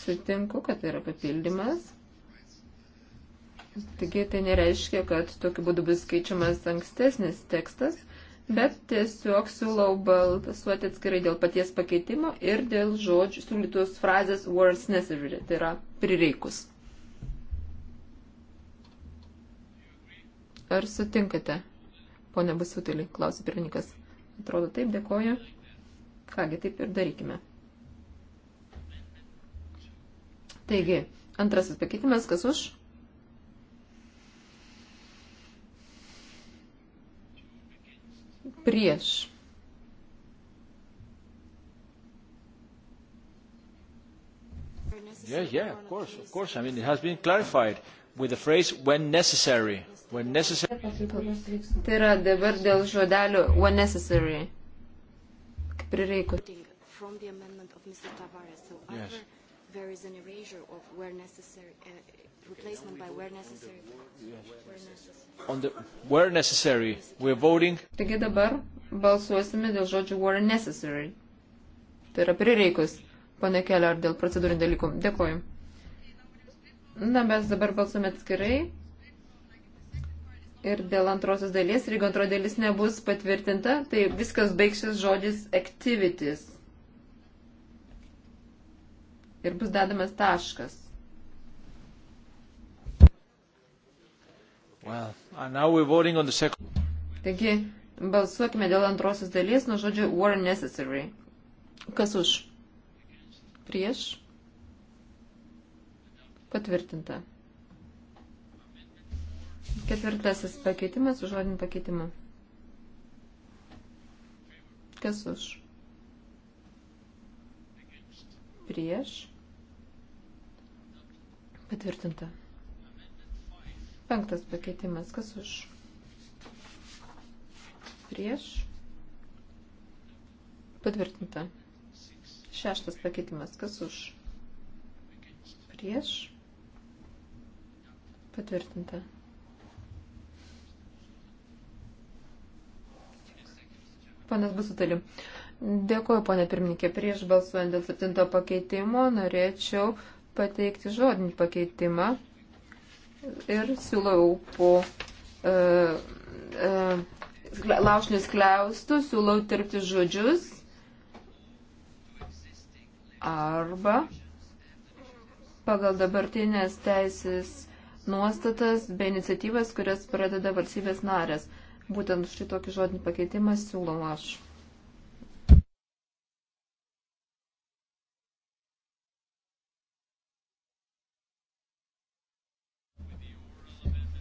Sutinku, kad tai yra papildymas. Taigi tai nereiškia, kad tokiu būdu bus keičiamas ankstesnis tekstas, bet tiesiog siūlau balsuoti atskirai dėl paties pakeitimo ir dėl žodžių siūlytos frazės words necessary, tai yra prireikus. Ar sutinkate, ponia Basutilį, klausė pirmininkas. Atrodo taip, dėkoju. Kągi, taip ir darykime. Taigi, antrasis pakeitimas, kas už? prieš. Yeah, yeah, of course, of course. I mean, it has been clarified with the phrase when necessary. When necessary. Tai yra dabar dėl žodelių when necessary. Kaip prireikus. From the amendment of Mr. Tavares, so yes. either there is an erasure of where necessary, uh, replacement by where necessary. On the where necessary, we're voting. Taigi dabar balsuosime dėl žodžių where necessary. Tai yra prireikus, pane Keller, dėl procedūrinių dalykų. Dėkoju. Na, mes dabar balsuome atskirai. Ir dėl antrosios dalies, ir jeigu antroji dalis nebus patvirtinta, tai viskas baigsis žodis activities. Ir bus dedamas taškas. Well, uh, Taigi, balsuokime dėl antrosios dalies nuo žodžio were necessary. Kas už? Prieš? Patvirtinta. Ketvirtasis pakeitimas už žodinį pakeitimą. Kas už? Prieš? Patvirtinta. Penktas pakeitimas. Kas už? Prieš. Patvirtinta. Šeštas pakeitimas. Kas už? Prieš. Patvirtinta. Panas bus sutali. Dėkuoju, ponė pirmininkė. Prieš balsuojant dėl septinto pakeitimo norėčiau pateikti žodinį pakeitimą ir siūlau po uh, e, uh, e, laušnius kleustų, siūlau tirpti žodžius arba pagal dabartinės teisės nuostatas bei iniciatyvas, kurias pradeda valstybės narės. Būtent šitokį žodinį pakeitimą siūlau aš.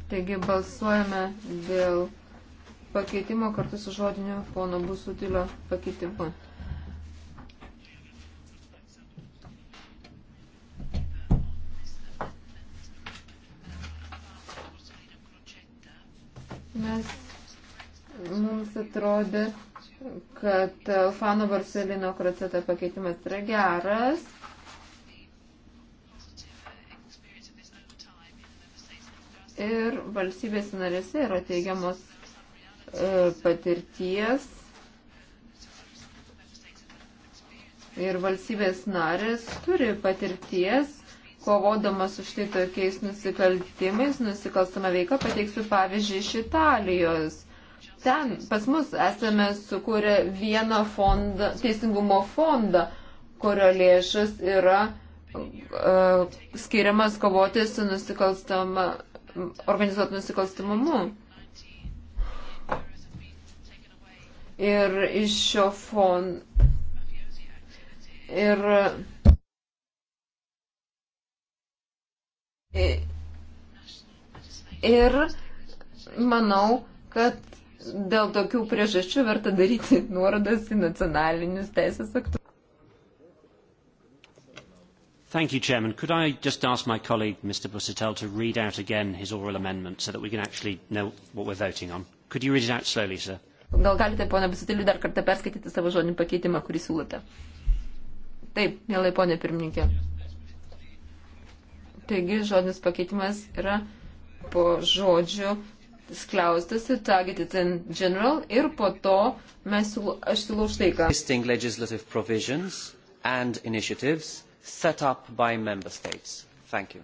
Taigi balsuojame dėl pakeitimo kartu su žodiniu pono Busutilio pakeitimu. Mes, mums atrodė, kad Alfano Barcelino kroceta pakeitimas yra geras. ir valstybės narėse yra teigiamos e, patirties ir valstybės narės turi patirties, kovodamas už tai tokiais nusikaltimais, nusikalstama veika, pateiksiu pavyzdžiui iš Italijos. Ten pas mus esame sukūrę vieną fondą, teisingumo fondą, kurio lėšas yra uh, skiriamas kovoti su nusikalstama organizuotų nusikalstamumu. Ir iš šio fon. Ir. Ir manau, kad dėl tokių priežasčių verta daryti nuorodas į nacionalinius teisės aktus. Thank you, Chairman. Could I just ask my colleague, Mr Busuttil, to read out again his oral amendment so that we can actually know what we're voting on? Could you read it out slowly, sir? Gal galite, ponia Busutiliu, dar kartą perskaityti savo žodinį pakeitimą, kurį siūlote? Taip, mielai ponia pirmininkė. Taigi, žodinis pakeitimas yra po žodžių skliaustusi targeted in general ir po to mes siūlo, aš siūlau štai ką. Existing legislative provisions and initiatives set up by member states? Thank you.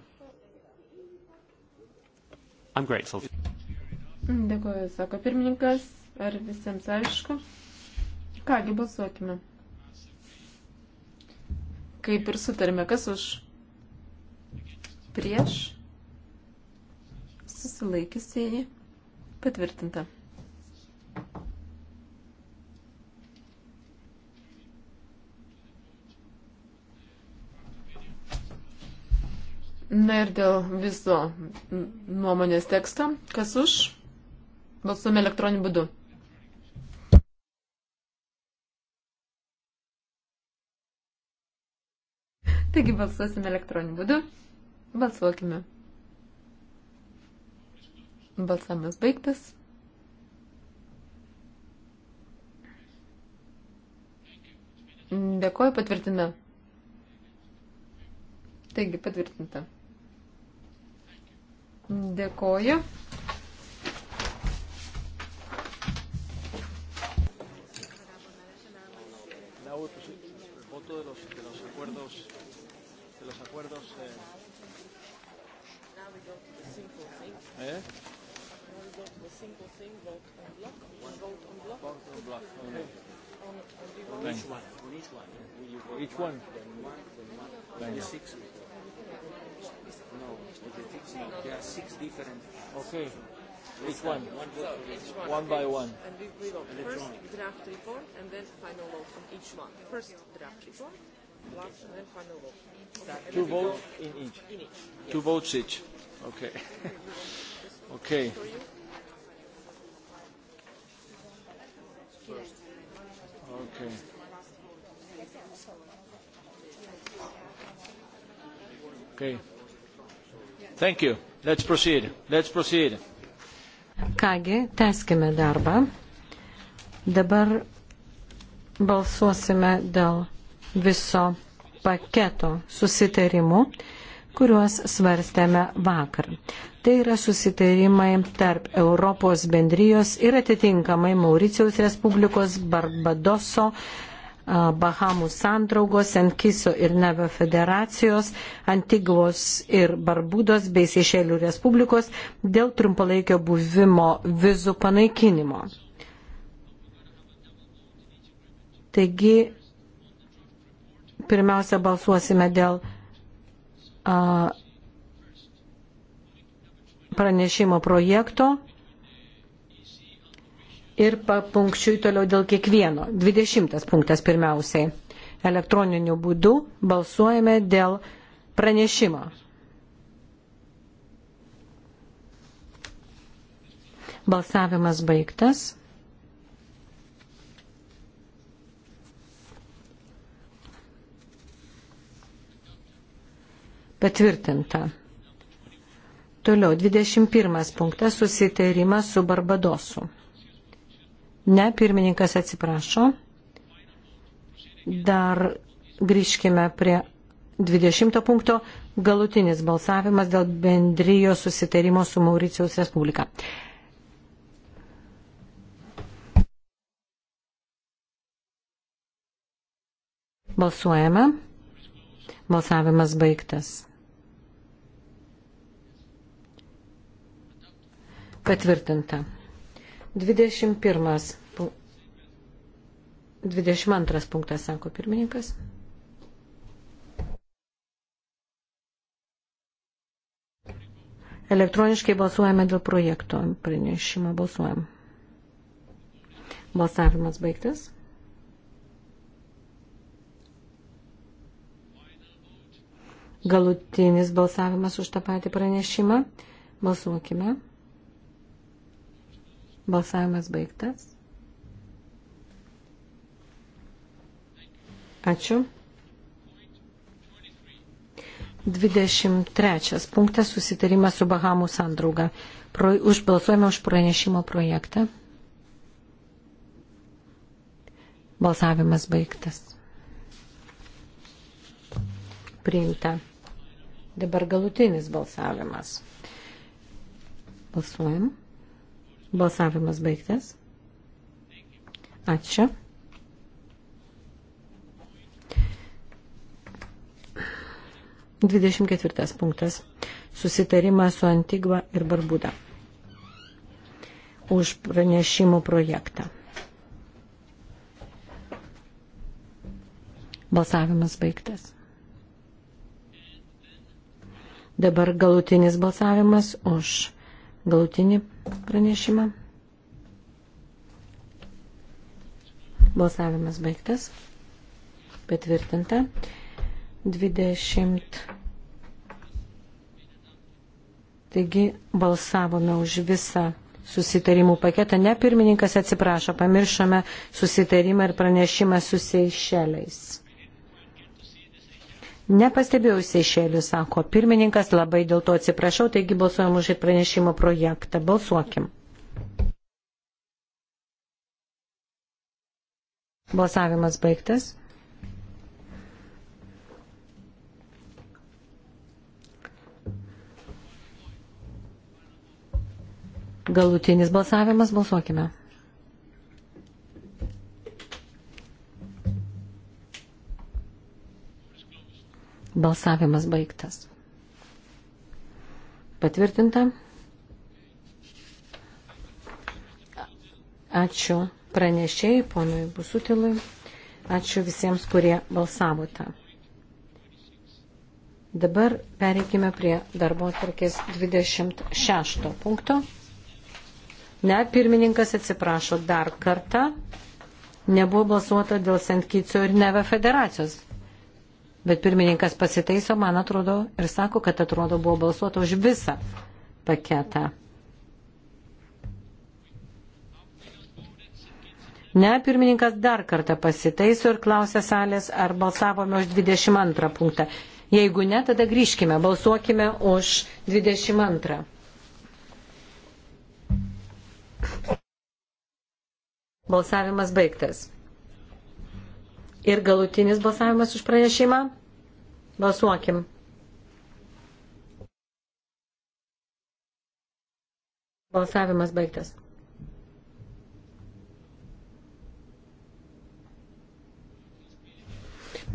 I'm grateful. Dėkuoju, sako pirmininkas. Ar visiems aišku? Kągi, balsuokime. Kaip ir sutarime, kas už? Prieš? Susilaikysiai. Patvirtinta. Na ir dėl viso nuomonės teksto, kas už, balsuome elektroniniu būdu. Taigi balsuosime elektroniniu būdu. Balsuokime. Balsamas baigtas. Dėkoju, patvirtina. Taigi, patvirtinta. Dėkoju. voto de los, de los acuerdos de los acuerdos eh. ¿Eh? Each one. Each one. Each one. Each one. Each one. Each one. Each one. No, there are six different. Okay. Which one? One, one, one by one. And we, we vote Electronic. first draft report and then final vote on each one. First draft report, last and then final vote. Okay. Two votes in each. In each. Yes. Two votes each. Okay. <laughs> okay. Okay. Okay. Thank you. Let's proceed. Let's proceed. Kągi, teskime darbą. Dabar balsuosime dėl viso paketo susitarimų, kuriuos svarstėme vakar. Tai yra susitarimai tarp Europos bendrijos ir atitinkamai Mauricijos Respublikos, Barbadoso, Bahamų sandraugos, Enkiso ir Neve federacijos, Antigvos ir Barbudos bei Seišelių Respublikos dėl trumpalaikio buvimo vizų panaikinimo. Taigi, pirmiausia, balsuosime dėl a, pranešimo projekto ir papunkčiui toliau dėl kiekvieno. 20 punktas pirmiausiai. Elektroniniu būdu balsuojame dėl pranešimo. Balsavimas baigtas. Patvirtinta. Toliau 21 punktas susitarimas su Barbadosu. Ne, pirmininkas atsiprašo. Dar grįžkime prie 20 punkto galutinis balsavimas dėl bendrijo susitarimo su Mauricijos Respublika. Balsuojame. Balsavimas baigtas. Patvirtinta. 21. 22 punktas, sako pirmininkas. Elektroniškai balsuojame dėl projekto pranešimo. Balsuojam. Balsavimas baigtas. Galutinis balsavimas už tą patį pranešimą. Balsuokime. Balsavimas baigtas. Ačiū. 23. Punktas susitarimas su Bahamų sandrauga. Pro, užbalsuojame už pranešimo projektą. Balsavimas baigtas. Priimta. Dabar galutinis balsavimas. Balsuojam. Balsavimas baigtas. Ačiū. Dvidešimt ketvirtas punktas. Susitarimas su Antigva ir Barbuda. Už pranešimų projektą. Balsavimas baigtas. Dabar galutinis balsavimas už galutinį pranešimą. Balsavimas baigtas. Patvirtinta. 20. Taigi balsavome už visą susitarimų paketą. Ne pirmininkas atsiprašo, pamiršome susitarimą ir pranešimą su Seišeliais. Nepastebėjau Seišelių, sako pirmininkas, labai dėl to atsiprašau, taigi balsuojam už pranešimo projektą. Balsuokim. Balsavimas baigtas. Galutinis balsavimas, balsuokime. Balsavimas baigtas. Patvirtinta. Ačiū pranešėjai, ponui Busutilui. Ačiū visiems, kurie balsavote. Dabar pereikime prie darbo atvarkės 26 punkto. Ne, pirmininkas atsiprašo dar kartą. Nebuvo balsuota dėl Sentkicio ir Neve federacijos. Bet pirmininkas pasitaiso, man atrodo, ir sako, kad atrodo buvo balsuota už visą paketą. Ne, pirmininkas dar kartą pasitaiso ir klausia salės, ar balsavome už 22 punktą. Jeigu ne, tada grįžkime, balsuokime už 22. Balsavimas baigtas ir galutinis balsavimas už pranešimą. Balsuokim. Balsavimas baigtas.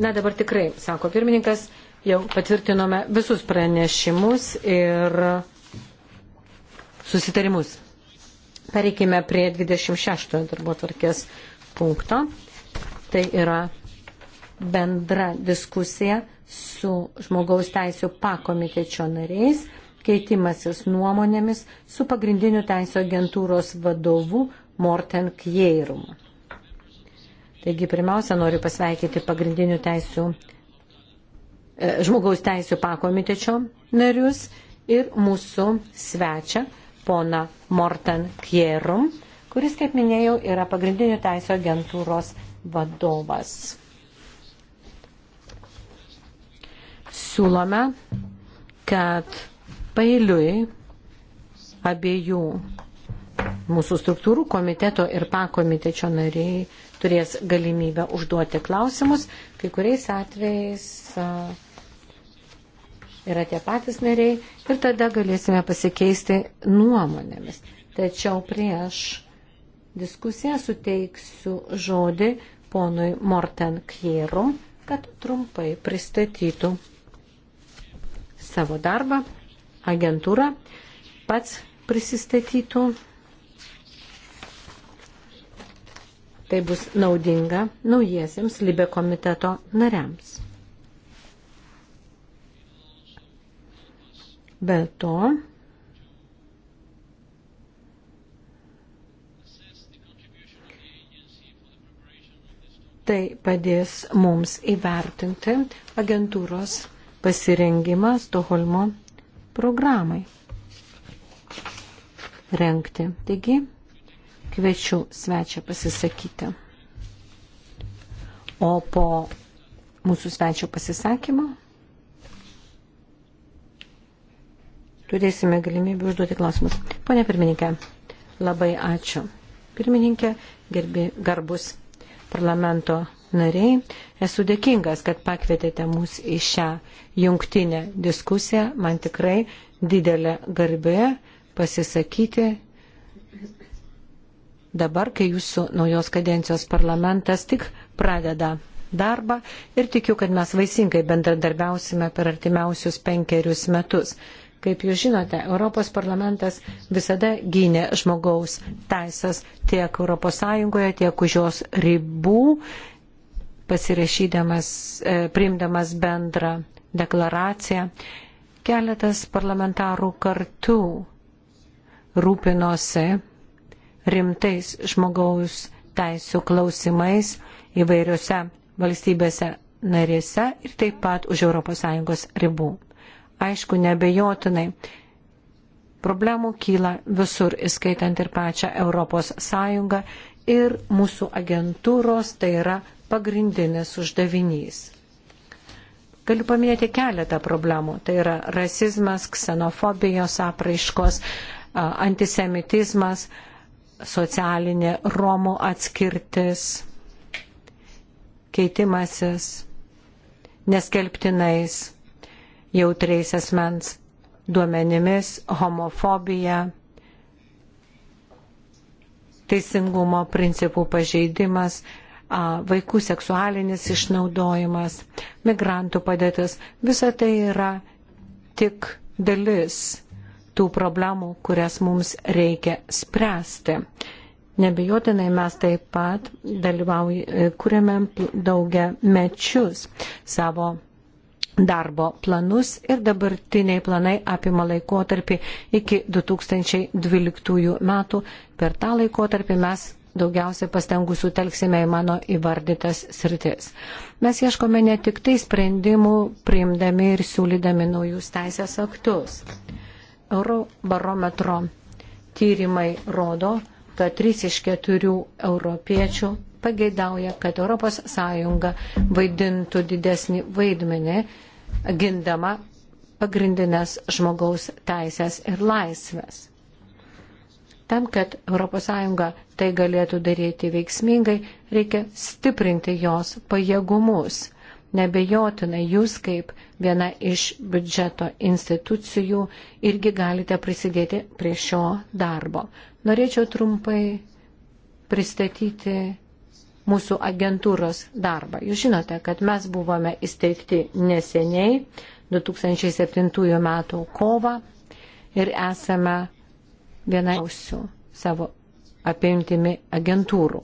Na dabar tikrai, sako pirmininkas, jau patvirtinome visus pranešimus ir susitarimus. Pareikime prie 26 darbo tvarkės punkto. Tai yra bendra diskusija su žmogaus teisų pakomitečio nariais, keitimasis nuomonėmis su pagrindiniu teisų agentūros vadovu Morten Kjeirum. Taigi pirmiausia, noriu pasveikyti pagrindinių teisų, e, žmogaus teisų pakomitečio narius ir mūsų svečią, pona Morten Kjerum, kuris, kaip minėjau, yra pagrindinių teisų agentūros vadovas. siūlome, kad pailiui abiejų mūsų struktūrų komiteto ir pakomitečio nariai turės galimybę užduoti klausimus. Kai kuriais atvejais yra tie patys nariai ir tada galėsime pasikeisti nuomonėmis. Tačiau prieš diskusiją suteiksiu žodį ponui Morten Kjerum, kad trumpai pristatytų savo darbą, agentūrą, pats prisistatytų. Tai bus naudinga naujiesiems Libe komiteto nariams. Be to, tai padės mums įvertinti agentūros pasirengimą Stoholmo programai rengti. Taigi, kviečiu svečią pasisakyti. O po mūsų svečio pasisakymo turėsime galimybę užduoti klausimus. Pone pirmininkė, labai ačiū. Pirmininkė, gerbi, garbus parlamento nariai, esu dėkingas, kad pakvietėte mus į šią jungtinę diskusiją. Man tikrai didelė garbė pasisakyti dabar, kai jūsų naujos kadencijos parlamentas tik pradeda darbą ir tikiu, kad mes vaisingai bendradarbiausime per artimiausius penkerius metus. Kaip jūs žinote, Europos parlamentas visada gynė žmogaus teisės tiek ES, tiek už jos ribų pasirašydamas, e, priimdamas bendrą deklaraciją, keletas parlamentarų kartu rūpinosi rimtais žmogaus teisų klausimais įvairiose valstybėse narėse ir taip pat už ES ribų. Aišku, nebejotinai, problemų kyla visur, įskaitant ir pačią ES ir mūsų agentūros, tai yra pagrindinis uždavinys. Galiu paminėti keletą problemų. Tai yra rasizmas, ksenofobijos apraiškos, antisemitizmas, socialinė Romų atskirtis, keitimasis neskelbtinais jautriais asmens duomenimis, homofobija, teisingumo principų pažeidimas, vaikų seksualinis išnaudojimas, migrantų padėtis. Visa tai yra tik dalis tų problemų, kurias mums reikia spręsti. Nebijotinai mes taip pat e, kūrėme daugia mečius savo darbo planus ir dabartiniai planai apima laikotarpį iki 2012 metų. Per tą laikotarpį mes daugiausia pastangų sutelksime į mano įvardytas sritis. Mes ieškome ne tik tai sprendimų, priimdami ir siūlydami naujus teisės aktus. Eurobarometro tyrimai rodo, kad 3 iš 4 europiečių pageidauja, kad ES vaidintų didesnį vaidmenį, gindama pagrindinės žmogaus teisės ir laisvės. Tam, kad ES tai galėtų daryti veiksmingai, reikia stiprinti jos pajėgumus. Nebejotinai jūs kaip viena iš biudžeto institucijų irgi galite prisidėti prie šio darbo. Norėčiau trumpai pristatyti mūsų agentūros darbą. Jūs žinote, kad mes buvome įsteigti neseniai, 2007 m. kovą ir esame viena jausių savo apimtimi agentūrų.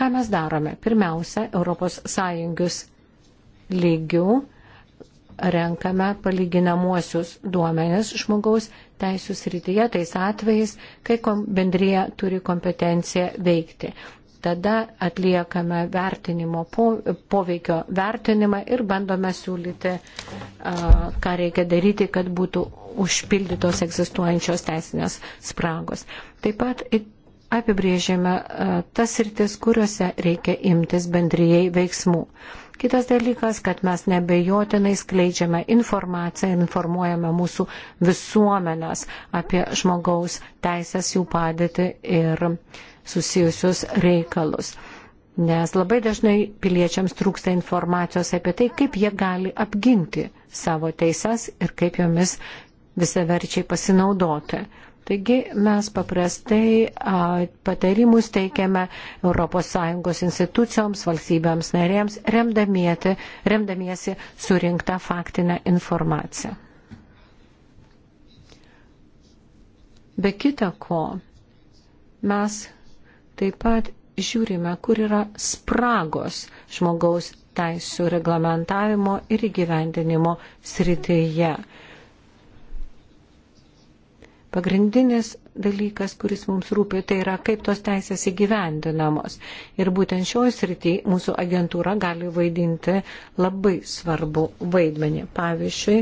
Ką mes darome? Pirmiausia, ES lygių renkame palyginamuosius duomenis žmogaus teisų srityje, tais atvejais, kai bendrija turi kompetenciją veikti tada atliekame vertinimo po, poveikio vertinimą ir bandome siūlyti, ką reikia daryti, kad būtų užpildytos egzistuojančios teisinės spragos. Taip pat apibrėžėme tas rytis, kuriuose reikia imtis bendrijai veiksmų. Kitas dalykas, kad mes nebejotinai skleidžiame informaciją, informuojame mūsų visuomenės apie žmogaus teisės jų padėti ir susijusius reikalus. Nes labai dažnai piliečiams trūksta informacijos apie tai, kaip jie gali apginti savo teises ir kaip jomis visaverčiai pasinaudoti. Taigi mes paprastai patarimus teikiame ES institucijoms, valstybėms narėms, remdamiesi surinktą faktinę informaciją. Be kita ko, mes taip pat žiūrime, kur yra spragos žmogaus teisų reglamentavimo ir įgyvendinimo srityje. Pagrindinis dalykas, kuris mums rūpi, tai yra, kaip tos teisės įgyvendinamos. Ir būtent šioje srityje mūsų agentūra gali vaidinti labai svarbu vaidmenį. Pavyzdžiui,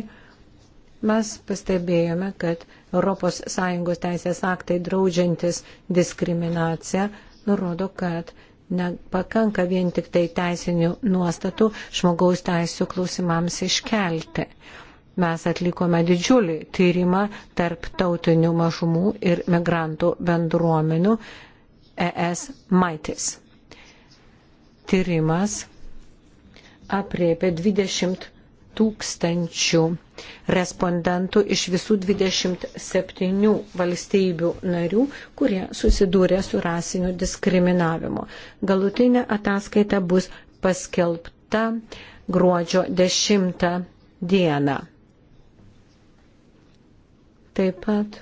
mes pastebėjome, kad ES teisės aktai draudžiantis diskriminaciją nurodo, kad nepakanka vien tik tai teisinių nuostatų žmogaus teisų klausimams iškelti mes atlikome didžiulį tyrimą tarp tautinių mažumų ir migrantų bendruomenių ES Maitis. Tyrimas apriepė 20 tūkstančių respondentų iš visų 27 valstybių narių, kurie susidūrė su rasiniu diskriminavimu. Galutinė ataskaita bus paskelbta gruodžio 10 dieną. Taip pat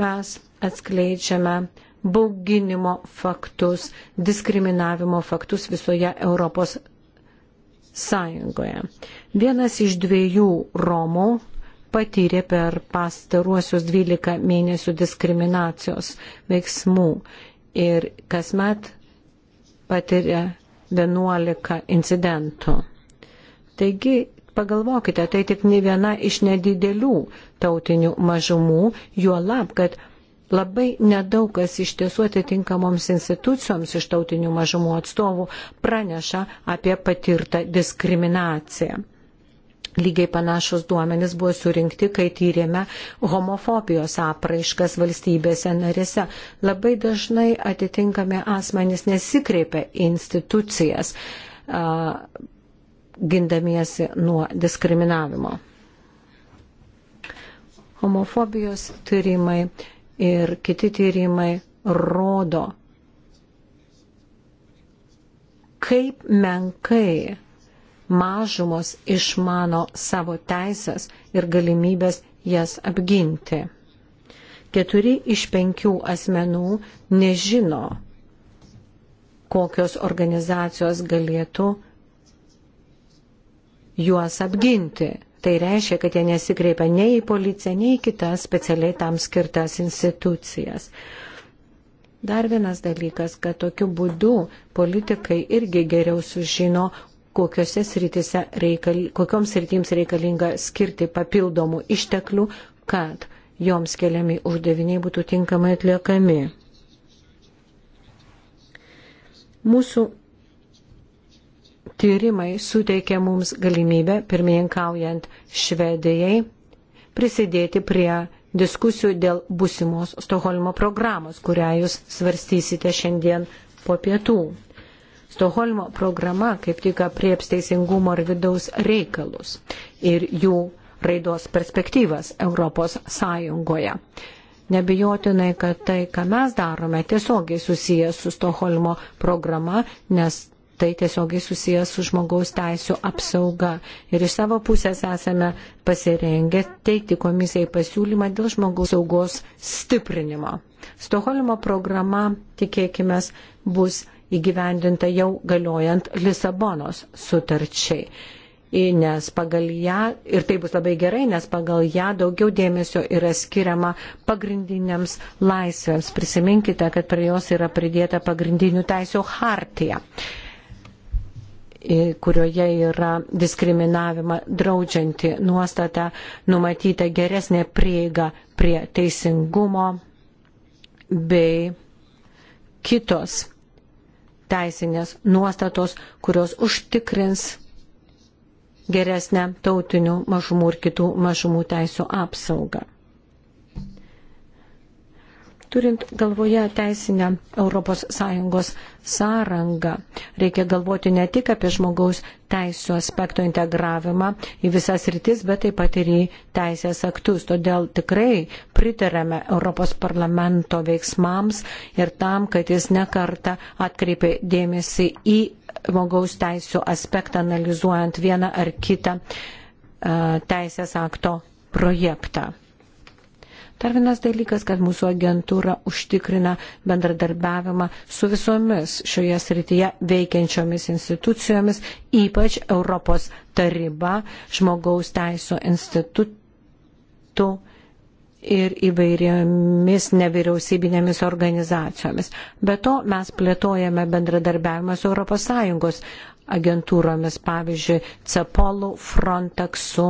mes atskleidžiame bauginimo faktus, diskriminavimo faktus visoje Europos Sąjungoje. Vienas iš dviejų Romų patyrė per pastaruosius 12 mėnesių diskriminacijos veiksmų ir kasmet patiria 11 incidentų. Taigi Pagalvokite, tai tik ne viena iš nedidelių tautinių mažumų, juolab, kad labai nedaug kas iš tiesų atitinkamoms institucijoms iš tautinių mažumų atstovų praneša apie patirtą diskriminaciją. Lygiai panašus duomenys buvo surinkti, kai tyrėme homofobijos apraiškas valstybėse narėse. Labai dažnai atitinkami asmenys nesikreipia institucijas gindamiesi nuo diskriminavimo. Homofobijos tyrimai ir kiti tyrimai rodo, kaip menkai mažumos išmano savo teisės ir galimybės jas apginti. Keturi iš penkių asmenų nežino, kokios organizacijos galėtų juos apginti. Tai reiškia, kad jie nesikreipia nei į policiją, nei į kitas specialiai tam skirtas institucijas. Dar vienas dalykas, kad tokiu būdu politikai irgi geriau sužino, kokiose sritise reikal, kokioms sritims reikalinga skirti papildomų išteklių, kad joms keliami uždaviniai būtų tinkamai atliekami. Mūsų tyrimai suteikė mums galimybę, pirmininkaujant Švedijai, prisidėti prie diskusijų dėl busimos Stoholmo programos, kurią jūs svarstysite šiandien po pietų. Stoholmo programa kaip tik aprieps teisingumo ir vidaus reikalus ir jų raidos perspektyvas Europos Sąjungoje. Nebijotinai, kad tai, ką mes darome, tiesiogiai susijęs su Stoholmo programa, nes tai tiesiogiai susijęs su žmogaus teisų apsauga. Ir iš savo pusės esame pasirengę teikti komisijai pasiūlymą dėl žmogaus saugos stiprinimo. Stoholimo programa, tikėkime, bus įgyvendinta jau galiojant Lisabonos sutarčiai. Nes pagal ją, ir tai bus labai gerai, nes pagal ją daugiau dėmesio yra skiriama pagrindiniams laisvėms. Prisiminkite, kad prie jos yra pridėta pagrindinių teisų hartija kurioje yra diskriminavimą draudžianti nuostata, numatyta geresnė prieiga prie teisingumo bei kitos teisinės nuostatos, kurios užtikrins geresnę tautinių mažumų ir kitų mažumų teisų apsaugą. Turint galvoje teisinę ES sąrangą, reikia galvoti ne tik apie žmogaus teisų aspekto integravimą į visas rytis, bet taip pat ir į teisės aktus. Todėl tikrai pritarėme Europos parlamento veiksmams ir tam, kad jis nekarta atkreipė dėmesį į žmogaus teisų aspektą analizuojant vieną ar kitą e, teisės akto projektą. Dar vienas dalykas, kad mūsų agentūra užtikrina bendradarbiavimą su visomis šioje srityje veikiančiomis institucijomis, ypač Europos taryba, žmogaus teisų institutu ir įvairiomis nevyriausybinėmis organizacijomis. Be to mes plėtojame bendradarbiavimą su ES agentūromis, pavyzdžiui, CEPOLU, Frontexu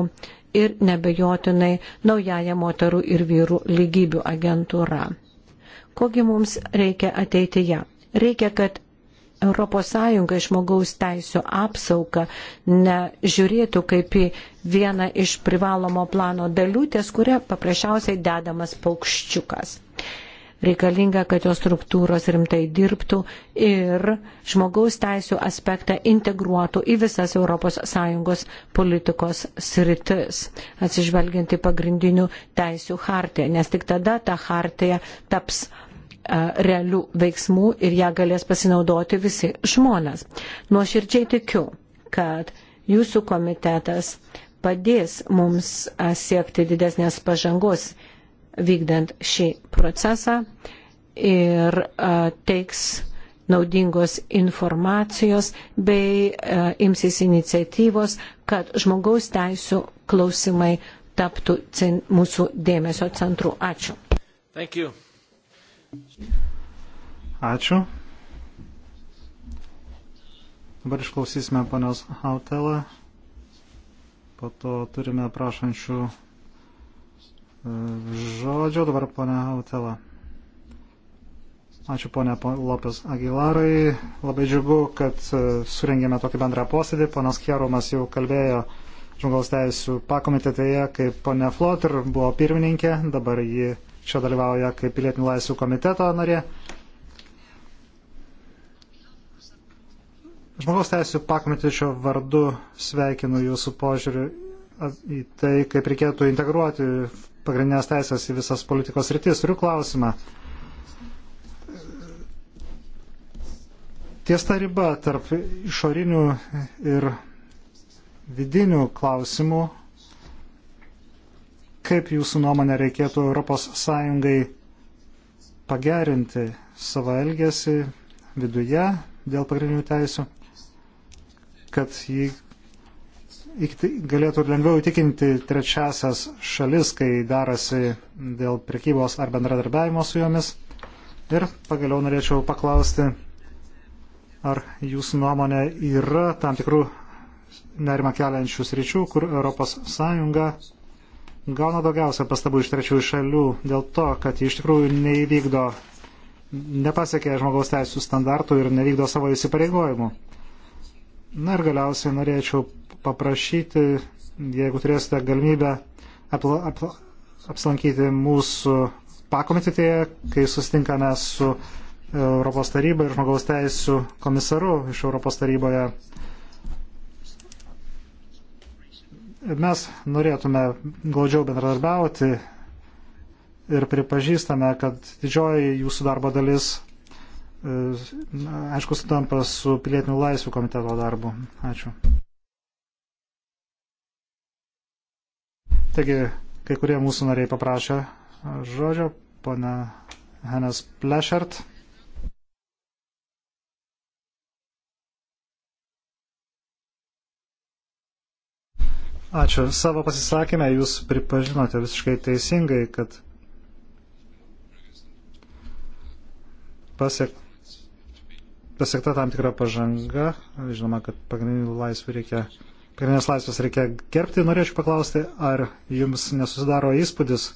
ir nebejotinai naujaja moterų ir vyrų lygybių agentūra. Kogi mums reikia ateityje? Reikia, kad ES žmogaus teisų apsaugą nežiūrėtų kaip į vieną iš privalomo plano dalių, ties kuria paprasčiausiai dedamas paukščiukas. Reikalinga, kad jos struktūros rimtai dirbtų ir žmogaus teisų aspektą integruotų į visas ES politikos sritis, atsižvelgiant į pagrindinių teisų hartiją, nes tik tada ta hartija taps realių veiksmų ir ją galės pasinaudoti visi žmonės. Nuoširdžiai tikiu, kad jūsų komitetas padės mums siekti didesnės pažangos vykdant šį procesą ir teiks naudingos informacijos bei imsis iniciatyvos, kad žmogaus teisų klausimai taptų mūsų dėmesio centru. Ačiū. Ačiū. Dabar išklausysime ponios Hautelą. Po to turime prašančių žodžio. Dabar ponia Autela. Ačiū ponia Lopes Aguilarai. Labai džiugu, kad e, surengėme tokį bendrą posėdį. Ponas Kjerumas jau kalbėjo žmogaus teisų pakomitetėje, kaip ponia Flotter buvo pirmininkė, dabar ji čia dalyvauja kaip pilietinių laisvių komiteto narė. Žmogaus teisų pakomitečio vardu sveikinu jūsų požiūrį į tai, kaip reikėtų integruoti pagrindinės teisės į visas politikos rytis. Turiu klausimą. Ties ta riba tarp išorinių ir vidinių klausimų, kaip jūsų nuomonė reikėtų ES pagerinti savo elgesį viduje dėl pagrindinių teisų, kad jį galėtų lengviau įtikinti trečiasias šalis, kai darasi dėl prekybos ar bendradarbiavimo su jomis. Ir pagaliau norėčiau paklausti, ar jūsų nuomonė yra tam tikrų nerima keliančių sričių, kur ES gauna daugiausia pastabų iš trečiųjų šalių dėl to, kad jie iš tikrųjų neįvykdo, nepasiekė žmogaus teisų standartų ir nevykdo savo įsipareigojimų. Na ir galiausiai norėčiau paprašyti, jeigu turėsite galimybę apla, apla, apsilankyti mūsų pakomitetėje, kai susitinkame su e, Europos taryba ir žmogaus teisų komisaru iš Europos taryboje. Mes norėtume glaudžiau bendradarbiauti ir pripažįstame, kad didžioji jūsų darbo dalis, e, aišku, sutampa su pilietinių laisvių komiteto darbu. Ačiū. Taigi, kai kurie mūsų nariai paprašė žodžio, pana Hannes Plešert. Ačiū. Savo pasisakymę jūs pripažinote visiškai teisingai, kad pasiek, pasiekta tam tikra pažanga. Žinoma, kad pagrindinių laisvų reikia Karinės laisvės reikia gerbti. Norėčiau paklausti, ar jums nesusidaro įspūdis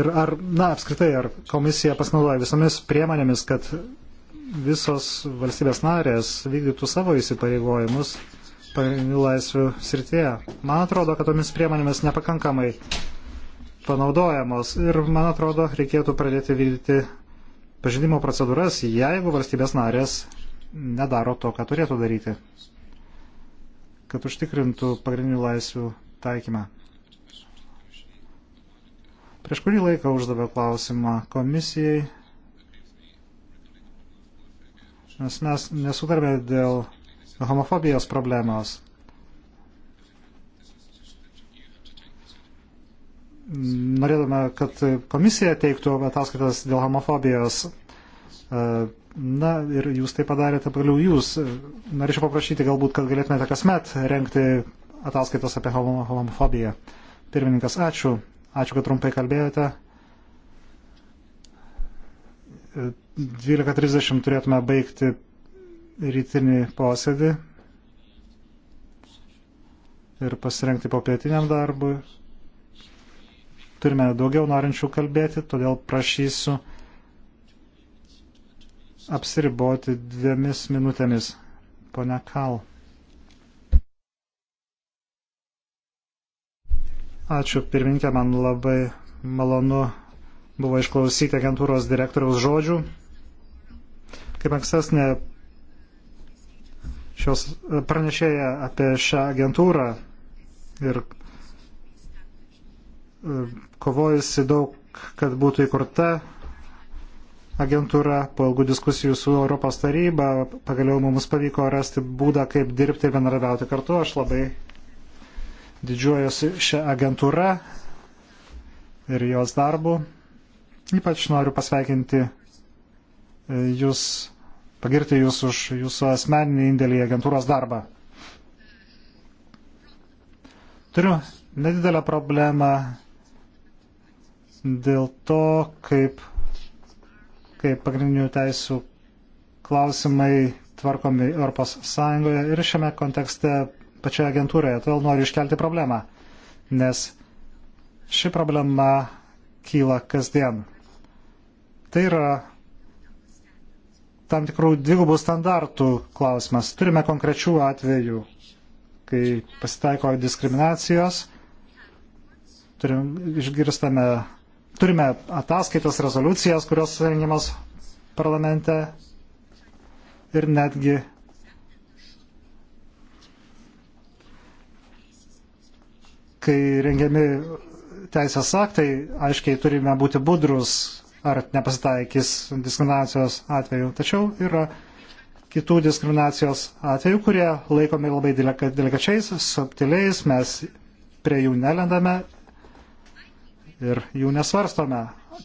ir ar, na, apskritai, ar komisija pasinaudoja visomis priemonėmis, kad visos valstybės narės vykdytų savo įsipareigojimus pagrindinių laisvių srityje. Man atrodo, kad tomis priemonėmis nepakankamai panaudojamos ir, man atrodo, reikėtų pradėti vykdyti pažydimo procedūras, jeigu valstybės narės nedaro to, ką turėtų daryti, kad užtikrintų pagrindinių laisvių taikymą. Prieš kurį laiką uždavė klausimą komisijai, nes mes nesutarėme dėl homofobijos problemos. norėtume, kad komisija teiktų ataskaitas dėl homofobijos e, Na ir jūs tai padarėte pagaliau jūs. Norėčiau paprašyti galbūt, kad galėtumėte kasmet renkti ataskaitas apie homofobiją. Pirmininkas, ačiū. Ačiū, kad trumpai kalbėjote. 12.30 turėtume baigti rytinį posėdį ir pasirengti popietiniam darbui. Turime daugiau norinčių kalbėti, todėl prašysiu apsiriboti dviemis minutėmis. Pone Kal. Ačiū pirmininkė, man labai malonu buvo išklausyti agentūros direktoriaus žodžių. Kaip ankstesnė šios pranešėja apie šią agentūrą ir e, kovojusi daug, kad būtų įkurta agentūra, po ilgų diskusijų su Europos taryba, pagaliau mums pavyko rasti būdą, kaip dirbti ir bendradauti kartu. Aš labai didžiuojuosi šią agentūrą ir jos darbu. Ypač noriu pasveikinti e, jūs, pagirti jūs už jūsų asmeninį indėlį į agentūros darbą. Turiu nedidelę problemą dėl to, kaip kaip pagrindinių teisų klausimai tvarkomi ES ir šiame kontekste pačioje agentūroje. Todėl noriu iškelti problemą, nes ši problema kyla kasdien. Tai yra tam tikrų dvigubų standartų klausimas. Turime konkrečių atvejų, kai pasitaiko diskriminacijos, turim, išgirstame turime ataskaitas, rezoliucijas, kurios rengiamas parlamente ir netgi kai rengiami teisės aktai, aiškiai turime būti budrus, ar nepasitaikys diskriminacijos atveju. Tačiau yra kitų diskriminacijos atvejų, kurie laikomi labai delikačiais, subtiliais, mes prie jų nelendame ir jų nesvarstome.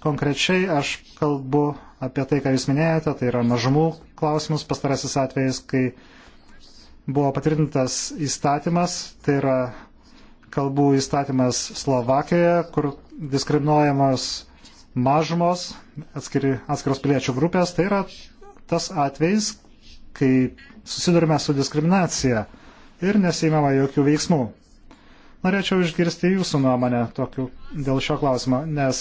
Konkrečiai aš kalbu apie tai, ką jūs minėjote, tai yra mažumų klausimus pastarasis atvejais, kai buvo patvirtintas įstatymas, tai yra kalbų įstatymas Slovakijoje, kur diskriminuojamos mažumos, atskiri, atskiros piliečių grupės, tai yra tas atvejis, kai susidurime su diskriminacija ir nesimama jokių veiksmų. Norėčiau išgirsti jūsų nuomonę tokiu, dėl šio klausimo, nes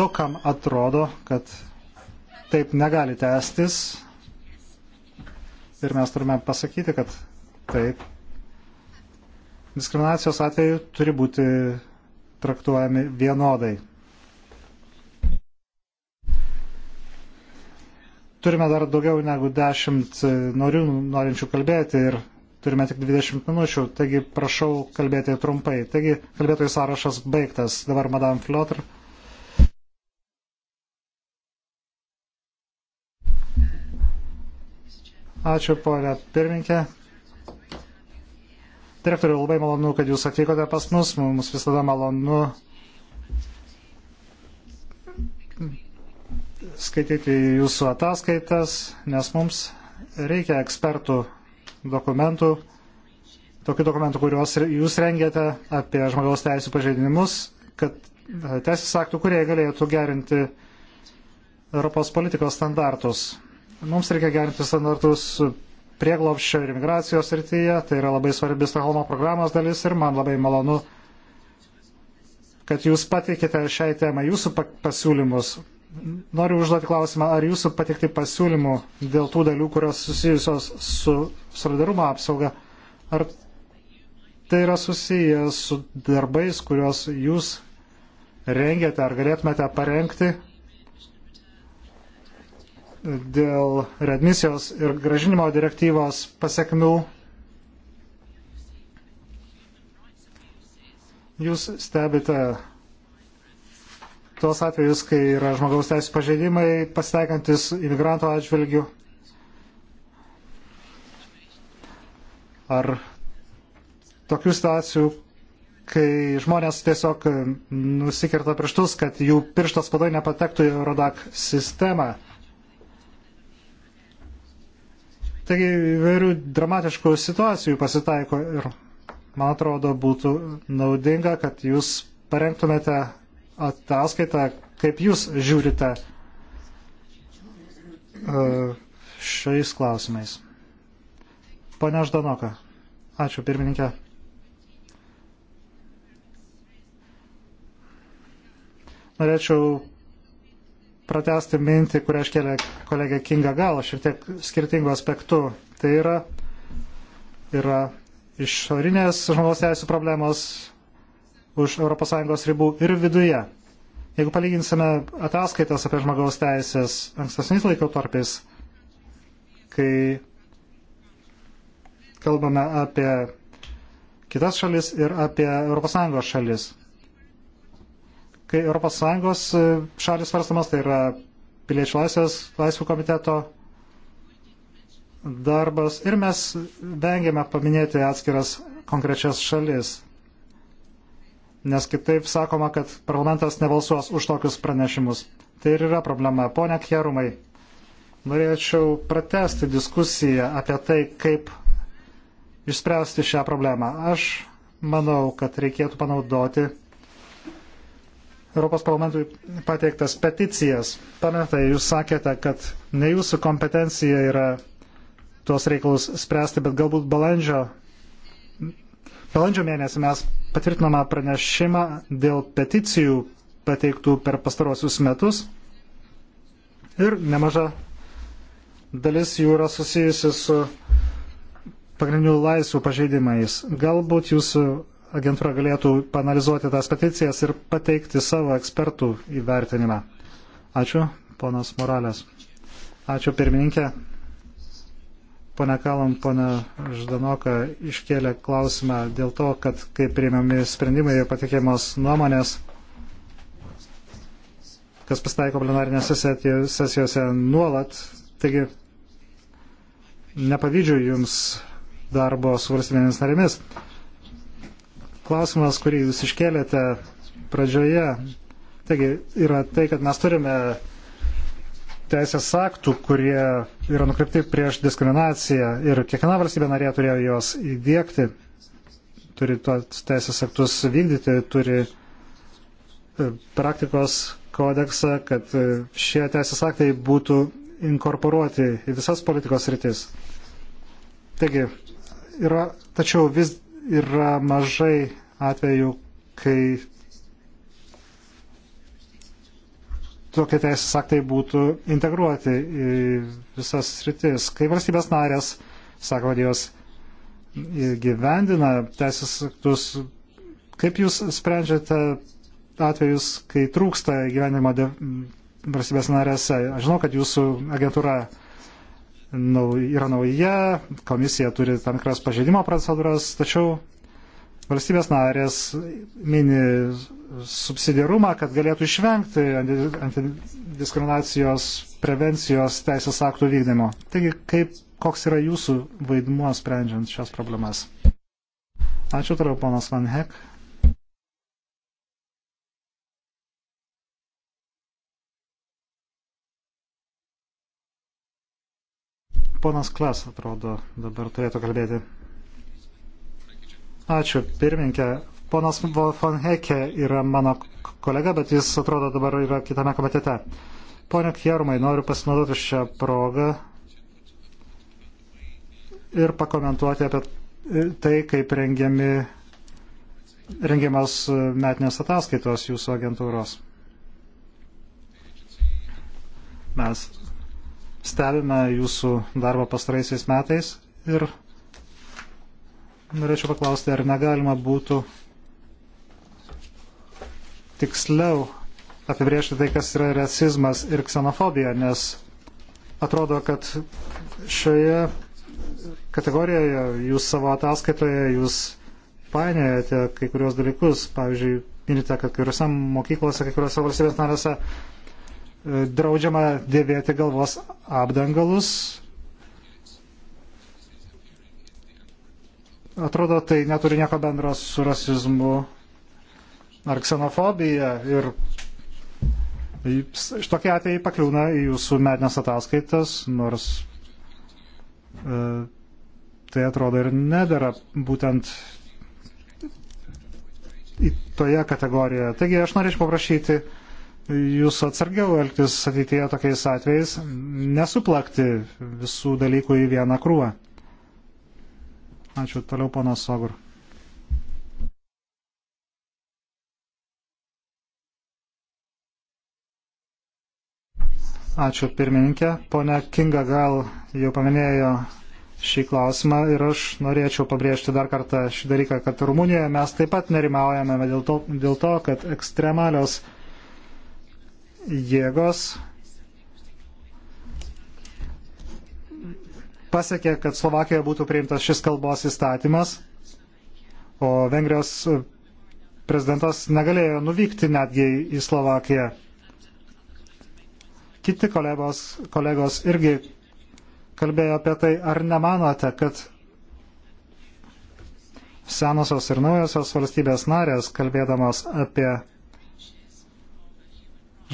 daug kam atrodo, kad taip negali tęstis ir mes turime pasakyti, kad taip. Diskriminacijos atveju turi būti traktuojami vienodai. Turime dar daugiau negu dešimt norių, norinčių kalbėti ir turime tik 20 minučių, taigi prašau kalbėti trumpai. Taigi kalbėtojų sąrašas baigtas. Dabar Madame Flotr. Ačiū, ponia pirminkė. Direktoriu, labai malonu, kad jūs atvykote pas mus. Mums visada malonu skaityti jūsų ataskaitas, nes mums reikia ekspertų dokumentų, tokių dokumentų, kuriuos jūs rengėte apie žmogaus teisų pažeidimus, kad e, teisės aktų, kurie galėtų gerinti Europos politikos standartus. Mums reikia gerinti standartus prieglopščio ir migracijos srityje, tai yra labai svarbi Stokholmo programos dalis ir man labai malonu, kad jūs pateikite šiai temai jūsų pasiūlymus noriu užduoti klausimą, ar jūsų patikti pasiūlymų dėl tų dalių, kurios susijusios su solidarumo apsauga, ar tai yra susijęs su darbais, kuriuos jūs rengiate ar galėtumėte parengti dėl redmisijos ir gražinimo direktyvos pasiekmių. Jūs stebite tuos atvejus, kai yra žmogaus teisų pažeidimai pasitaikantis imigrantų atžvilgių? Ar tokių situacijų, kai žmonės tiesiog nusikerta pirštus, kad jų pirštas padai nepatektų į Eurodac sistemą? Taigi įvairių dramatiškų situacijų pasitaiko ir man atrodo būtų naudinga, kad jūs parengtumėte ataskaitą, kaip jūs žiūrite e, šiais klausimais. Pane Ždanoka, ačiū pirmininkė. Norėčiau pratesti mintį, kurią iškėlė kolegė Kinga Galo, šiek tiek skirtingų aspektų. Tai yra, yra išorinės žmogaus teisų problemos, už ES ribų ir viduje. Jeigu palyginsime ataskaitas apie žmogaus teisės ankstesniais laikotarpiais, kai kalbame apie kitas šalis ir apie ES šalis. Kai ES šalis svarstamas, tai yra piliečių laisvės, laisvų komiteto darbas ir mes vengiame paminėti atskiras konkrečias šalis nes kitaip sakoma, kad parlamentas nebalsuos už tokius pranešimus. Tai ir yra problema. Pone Kjerumai, norėčiau pratesti diskusiją apie tai, kaip išspręsti šią problemą. Aš manau, kad reikėtų panaudoti Europos parlamentui pateiktas peticijas. Pamenate, tai, jūs sakėte, kad ne jūsų kompetencija yra tuos reikalus spręsti, bet galbūt balandžio Balandžio mėnesį mes patvirtinome pranešimą dėl peticijų pateiktų per pastarosius metus ir nemaža dalis jų yra susijusi su pagrindinių laisvų pažeidimais. Galbūt jūsų agentūra galėtų panalizuoti tas peticijas ir pateikti savo ekspertų įvertinimą. Ačiū, ponas Moralės. Ačiū, pirmininkė. Pone Kalam, pone Ždanoka iškėlė klausimą dėl to, kad kai priimami sprendimai ir patikėmos nuomonės, kas pasitaiko plenarinėse sesijose nuolat. Taigi, nepavydžiu Jums darbo su valstybėmis narėmis. Klausimas, kurį Jūs iškėlėte pradžioje, taigi, yra tai, kad mes turime teisės aktų, kurie yra nukreipti prieš diskriminaciją ir kiekviena valstybė narė turėjo juos įdėkti, turi tuos teisės aktus vykdyti, turi e, praktikos kodeksą, kad e, šie teisės aktai būtų inkorporuoti į visas politikos rytis. Taigi, yra, tačiau vis yra mažai atvejų, kai tokie teisės aktai būtų integruoti į visas sritis. Kai valstybės narės sako, kad jos gyvendina teisės aktus, kaip jūs sprendžiate atvejus, kai trūksta gyvenimo de... valstybės narėse? Aš žinau, kad jūsų agentūra yra nauja, komisija turi tam tikras pažeidimo procedūras, tačiau Valstybės narės mini subsidiarumą, kad galėtų išvengti antidiskriminacijos prevencijos teisės aktų vykdymo. Taigi, kaip, koks yra jūsų vaidmuo sprendžiant šias problemas? Ačiū toliau, ponas Van Hek. Ponas Klas, atrodo, dabar turėtų kalbėti. Ačiū, pirminkė. Ponas von Heke yra mano kolega, bet jis atrodo dabar yra kitame komitete. Pone Kjermai, noriu pasinaudoti šią progą ir pakomentuoti apie tai, kaip rengiami, rengiamas metinės ataskaitos jūsų agentūros. Mes stebime jūsų darbą pastaraisiais metais ir norėčiau paklausti, ar negalima būtų tiksliau apibriežti tai, kas yra rasizmas ir ksenofobija, nes atrodo, kad šioje kategorijoje jūs savo ataskaitoje jūs painėjate kai kurios dalykus. Pavyzdžiui, minite, kad kai kuriuose mokyklose, kai kuriuose valstybės narėse e, draudžiama dėvėti galvos apdangalus, Atrodo, tai neturi nieko bendro su rasizmu ar ksenofobija ir šitokie atvejai pakliūna į jūsų metinės ataskaitas, nors e, tai atrodo ir nedara būtent į toje kategorijoje. Taigi aš norėčiau paprašyti jūs atsargiau elgtis ateityje tokiais atvejais, nesuplakti visų dalykų į vieną krūvą. Ačiū toliau, ponas Sogur. Ačiū pirmininkė. Pone Kinga gal jau paminėjo šį klausimą ir aš norėčiau pabrėžti dar kartą šį dalyką, kad Rumunijoje mes taip pat nerimaujame dėl to, dėl to kad ekstremalios jėgos pasiekė, kad Slovakijoje būtų priimtas šis kalbos įstatymas, o Vengrijos e, prezidentas negalėjo nuvykti netgi į Slovakiją. Kiti kolegos, kolegos irgi kalbėjo apie tai, ar nemanote, kad senosios ir naujosios valstybės narės, kalbėdamos apie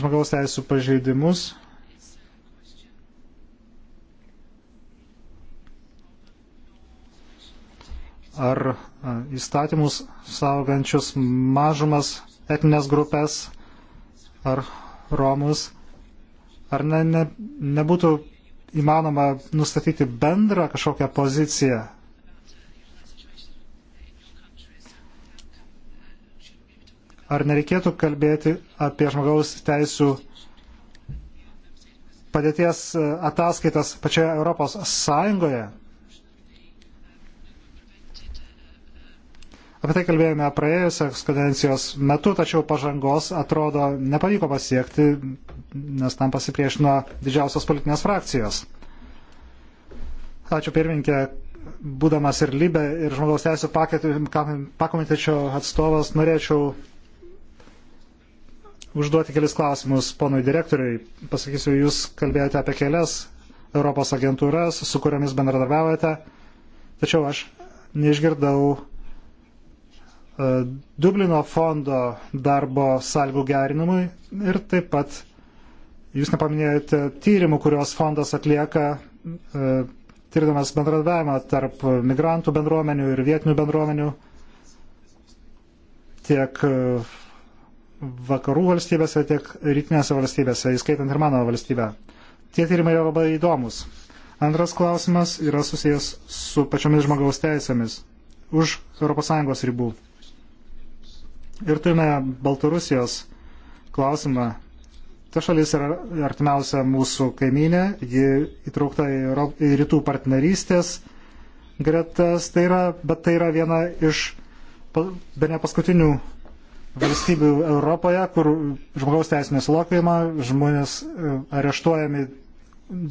žmogaus teisų pažeidimus, ar e, įstatymus saugančius mažumas, etinės grupės ar romus, ar ne, ne, nebūtų įmanoma nustatyti bendrą kažkokią poziciją. Ar nereikėtų kalbėti apie žmogaus teisų padėties e, ataskaitas pačioje Europos Sąjungoje, Apie tai kalbėjome praėjusios kadencijos metu, tačiau pažangos atrodo nepavyko pasiekti, nes tam pasipriešino didžiausios politinės frakcijos. Ačiū pirmininkė, būdamas ir Libė, ir žmogaus teisų pakomitečio atstovas, norėčiau užduoti kelis klausimus ponui direktoriui. Pasakysiu, jūs kalbėjote apie kelias Europos agentūras, su kuriomis bendradarbiavote, tačiau aš neišgirdau E, Dublino fondo darbo salgų gerinimui ir taip pat jūs nepaminėjote tyrimų, kuriuos fondas atlieka, e, tirdamas bendradavimą tarp migrantų bendruomenių ir vietinių bendruomenių tiek e, vakarų valstybėse, tiek rytinėse valstybėse, įskaitant ir mano valstybę. Tie tyrimai yra labai įdomus. Antras klausimas yra susijęs su pačiomis žmogaus teisėmis už ES ribų. Ir turime Baltarusijos klausimą. Ta šalis yra artimiausia mūsų kaiminė, ji įtraukta į rytų partnerystės gretas, tai yra, bet tai yra viena iš be ne paskutinių valstybių Europoje, kur žmogaus teisinė sulokvima, žmonės e, areštuojami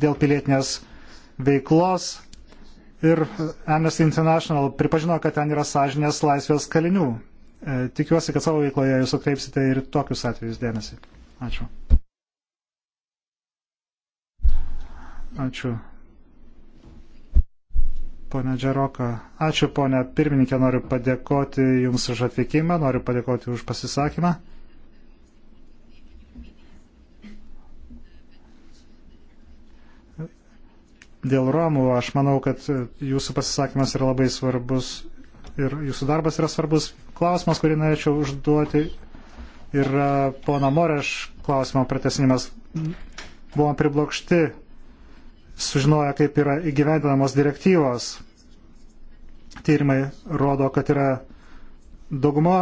dėl pilietinės veiklos ir Amnesty International pripažino, kad ten yra sąžinės laisvės kalinių. E, tikiuosi, kad savo veikloje jūs atkreipsite ir tokius atvejus dėmesį. Ačiū. Ačiū. Pone Džeroka. Ačiū, ponė pirmininkė, noriu padėkoti Jums už atvykimą, noriu padėkoti už pasisakymą. Dėl Romų aš manau, kad Jūsų pasisakymas yra labai svarbus ir Jūsų darbas yra svarbus Klausimas, kurį norėčiau užduoti, yra pono Moreš klausimo pratesinimas. Buvome priblokšti, sužinoję, kaip yra įgyvendinamos direktyvos. Tyrimai rodo, kad yra dauguma,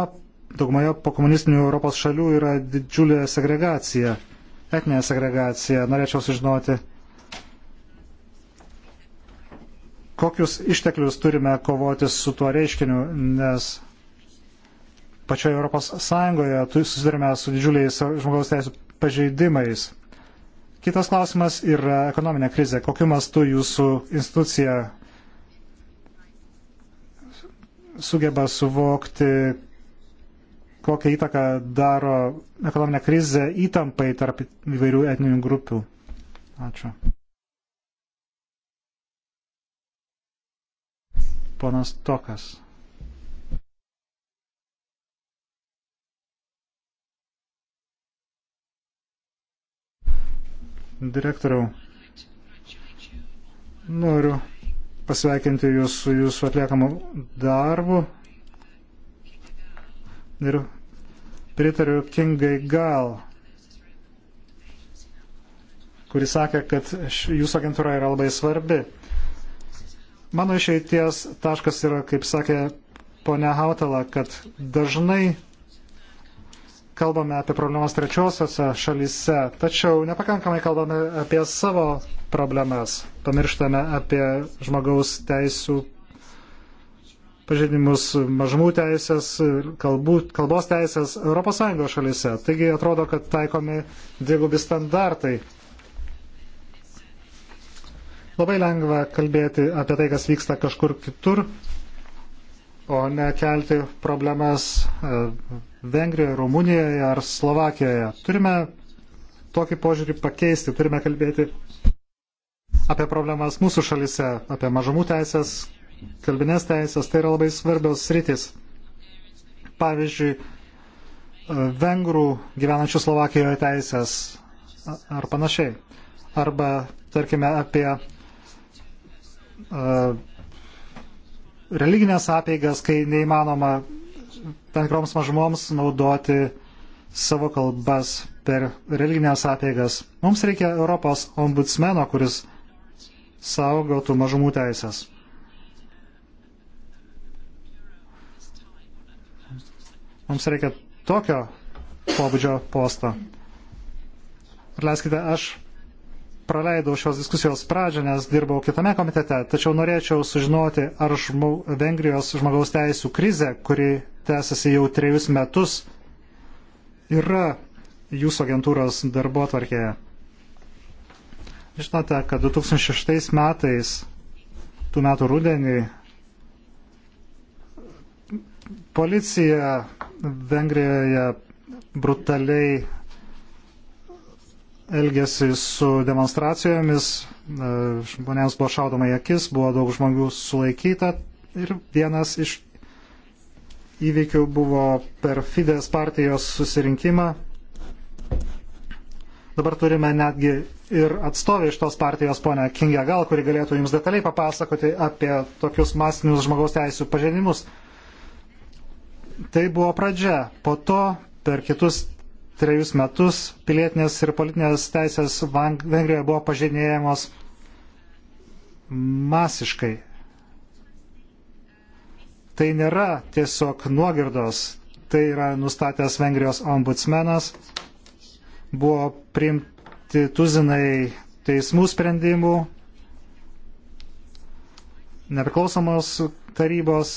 daugumoje pokomunistinių Europos šalių yra didžiulė segregacija, etninė segregacija. Norėčiau sužinoti, kokius išteklius turime kovoti su tuo reiškiniu, nes pačioje Europos Sąjungoje susidurime su didžiuliais žmogaus teisų pažeidimais. Kitas klausimas yra ekonominė krizė. Kokiu mastu jūsų institucija sugeba suvokti, kokią įtaką daro ekonominė krizė įtampai tarp įvairių etninių grupių. Ačiū. Ponas Tokas. direktoriau. Noriu pasveikinti jūs su jūsų atliekamu darbu ir pritariu Kingai Gal, kuris sakė, kad jūsų agentūra yra labai svarbi. Mano išeities taškas yra, kaip sakė ponia Hautala, kad dažnai kalbame apie problemas trečiosiose šalyse, tačiau nepakankamai kalbame apie savo problemas. Pamirštame apie žmogaus teisų pažeidimus mažumų teisės, kalbų, kalbos teisės ES šalyse. Taigi atrodo, kad taikomi dvigubi standartai. Labai lengva kalbėti apie tai, kas vyksta kažkur kitur, o ne kelti problemas e, Vengrijoje, Rumunijoje ar Slovakijoje. Turime tokį požiūrį pakeisti, turime kalbėti apie problemas mūsų šalise, apie mažumų teisės, kalbinės teisės, tai yra labai svarbios sritis. Pavyzdžiui, e, vengrų gyvenančių Slovakijoje teisės ar panašiai. Arba, tarkime, apie uh, religinės apeigas, kai neįmanoma tam tikroms mažumoms naudoti savo kalbas per religinės apeigas. Mums reikia Europos ombudsmeno, kuris saugotų mažumų teisės. Mums reikia tokio pobūdžio posto. Ir leiskite, aš praleidau šios diskusijos pradžią, nes dirbau kitame komitete, tačiau norėčiau sužinoti, ar žmo, Vengrijos žmogaus teisų krize, kuri tęsiasi jau trejus metus, yra jūsų agentūros darbo atvarkėje. Žinote, kad 2006 metais, tų metų rudenį, policija Vengrijoje brutaliai elgėsi su demonstracijomis, e, žmonėms buvo šaudoma į akis, buvo daug žmonių sulaikyta ir vienas iš įvykių buvo per Fides partijos susirinkimą. Dabar turime netgi ir atstovę iš tos partijos, ponę Kingę Gal, kuri galėtų jums detaliai papasakoti apie tokius masinius žmogaus teisų pažeidimus. Tai buvo pradžia. Po to per kitus trejus metus pilietinės ir politinės teisės Vengrijoje buvo pažinėjamos masiškai. Tai nėra tiesiog nuogirdos, tai yra nustatęs Vengrijos ombudsmenas, buvo priimti tuzinai teismų sprendimų, nepriklausomos tarybos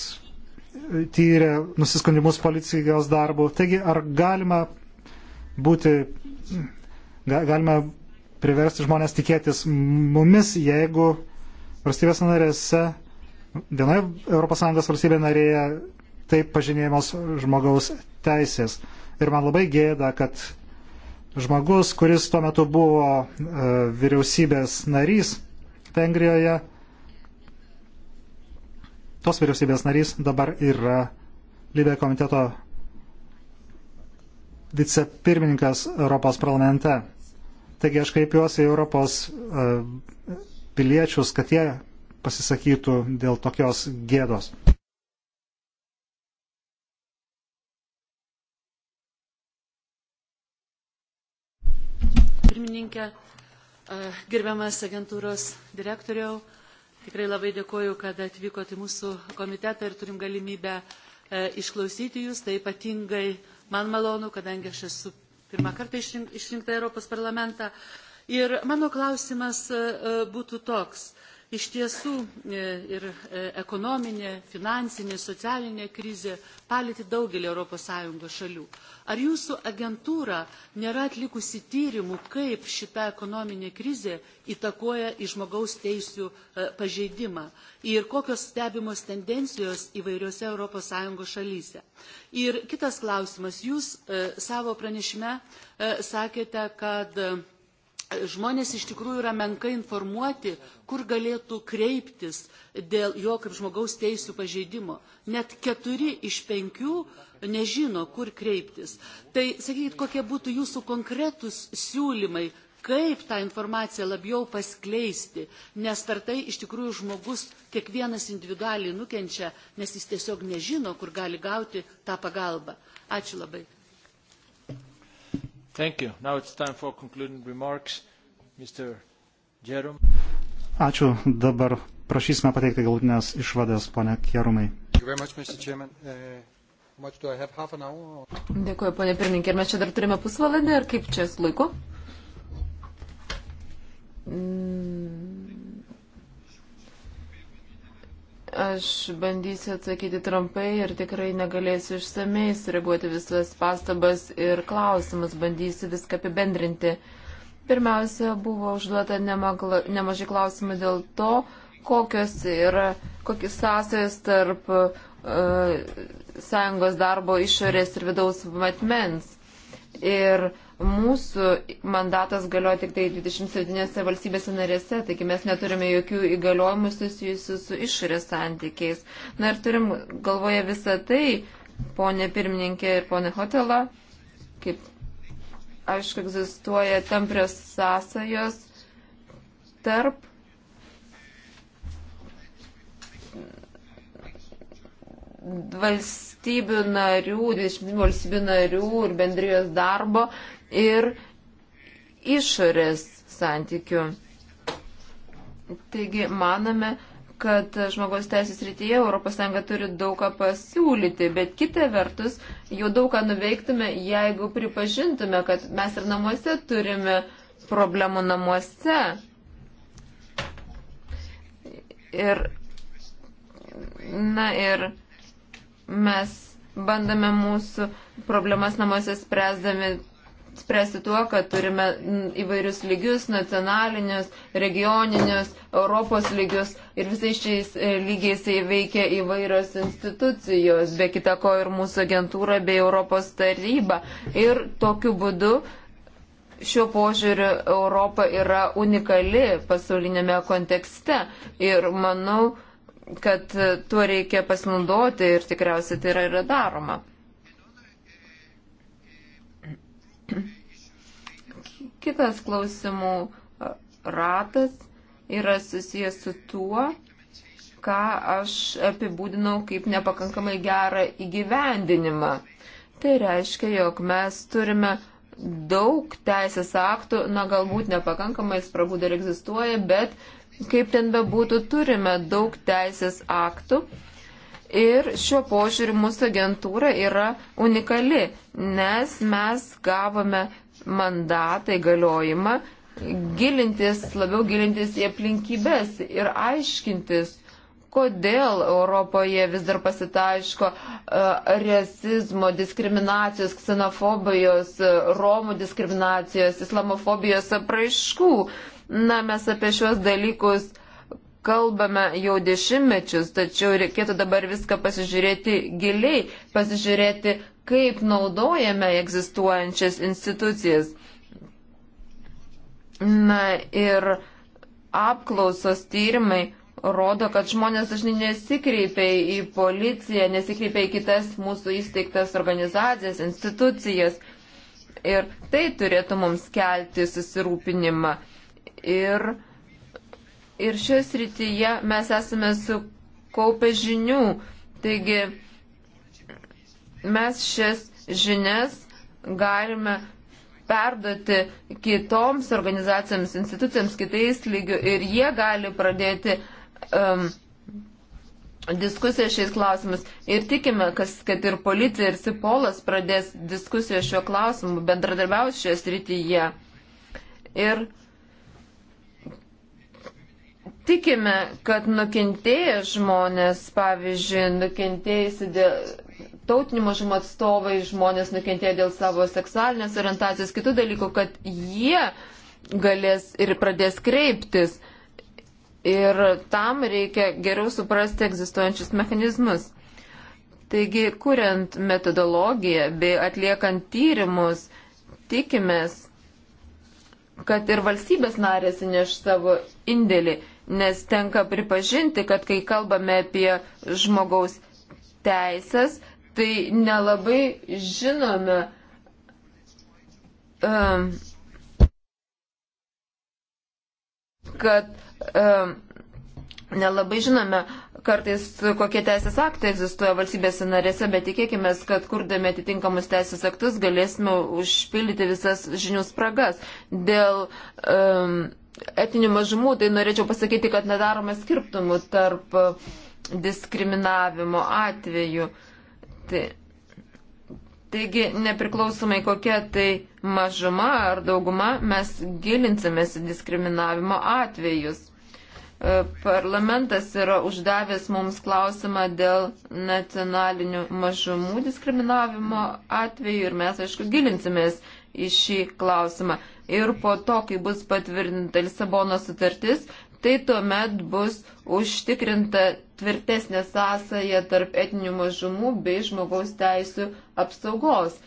tyrė nusiskundimus policijos darbų. Taigi, ar galima būti, galime priversti žmonės tikėtis mumis, jeigu valstybės narėse, vienoje ES valstybė narėje taip pažinėjamos žmogaus teisės. Ir man labai gėda, kad žmogus, kuris tuo metu buvo e, vyriausybės narys Vengrijoje, tos vyriausybės narys dabar yra Libė komiteto vicepirmininkas Europos parlamente. Taigi aš kreipiuosi į Europos e, piliečius, kad jie pasisakytų dėl tokios gėdos. Pirmininkė, e, gerbiamas agentūros direktoriau, tikrai labai dėkoju, kad atvykote į mūsų komitetą ir turim galimybę e, išklausyti jūs, tai ypatingai uh, Man malonu, kadangi aš esu pirmą kartą išrinkta Europos parlamentą. Ir mano klausimas e, e, būtų toks. Iš tiesų e, ir e, ekonominė, finansinė, socialinė krizė palėti daugelį ES šalių. Ar jūsų agentūra nėra atlikusi tyrimų, kaip šita ekonominė krizė įtakoja į žmogaus teisų e, pažeidimą ir kokios stebimos tendencijos įvairiose ES šalyse? Ir kitas klausimas, jūs savo pranešime sakėte, kad žmonės iš tikrųjų yra menkai informuoti, kur galėtų kreiptis dėl jo kaip žmogaus teisų pažeidimo. Net keturi iš penkių nežino, kur kreiptis. Tai sakykit, kokie būtų jūsų konkretus siūlymai, kaip tą informaciją labiau paskleisti, nes per tai iš tikrųjų žmogus kiekvienas individualiai nukenčia, nes jis tiesiog nežino, kur gali gauti tą pagalbą. Ačiū labai. Thank you. Now it's time for concluding remarks. Mr. Jerum. Ačiū. Dabar prašysime pateikti galutinės išvadas, ponia Kjerumai. Uh, Dėkuoju, ponė pirmininkė. Ir mes čia dar turime pusvalandį, ar kaip čia su laiku? Mm. Aš bandysiu atsakyti trumpai ir tikrai negalėsiu išsamei sureaguoti visas pastabas ir klausimus, bandysiu viską apibendrinti. Pirmiausia, buvo užduota nemažai klausimų dėl to, kokios yra, kokios sąsajos tarp uh, sąjungos darbo išorės ir vidaus matmens. Ir uh, Mūsų mandatas galioja tik tai 27 valstybėse narėse, taigi mes neturime jokių įgaliojimų susijusių su išorės santykiais. Na ir turim galvoje visą tai, ponė pirmininkė ir ponė Hotela, kaip aišku egzistuoja tamprios sąsajos tarp valstybių narių, 20 valstybių narių ir bendrijos darbo ir išorės santykių. Taigi manome, kad žmogaus teisės rytyje ES turi daug ką pasiūlyti, bet kita vertus, jau daug ką nuveiktume, jeigu pripažintume, kad mes ir namuose turime problemų namuose. Ir, na ir mes bandame mūsų problemas namuose spręsdami spręsti tuo, kad turime įvairius lygius, nacionalinius, regioninius, Europos lygius ir visais šiais e, lygiais įveikia tai įvairios institucijos, be kita ko ir mūsų agentūra bei Europos taryba. Ir tokiu būdu šiuo požiūriu Europa yra unikali pasaulinėme kontekste ir manau, kad e, tuo reikia pasinaudoti ir tikriausiai tai yra, yra daroma. Kitas klausimų ratas yra susijęs su tuo, ką aš apibūdinau kaip nepakankamai gerą įgyvendinimą. Tai reiškia, jog mes turime daug teisės aktų, na galbūt nepakankamai spragų dar egzistuoja, bet kaip ten bebūtų, turime daug teisės aktų, Ir šiuo požiūriu mūsų agentūra yra unikali, nes mes gavome mandatą įgaliojimą gilintis, labiau gilintis į aplinkybės ir aiškintis, kodėl Europoje vis dar pasitaiško uh, e, rasizmo, diskriminacijos, ksenofobijos, e, romų diskriminacijos, islamofobijos apraiškų. Na, mes apie šios dalykus kalbame jau dešimtmečius, tačiau reikėtų dabar viską pasižiūrėti giliai, pasižiūrėti, kaip naudojame egzistuojančias institucijas. Na ir apklausos tyrimai rodo, kad žmonės dažnai nesikreipia į policiją, nesikreipia į kitas mūsų įsteigtas organizacijas, institucijas. Ir tai turėtų mums kelti susirūpinimą. Ir uh, Ir šioje srityje mes esame sukaupę žinių. Taigi mes šias žinias galime perduoti kitoms organizacijoms, institucijoms, kitais lygių ir jie gali pradėti um, diskusiją šiais klausimus. Ir tikime, kas, kad ir policija, ir Sipolas pradės diskusiją šiuo klausimu, bendradarbiaus šioje srityje. Ir Tikime, kad nukentėję žmonės, pavyzdžiui, nukentėjusi dėl tautinių mažumų atstovai, žmonės nukentėję dėl savo seksualinės orientacijos, kitų dalykų, kad jie galės ir pradės kreiptis. Ir tam reikia geriau suprasti egzistuojančius mechanizmus. Taigi, kuriant metodologiją bei atliekant tyrimus, tikimės, kad ir valstybės narės įneš savo indėlį nes tenka pripažinti, kad kai kalbame apie žmogaus teisės, tai nelabai žinome. Um, kad um, nelabai žinome kartais, kokie teisės aktai egzistuoja valstybėse narėse, bet tikėkime, kad kurdami atitinkamus teisės aktus galėsime užpildyti visas žinių spragas. Dėl um, etinių mažumų, tai norėčiau pasakyti, kad nedarome skirtumų tarp e, diskriminavimo atvejų. Tai, Taigi, nepriklausomai kokia tai mažuma ar dauguma, mes gilinsimės į diskriminavimo atvejus. E, parlamentas yra uždavęs mums klausimą dėl nacionalinių mažumų diskriminavimo atvejų ir mes, aišku, gilinsimės į šį klausimą ir po to, kai bus patvirtinta Lisabono sutartis, tai tuomet bus užtikrinta tvirtesnė sąsaja tarp etinių mažumų bei žmogaus teisų apsaugos.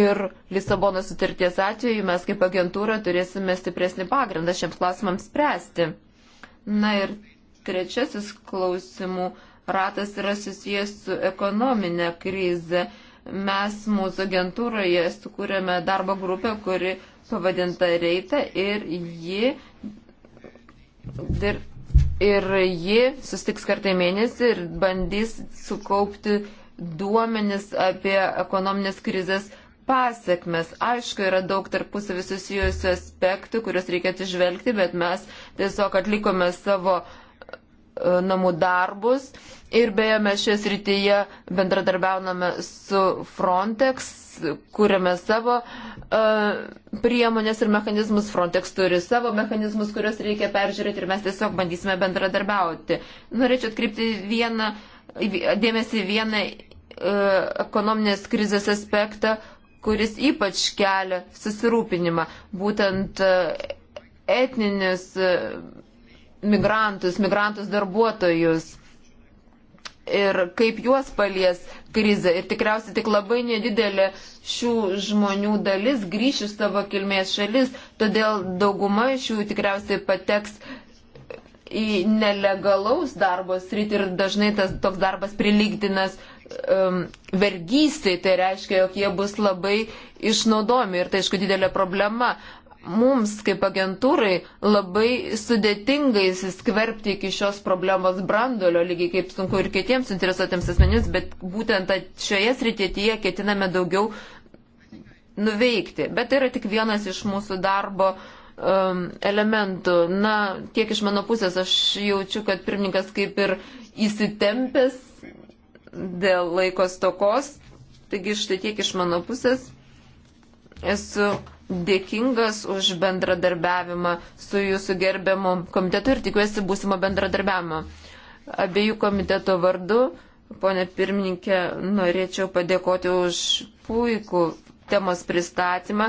Ir Lisabono sutarties atveju mes kaip agentūra turėsime stipresnį pagrindą šiems klausimams spręsti. Na ir trečiasis klausimų ratas yra susijęs su ekonominė krize mes mūsų agentūroje sukūrėme darbo grupę, kuri pavadinta Reita ir ji, dir, ir ji sustiks kartą į mėnesį ir bandys sukaupti duomenis apie ekonominės krizės pasiekmes. Aišku, yra daug tarpusavį susijusių aspektų, kuriuos reikia atsižvelgti, bet mes tiesiog atlikome savo uh, E, namų darbus. Ir beje, mes šioje srityje bendradarbiauname su Frontex, kūrėme savo uh, priemonės ir mechanizmus, Frontex turi savo mechanizmus, kuriuos reikia peržiūrėti ir mes tiesiog bandysime bendradarbiauti. Norėčiau atkreipti vieną, dėmesį vieną uh, ekonominės krizės aspektą, kuris ypač kelia susirūpinimą, būtent uh, etninis. Uh, migrantus, migrantus darbuotojus ir kaip juos palies krizė. Ir tikriausiai tik labai nedidelė šių žmonių dalis grįšių savo kilmės šalis, todėl dauguma iš jų tikriausiai pateks į nelegalaus darbo sritį ir dažnai tas toks darbas prilygtinas um, vergystai, tai reiškia, jog jie bus labai išnaudomi ir tai aišku didelė problema mums kaip agentūrai labai sudėtingai įsiskverbti iki šios problemos brandolio, lygiai kaip sunku ir kitiems interesuotiems asmenims, bet būtent šioje srityje ketiname daugiau nuveikti. Bet tai yra tik vienas iš mūsų darbo um, elementų. Na, tiek iš mano pusės aš jaučiu, kad pirmininkas kaip ir įsitempęs dėl laiko stokos. Taigi štai tiek iš mano pusės. Esu dėkingas už bendradarbiavimą su jūsų gerbiamu komitetu ir tikiuosi būsimo bendradarbiavimo. Abiejų komiteto vardu, ponė pirmininkė, norėčiau padėkoti už puikų temos pristatymą.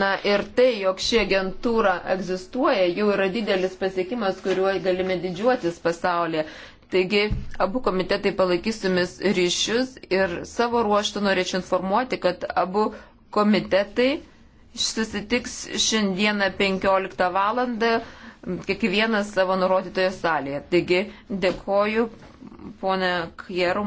Na ir tai, jog ši agentūra egzistuoja, jau yra didelis pasiekimas, kuriuo galime didžiuotis pasaulyje. Taigi, abu komitetai palaikysimis ryšius ir savo ruoštų norėčiau informuoti, kad abu komitetai susitiks šiandieną 15 val. kiekvienas savo nurodytoje salėje. Taigi, dėkoju ponė Kjerum